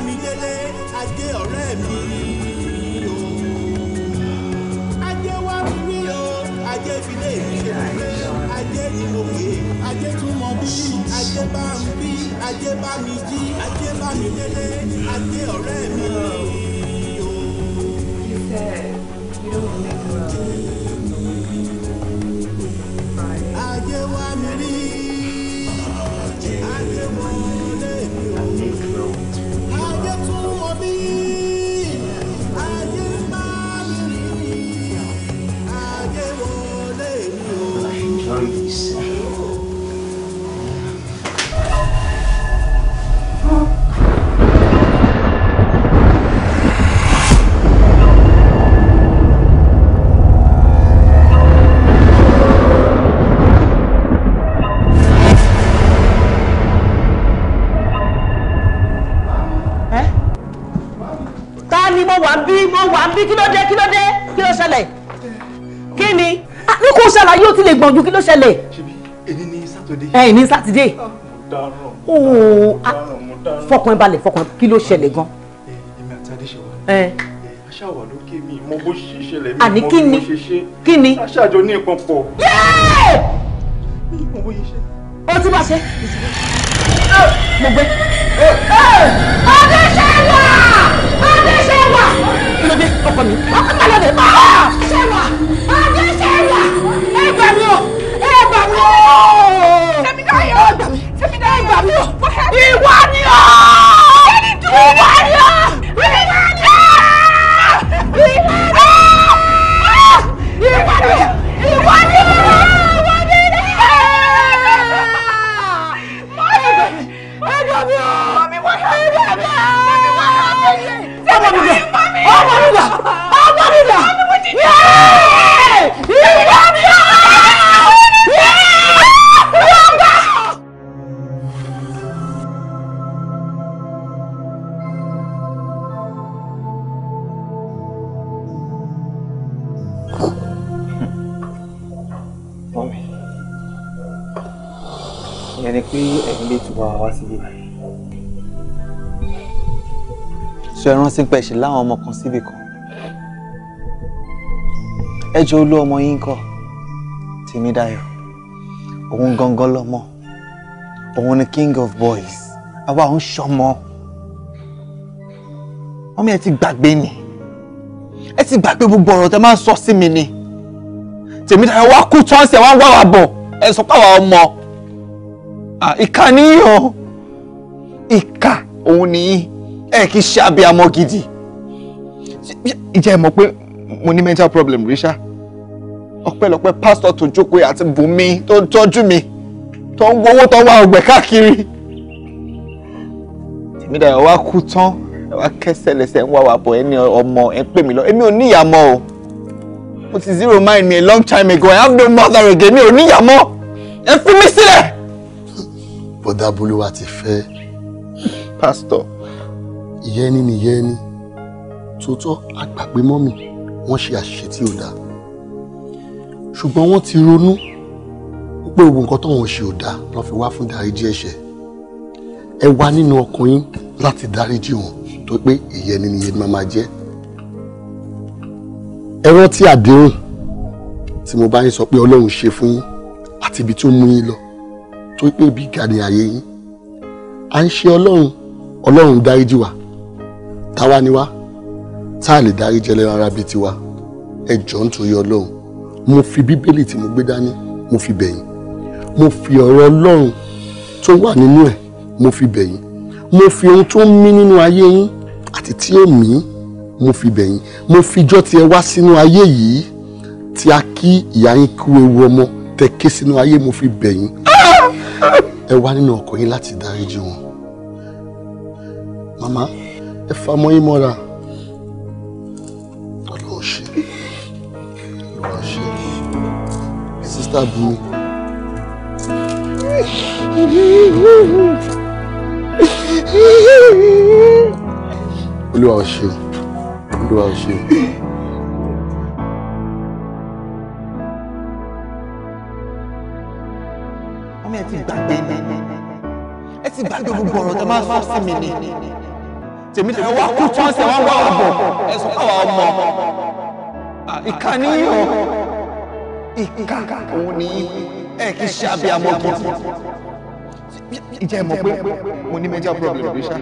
Bámidélé ajé ọ̀rẹ́ mi o ajé wá mi rí o ajé filé mi ṣe fúnlé ajé ni mo pè é ajé tún mọ bí ajé bá ń bí ajé bá mi jí ajé Bámidélé ajé ọ̀rẹ́ mi o. àbí kí ló dé kí ló dé kí ló ṣẹlẹ̀ kí ni ah, ní kò ṣàlàyé ó ti lè gbọ̀njú kí ló ṣẹlẹ̀. èyí ni sátidé. ẹ̀yìn eh, ni sátidé. Oh, ah, fọkàn balẹ̀ fọkàn kí ló ṣẹlẹ̀ gan. Eh, èmi àti adé ṣe wà. Eh. aṣá wà lókè mi mo bó ṣe ṣẹlẹ̀ mi mo bó ṣe ṣe. kí ni. aṣá àjọ ní ìpọn pọ̀. o ti bá ṣe. mo gbé ló dé ọkọ mi ọkọ mi lọ́dẹ. ah adé ṣẹwà ẹ gbà mí o ẹ gbà mí o. sẹ́mi dáyọ̀ sẹ́mi dáyọ̀ ìwà ni o ìwà ni ìyẹn ni pé ẹ̀yin lè ti wá síbi. sọ ẹ rántí pé ṣe láwọn ọmọ kan síbi kan ẹ jọ olú ọmọ yín kọ Tèmídayọ̀ òun gangan lọmọ òun ni king of boys àwa òun ṣọmọ ọmọ ẹ ti gbàgbé ni ẹ ti gbàgbé gbogbo ọ̀rọ̀ tẹ máa ń sọ sí mi ni Tèmídayọ̀ wá kú tán sí ẹ wá wá wa bọ̀ ẹ sọ pé àwa ọmọ ìka níyàn ìka òun nìyí ẹ kì í ṣe abiyamọ gidi ìjẹ́ ẹ mọ̀ pé mo ní mental problem rí ṣá ọpẹ́lọpẹ́ pastor tó jókòó àti bùnmi tó ń tọ́jú mi tó ń gbowó tó ń wá ọgbẹ́ káàkiri tèmi dàgbà wá kú tán ẹ wá kẹsẹ̀ lẹ́sẹ̀ ń wá wà bọ̀ ẹni ọmọ ẹ pè mí lọ èmi ò níyàmọ́ o mo ti zero mind mi a long time ago I have no mother again mi ò níyàmọ́ ẹ fi mí sílẹ̀ bọ̀dá bolúwa ti fẹ́. pásítọ̀. ìyẹ́ni ni ìyẹ́ni tòótọ́ àgbàgbé mọ́mì wọ́n ṣe àṣìṣe tí ò dáa ṣùgbọ́n wọ́n ti ronú pé gbogbo nǹkan tóun ṣe ò dáa lọ́ fi wá fún dáríjì ẹ̀ṣẹ̀ ẹ wá nínú ọkàn yín láti dáríjì wọn tó pé ìyẹn ni iye máa máa jẹ́ ẹ rántí àdéhùn tí mo bá yín sọ pé ọlọ́run ṣe fún yín àti ibi tó mú yín lọ tó pé bí gàdé ayé yín à ń ṣe ọlọ́run ọlọ́run dáríjì wa táwa ni wá tá a lè dáríjì ẹlẹ́ran ara bíi tiwa ẹ jọ̀ọ́ nítorí ọlọ́run mo fi bíbélì tí mo gbé dání mo fi bẹ̀yìn mo fi ọ̀rọ̀ ọlọ́run tó wà nínú ẹ̀ mo fi bẹ̀yìn mo fi ohun tó ń mí nínú ayé yín àti tí ó mí mo fi bẹ̀yìn mo fi ijọ́ tiẹ̀ wá sínú ayé yìí tí a kí ìyá yín kú ewu ọmọ tẹ ké sínú ayé mo fi bẹ̀yìn ẹ wá nínú ọkọ yín láti dáríjì wọn màmá ẹ fa mọ́ yín mọ́ra ọlọ́run ṣe ọlọ́run ṣe sísítà bu. olúwa ò ṣeun olúwa ò ṣeun. ọmọ ẹ ti gbàgbé mi ti gbàgbé gbogbo ọ̀rọ̀ tẹ máa sọ sí mi ni tèmi tèmi wá kú tí wọ́n ṣe wọ́n wá àbọ̀ ẹ̀sùn àwa ọmọ ìka ìka òun ni ẹ kì í ṣe abiyamọ gidi ìjẹ́ ẹ mọ̀ pé mo ní major problem bí ṣá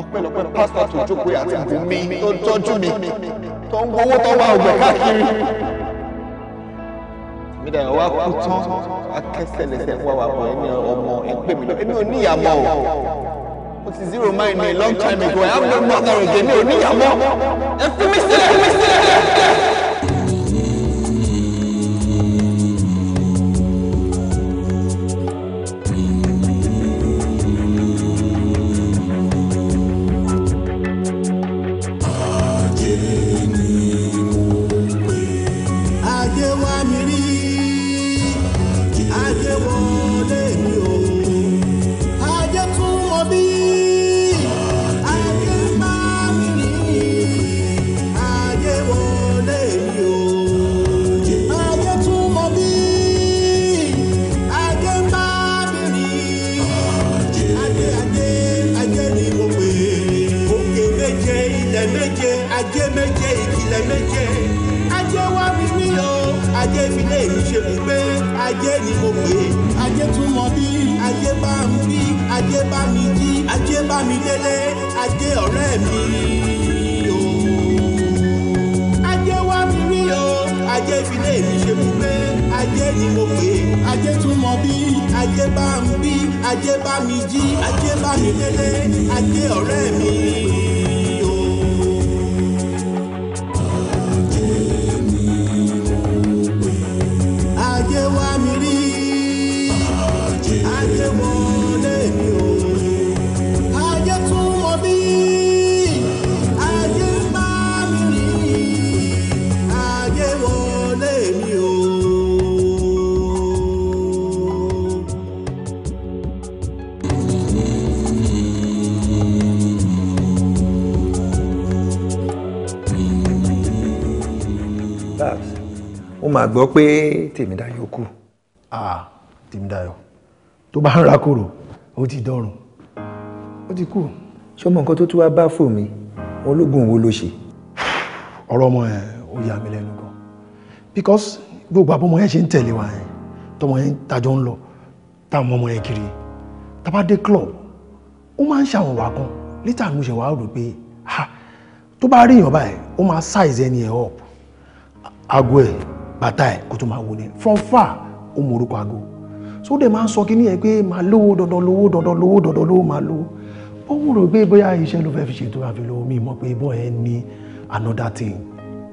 ọpẹ́lọpẹ́ pásítọ̀ tó jókòó àti bùnmi tó tọ́jú mi tó ń gbowó tó wá ọgbẹ́ káàkiri mi dà wá kú tán akẹsẹlẹsẹ ń wá wa bọ ẹni ọmọ ẹ pè mí lọ èmi ò ní ìyàmọ o mo ti zero mind me long time ago I have no mother again mi ò ní ìyàmọ ẹ fi mí sílẹ̀ ẹ fi mí sílẹ̀. gbọ́ pé Tèmídayọ̀ kú. ah Tèmídayọ̀ tó bá ń ra kúrò ó ti dọ̀rùn ó ti kú. sọmọ nǹkan tó tún wá bá fò mí ológun wo ló ṣe. ọ̀rọ̀ ọmọ yẹn ó yà mí lẹ́nu gan because gbogbo àbọ̀mọ yẹn ṣe ń tẹ̀lé wa yẹn tọmọ yẹn tajọ ń lọ táwọn ọmọ yẹn kiri tábà dé club ó máa ń ṣàwọn wà kan lítà mo ṣe wàá rò pé tó bá rí èèyàn báyìí ó máa size ẹni ẹ̀ up aago ẹ̀ bàtà ẹ̀ kó máa wò ni from far ó mú orúkọ aago so ó dẹ̀ máa ń sọ kíní ẹ̀ pé máa lówó dandan lówó dandan lówó dandan lówó máa lówó ó mú rò pé bóyá iṣẹ́ ló fẹ́ fi ṣètò àfihàn omi mọ̀ pé bọ́ ẹ ní another thing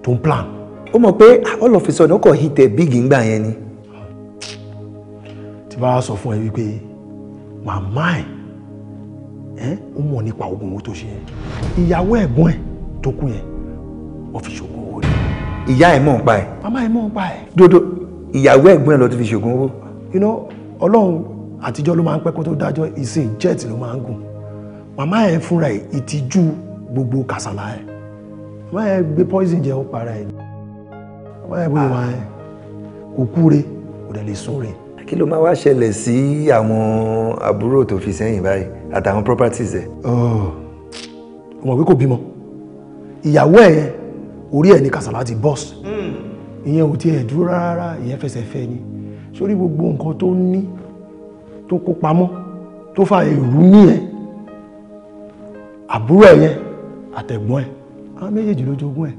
to plan. ó mọ̀ pé all of a sudden ó kàn hit ẹ̀ big ńgbà yẹn ni. tí bá a sọ fún ẹ wípé màmá ẹ̀ ẹ́ ó mọ̀ nípa oògùn owó tó ṣe yẹn ìyàwó ẹ̀gbọ́n ẹ̀ tó kú yẹn wọ́n fi ṣòwò ìyá ẹ̀ mọ̀ ń pa ẹ̀. màmá ẹ̀ mọ̀ ń pa ẹ̀. dodo ìyàwó ẹ̀gbọ́n ẹ̀ lọ ti fi ṣògùn owó. you know ọlọ́run àtijọ́ ló máa ń pẹ́ kó tó dájọ́ ìsìn jet ló máa ń gùn màmá ẹ̀ fúnra ẹ̀ ìtìjú gbogbo kàsàlà ẹ̀ màmá ẹ̀ gbé poison jẹ ó para ẹ̀ màmá ẹ̀ bóyá wọn ah. kò kúre kò dẹ̀ lè sún re. kí ló máa wá ṣẹlẹ̀ sí àwọn àbúrò tó fi sẹ́yìn báyìí àtàwọn properties ẹ̀. Oh, ọmọ pé kò bímọ ìyàwó ẹ̀ yẹn orí ẹ̀ ní kàsàlá ti bọ́ọ̀sì hmm. ìyẹn ò tiẹ̀ dúró rárá ìyẹn fẹsẹ̀ fẹ́ ni sórí gbogbo nǹkan tó ní tó kó pamọ́ tó fa èrú ní ẹ̀ àbúrò ẹ̀ yẹn àtẹ̀gbọ́n ẹ̀ àwọn méjèèjì ló jogún ẹ̀.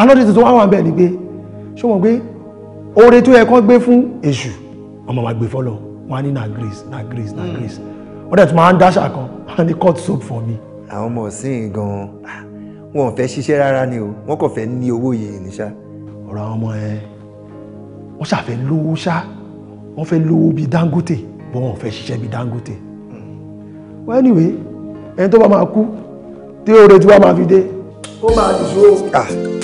alọ́dẹ hmm. tuntun wá wà bẹ́ẹ̀ ni pé ṣé wọ́n pé oore tó yẹ kán gbé fún èṣù ọmọ wa gbé fọ́lọ̀ wọn á ní na grace na grace na hmm. grace wọ́n dẹ̀ tún máa ń dáṣà kan wọ́n á ní cut soap for me. àwọn ọmọ ọ̀sìn gan-an wọn ò fẹ́ ṣiṣẹ́ rárá ni o wọ́n kàn fẹ́ ní owó yìí ní ṣá. ọ̀rọ̀ ọmọ ẹ wọ́n ṣàfẹ́ lówó ṣá wọ́n fẹ́ lówó bíi Dangote bọ́ wọn ò fẹ́ ṣiṣẹ́ bíi Dangote. well anyway ẹni tó bá máa kú tí oore tí wọ́n máa fi dé ó máa dìṣó. Ah.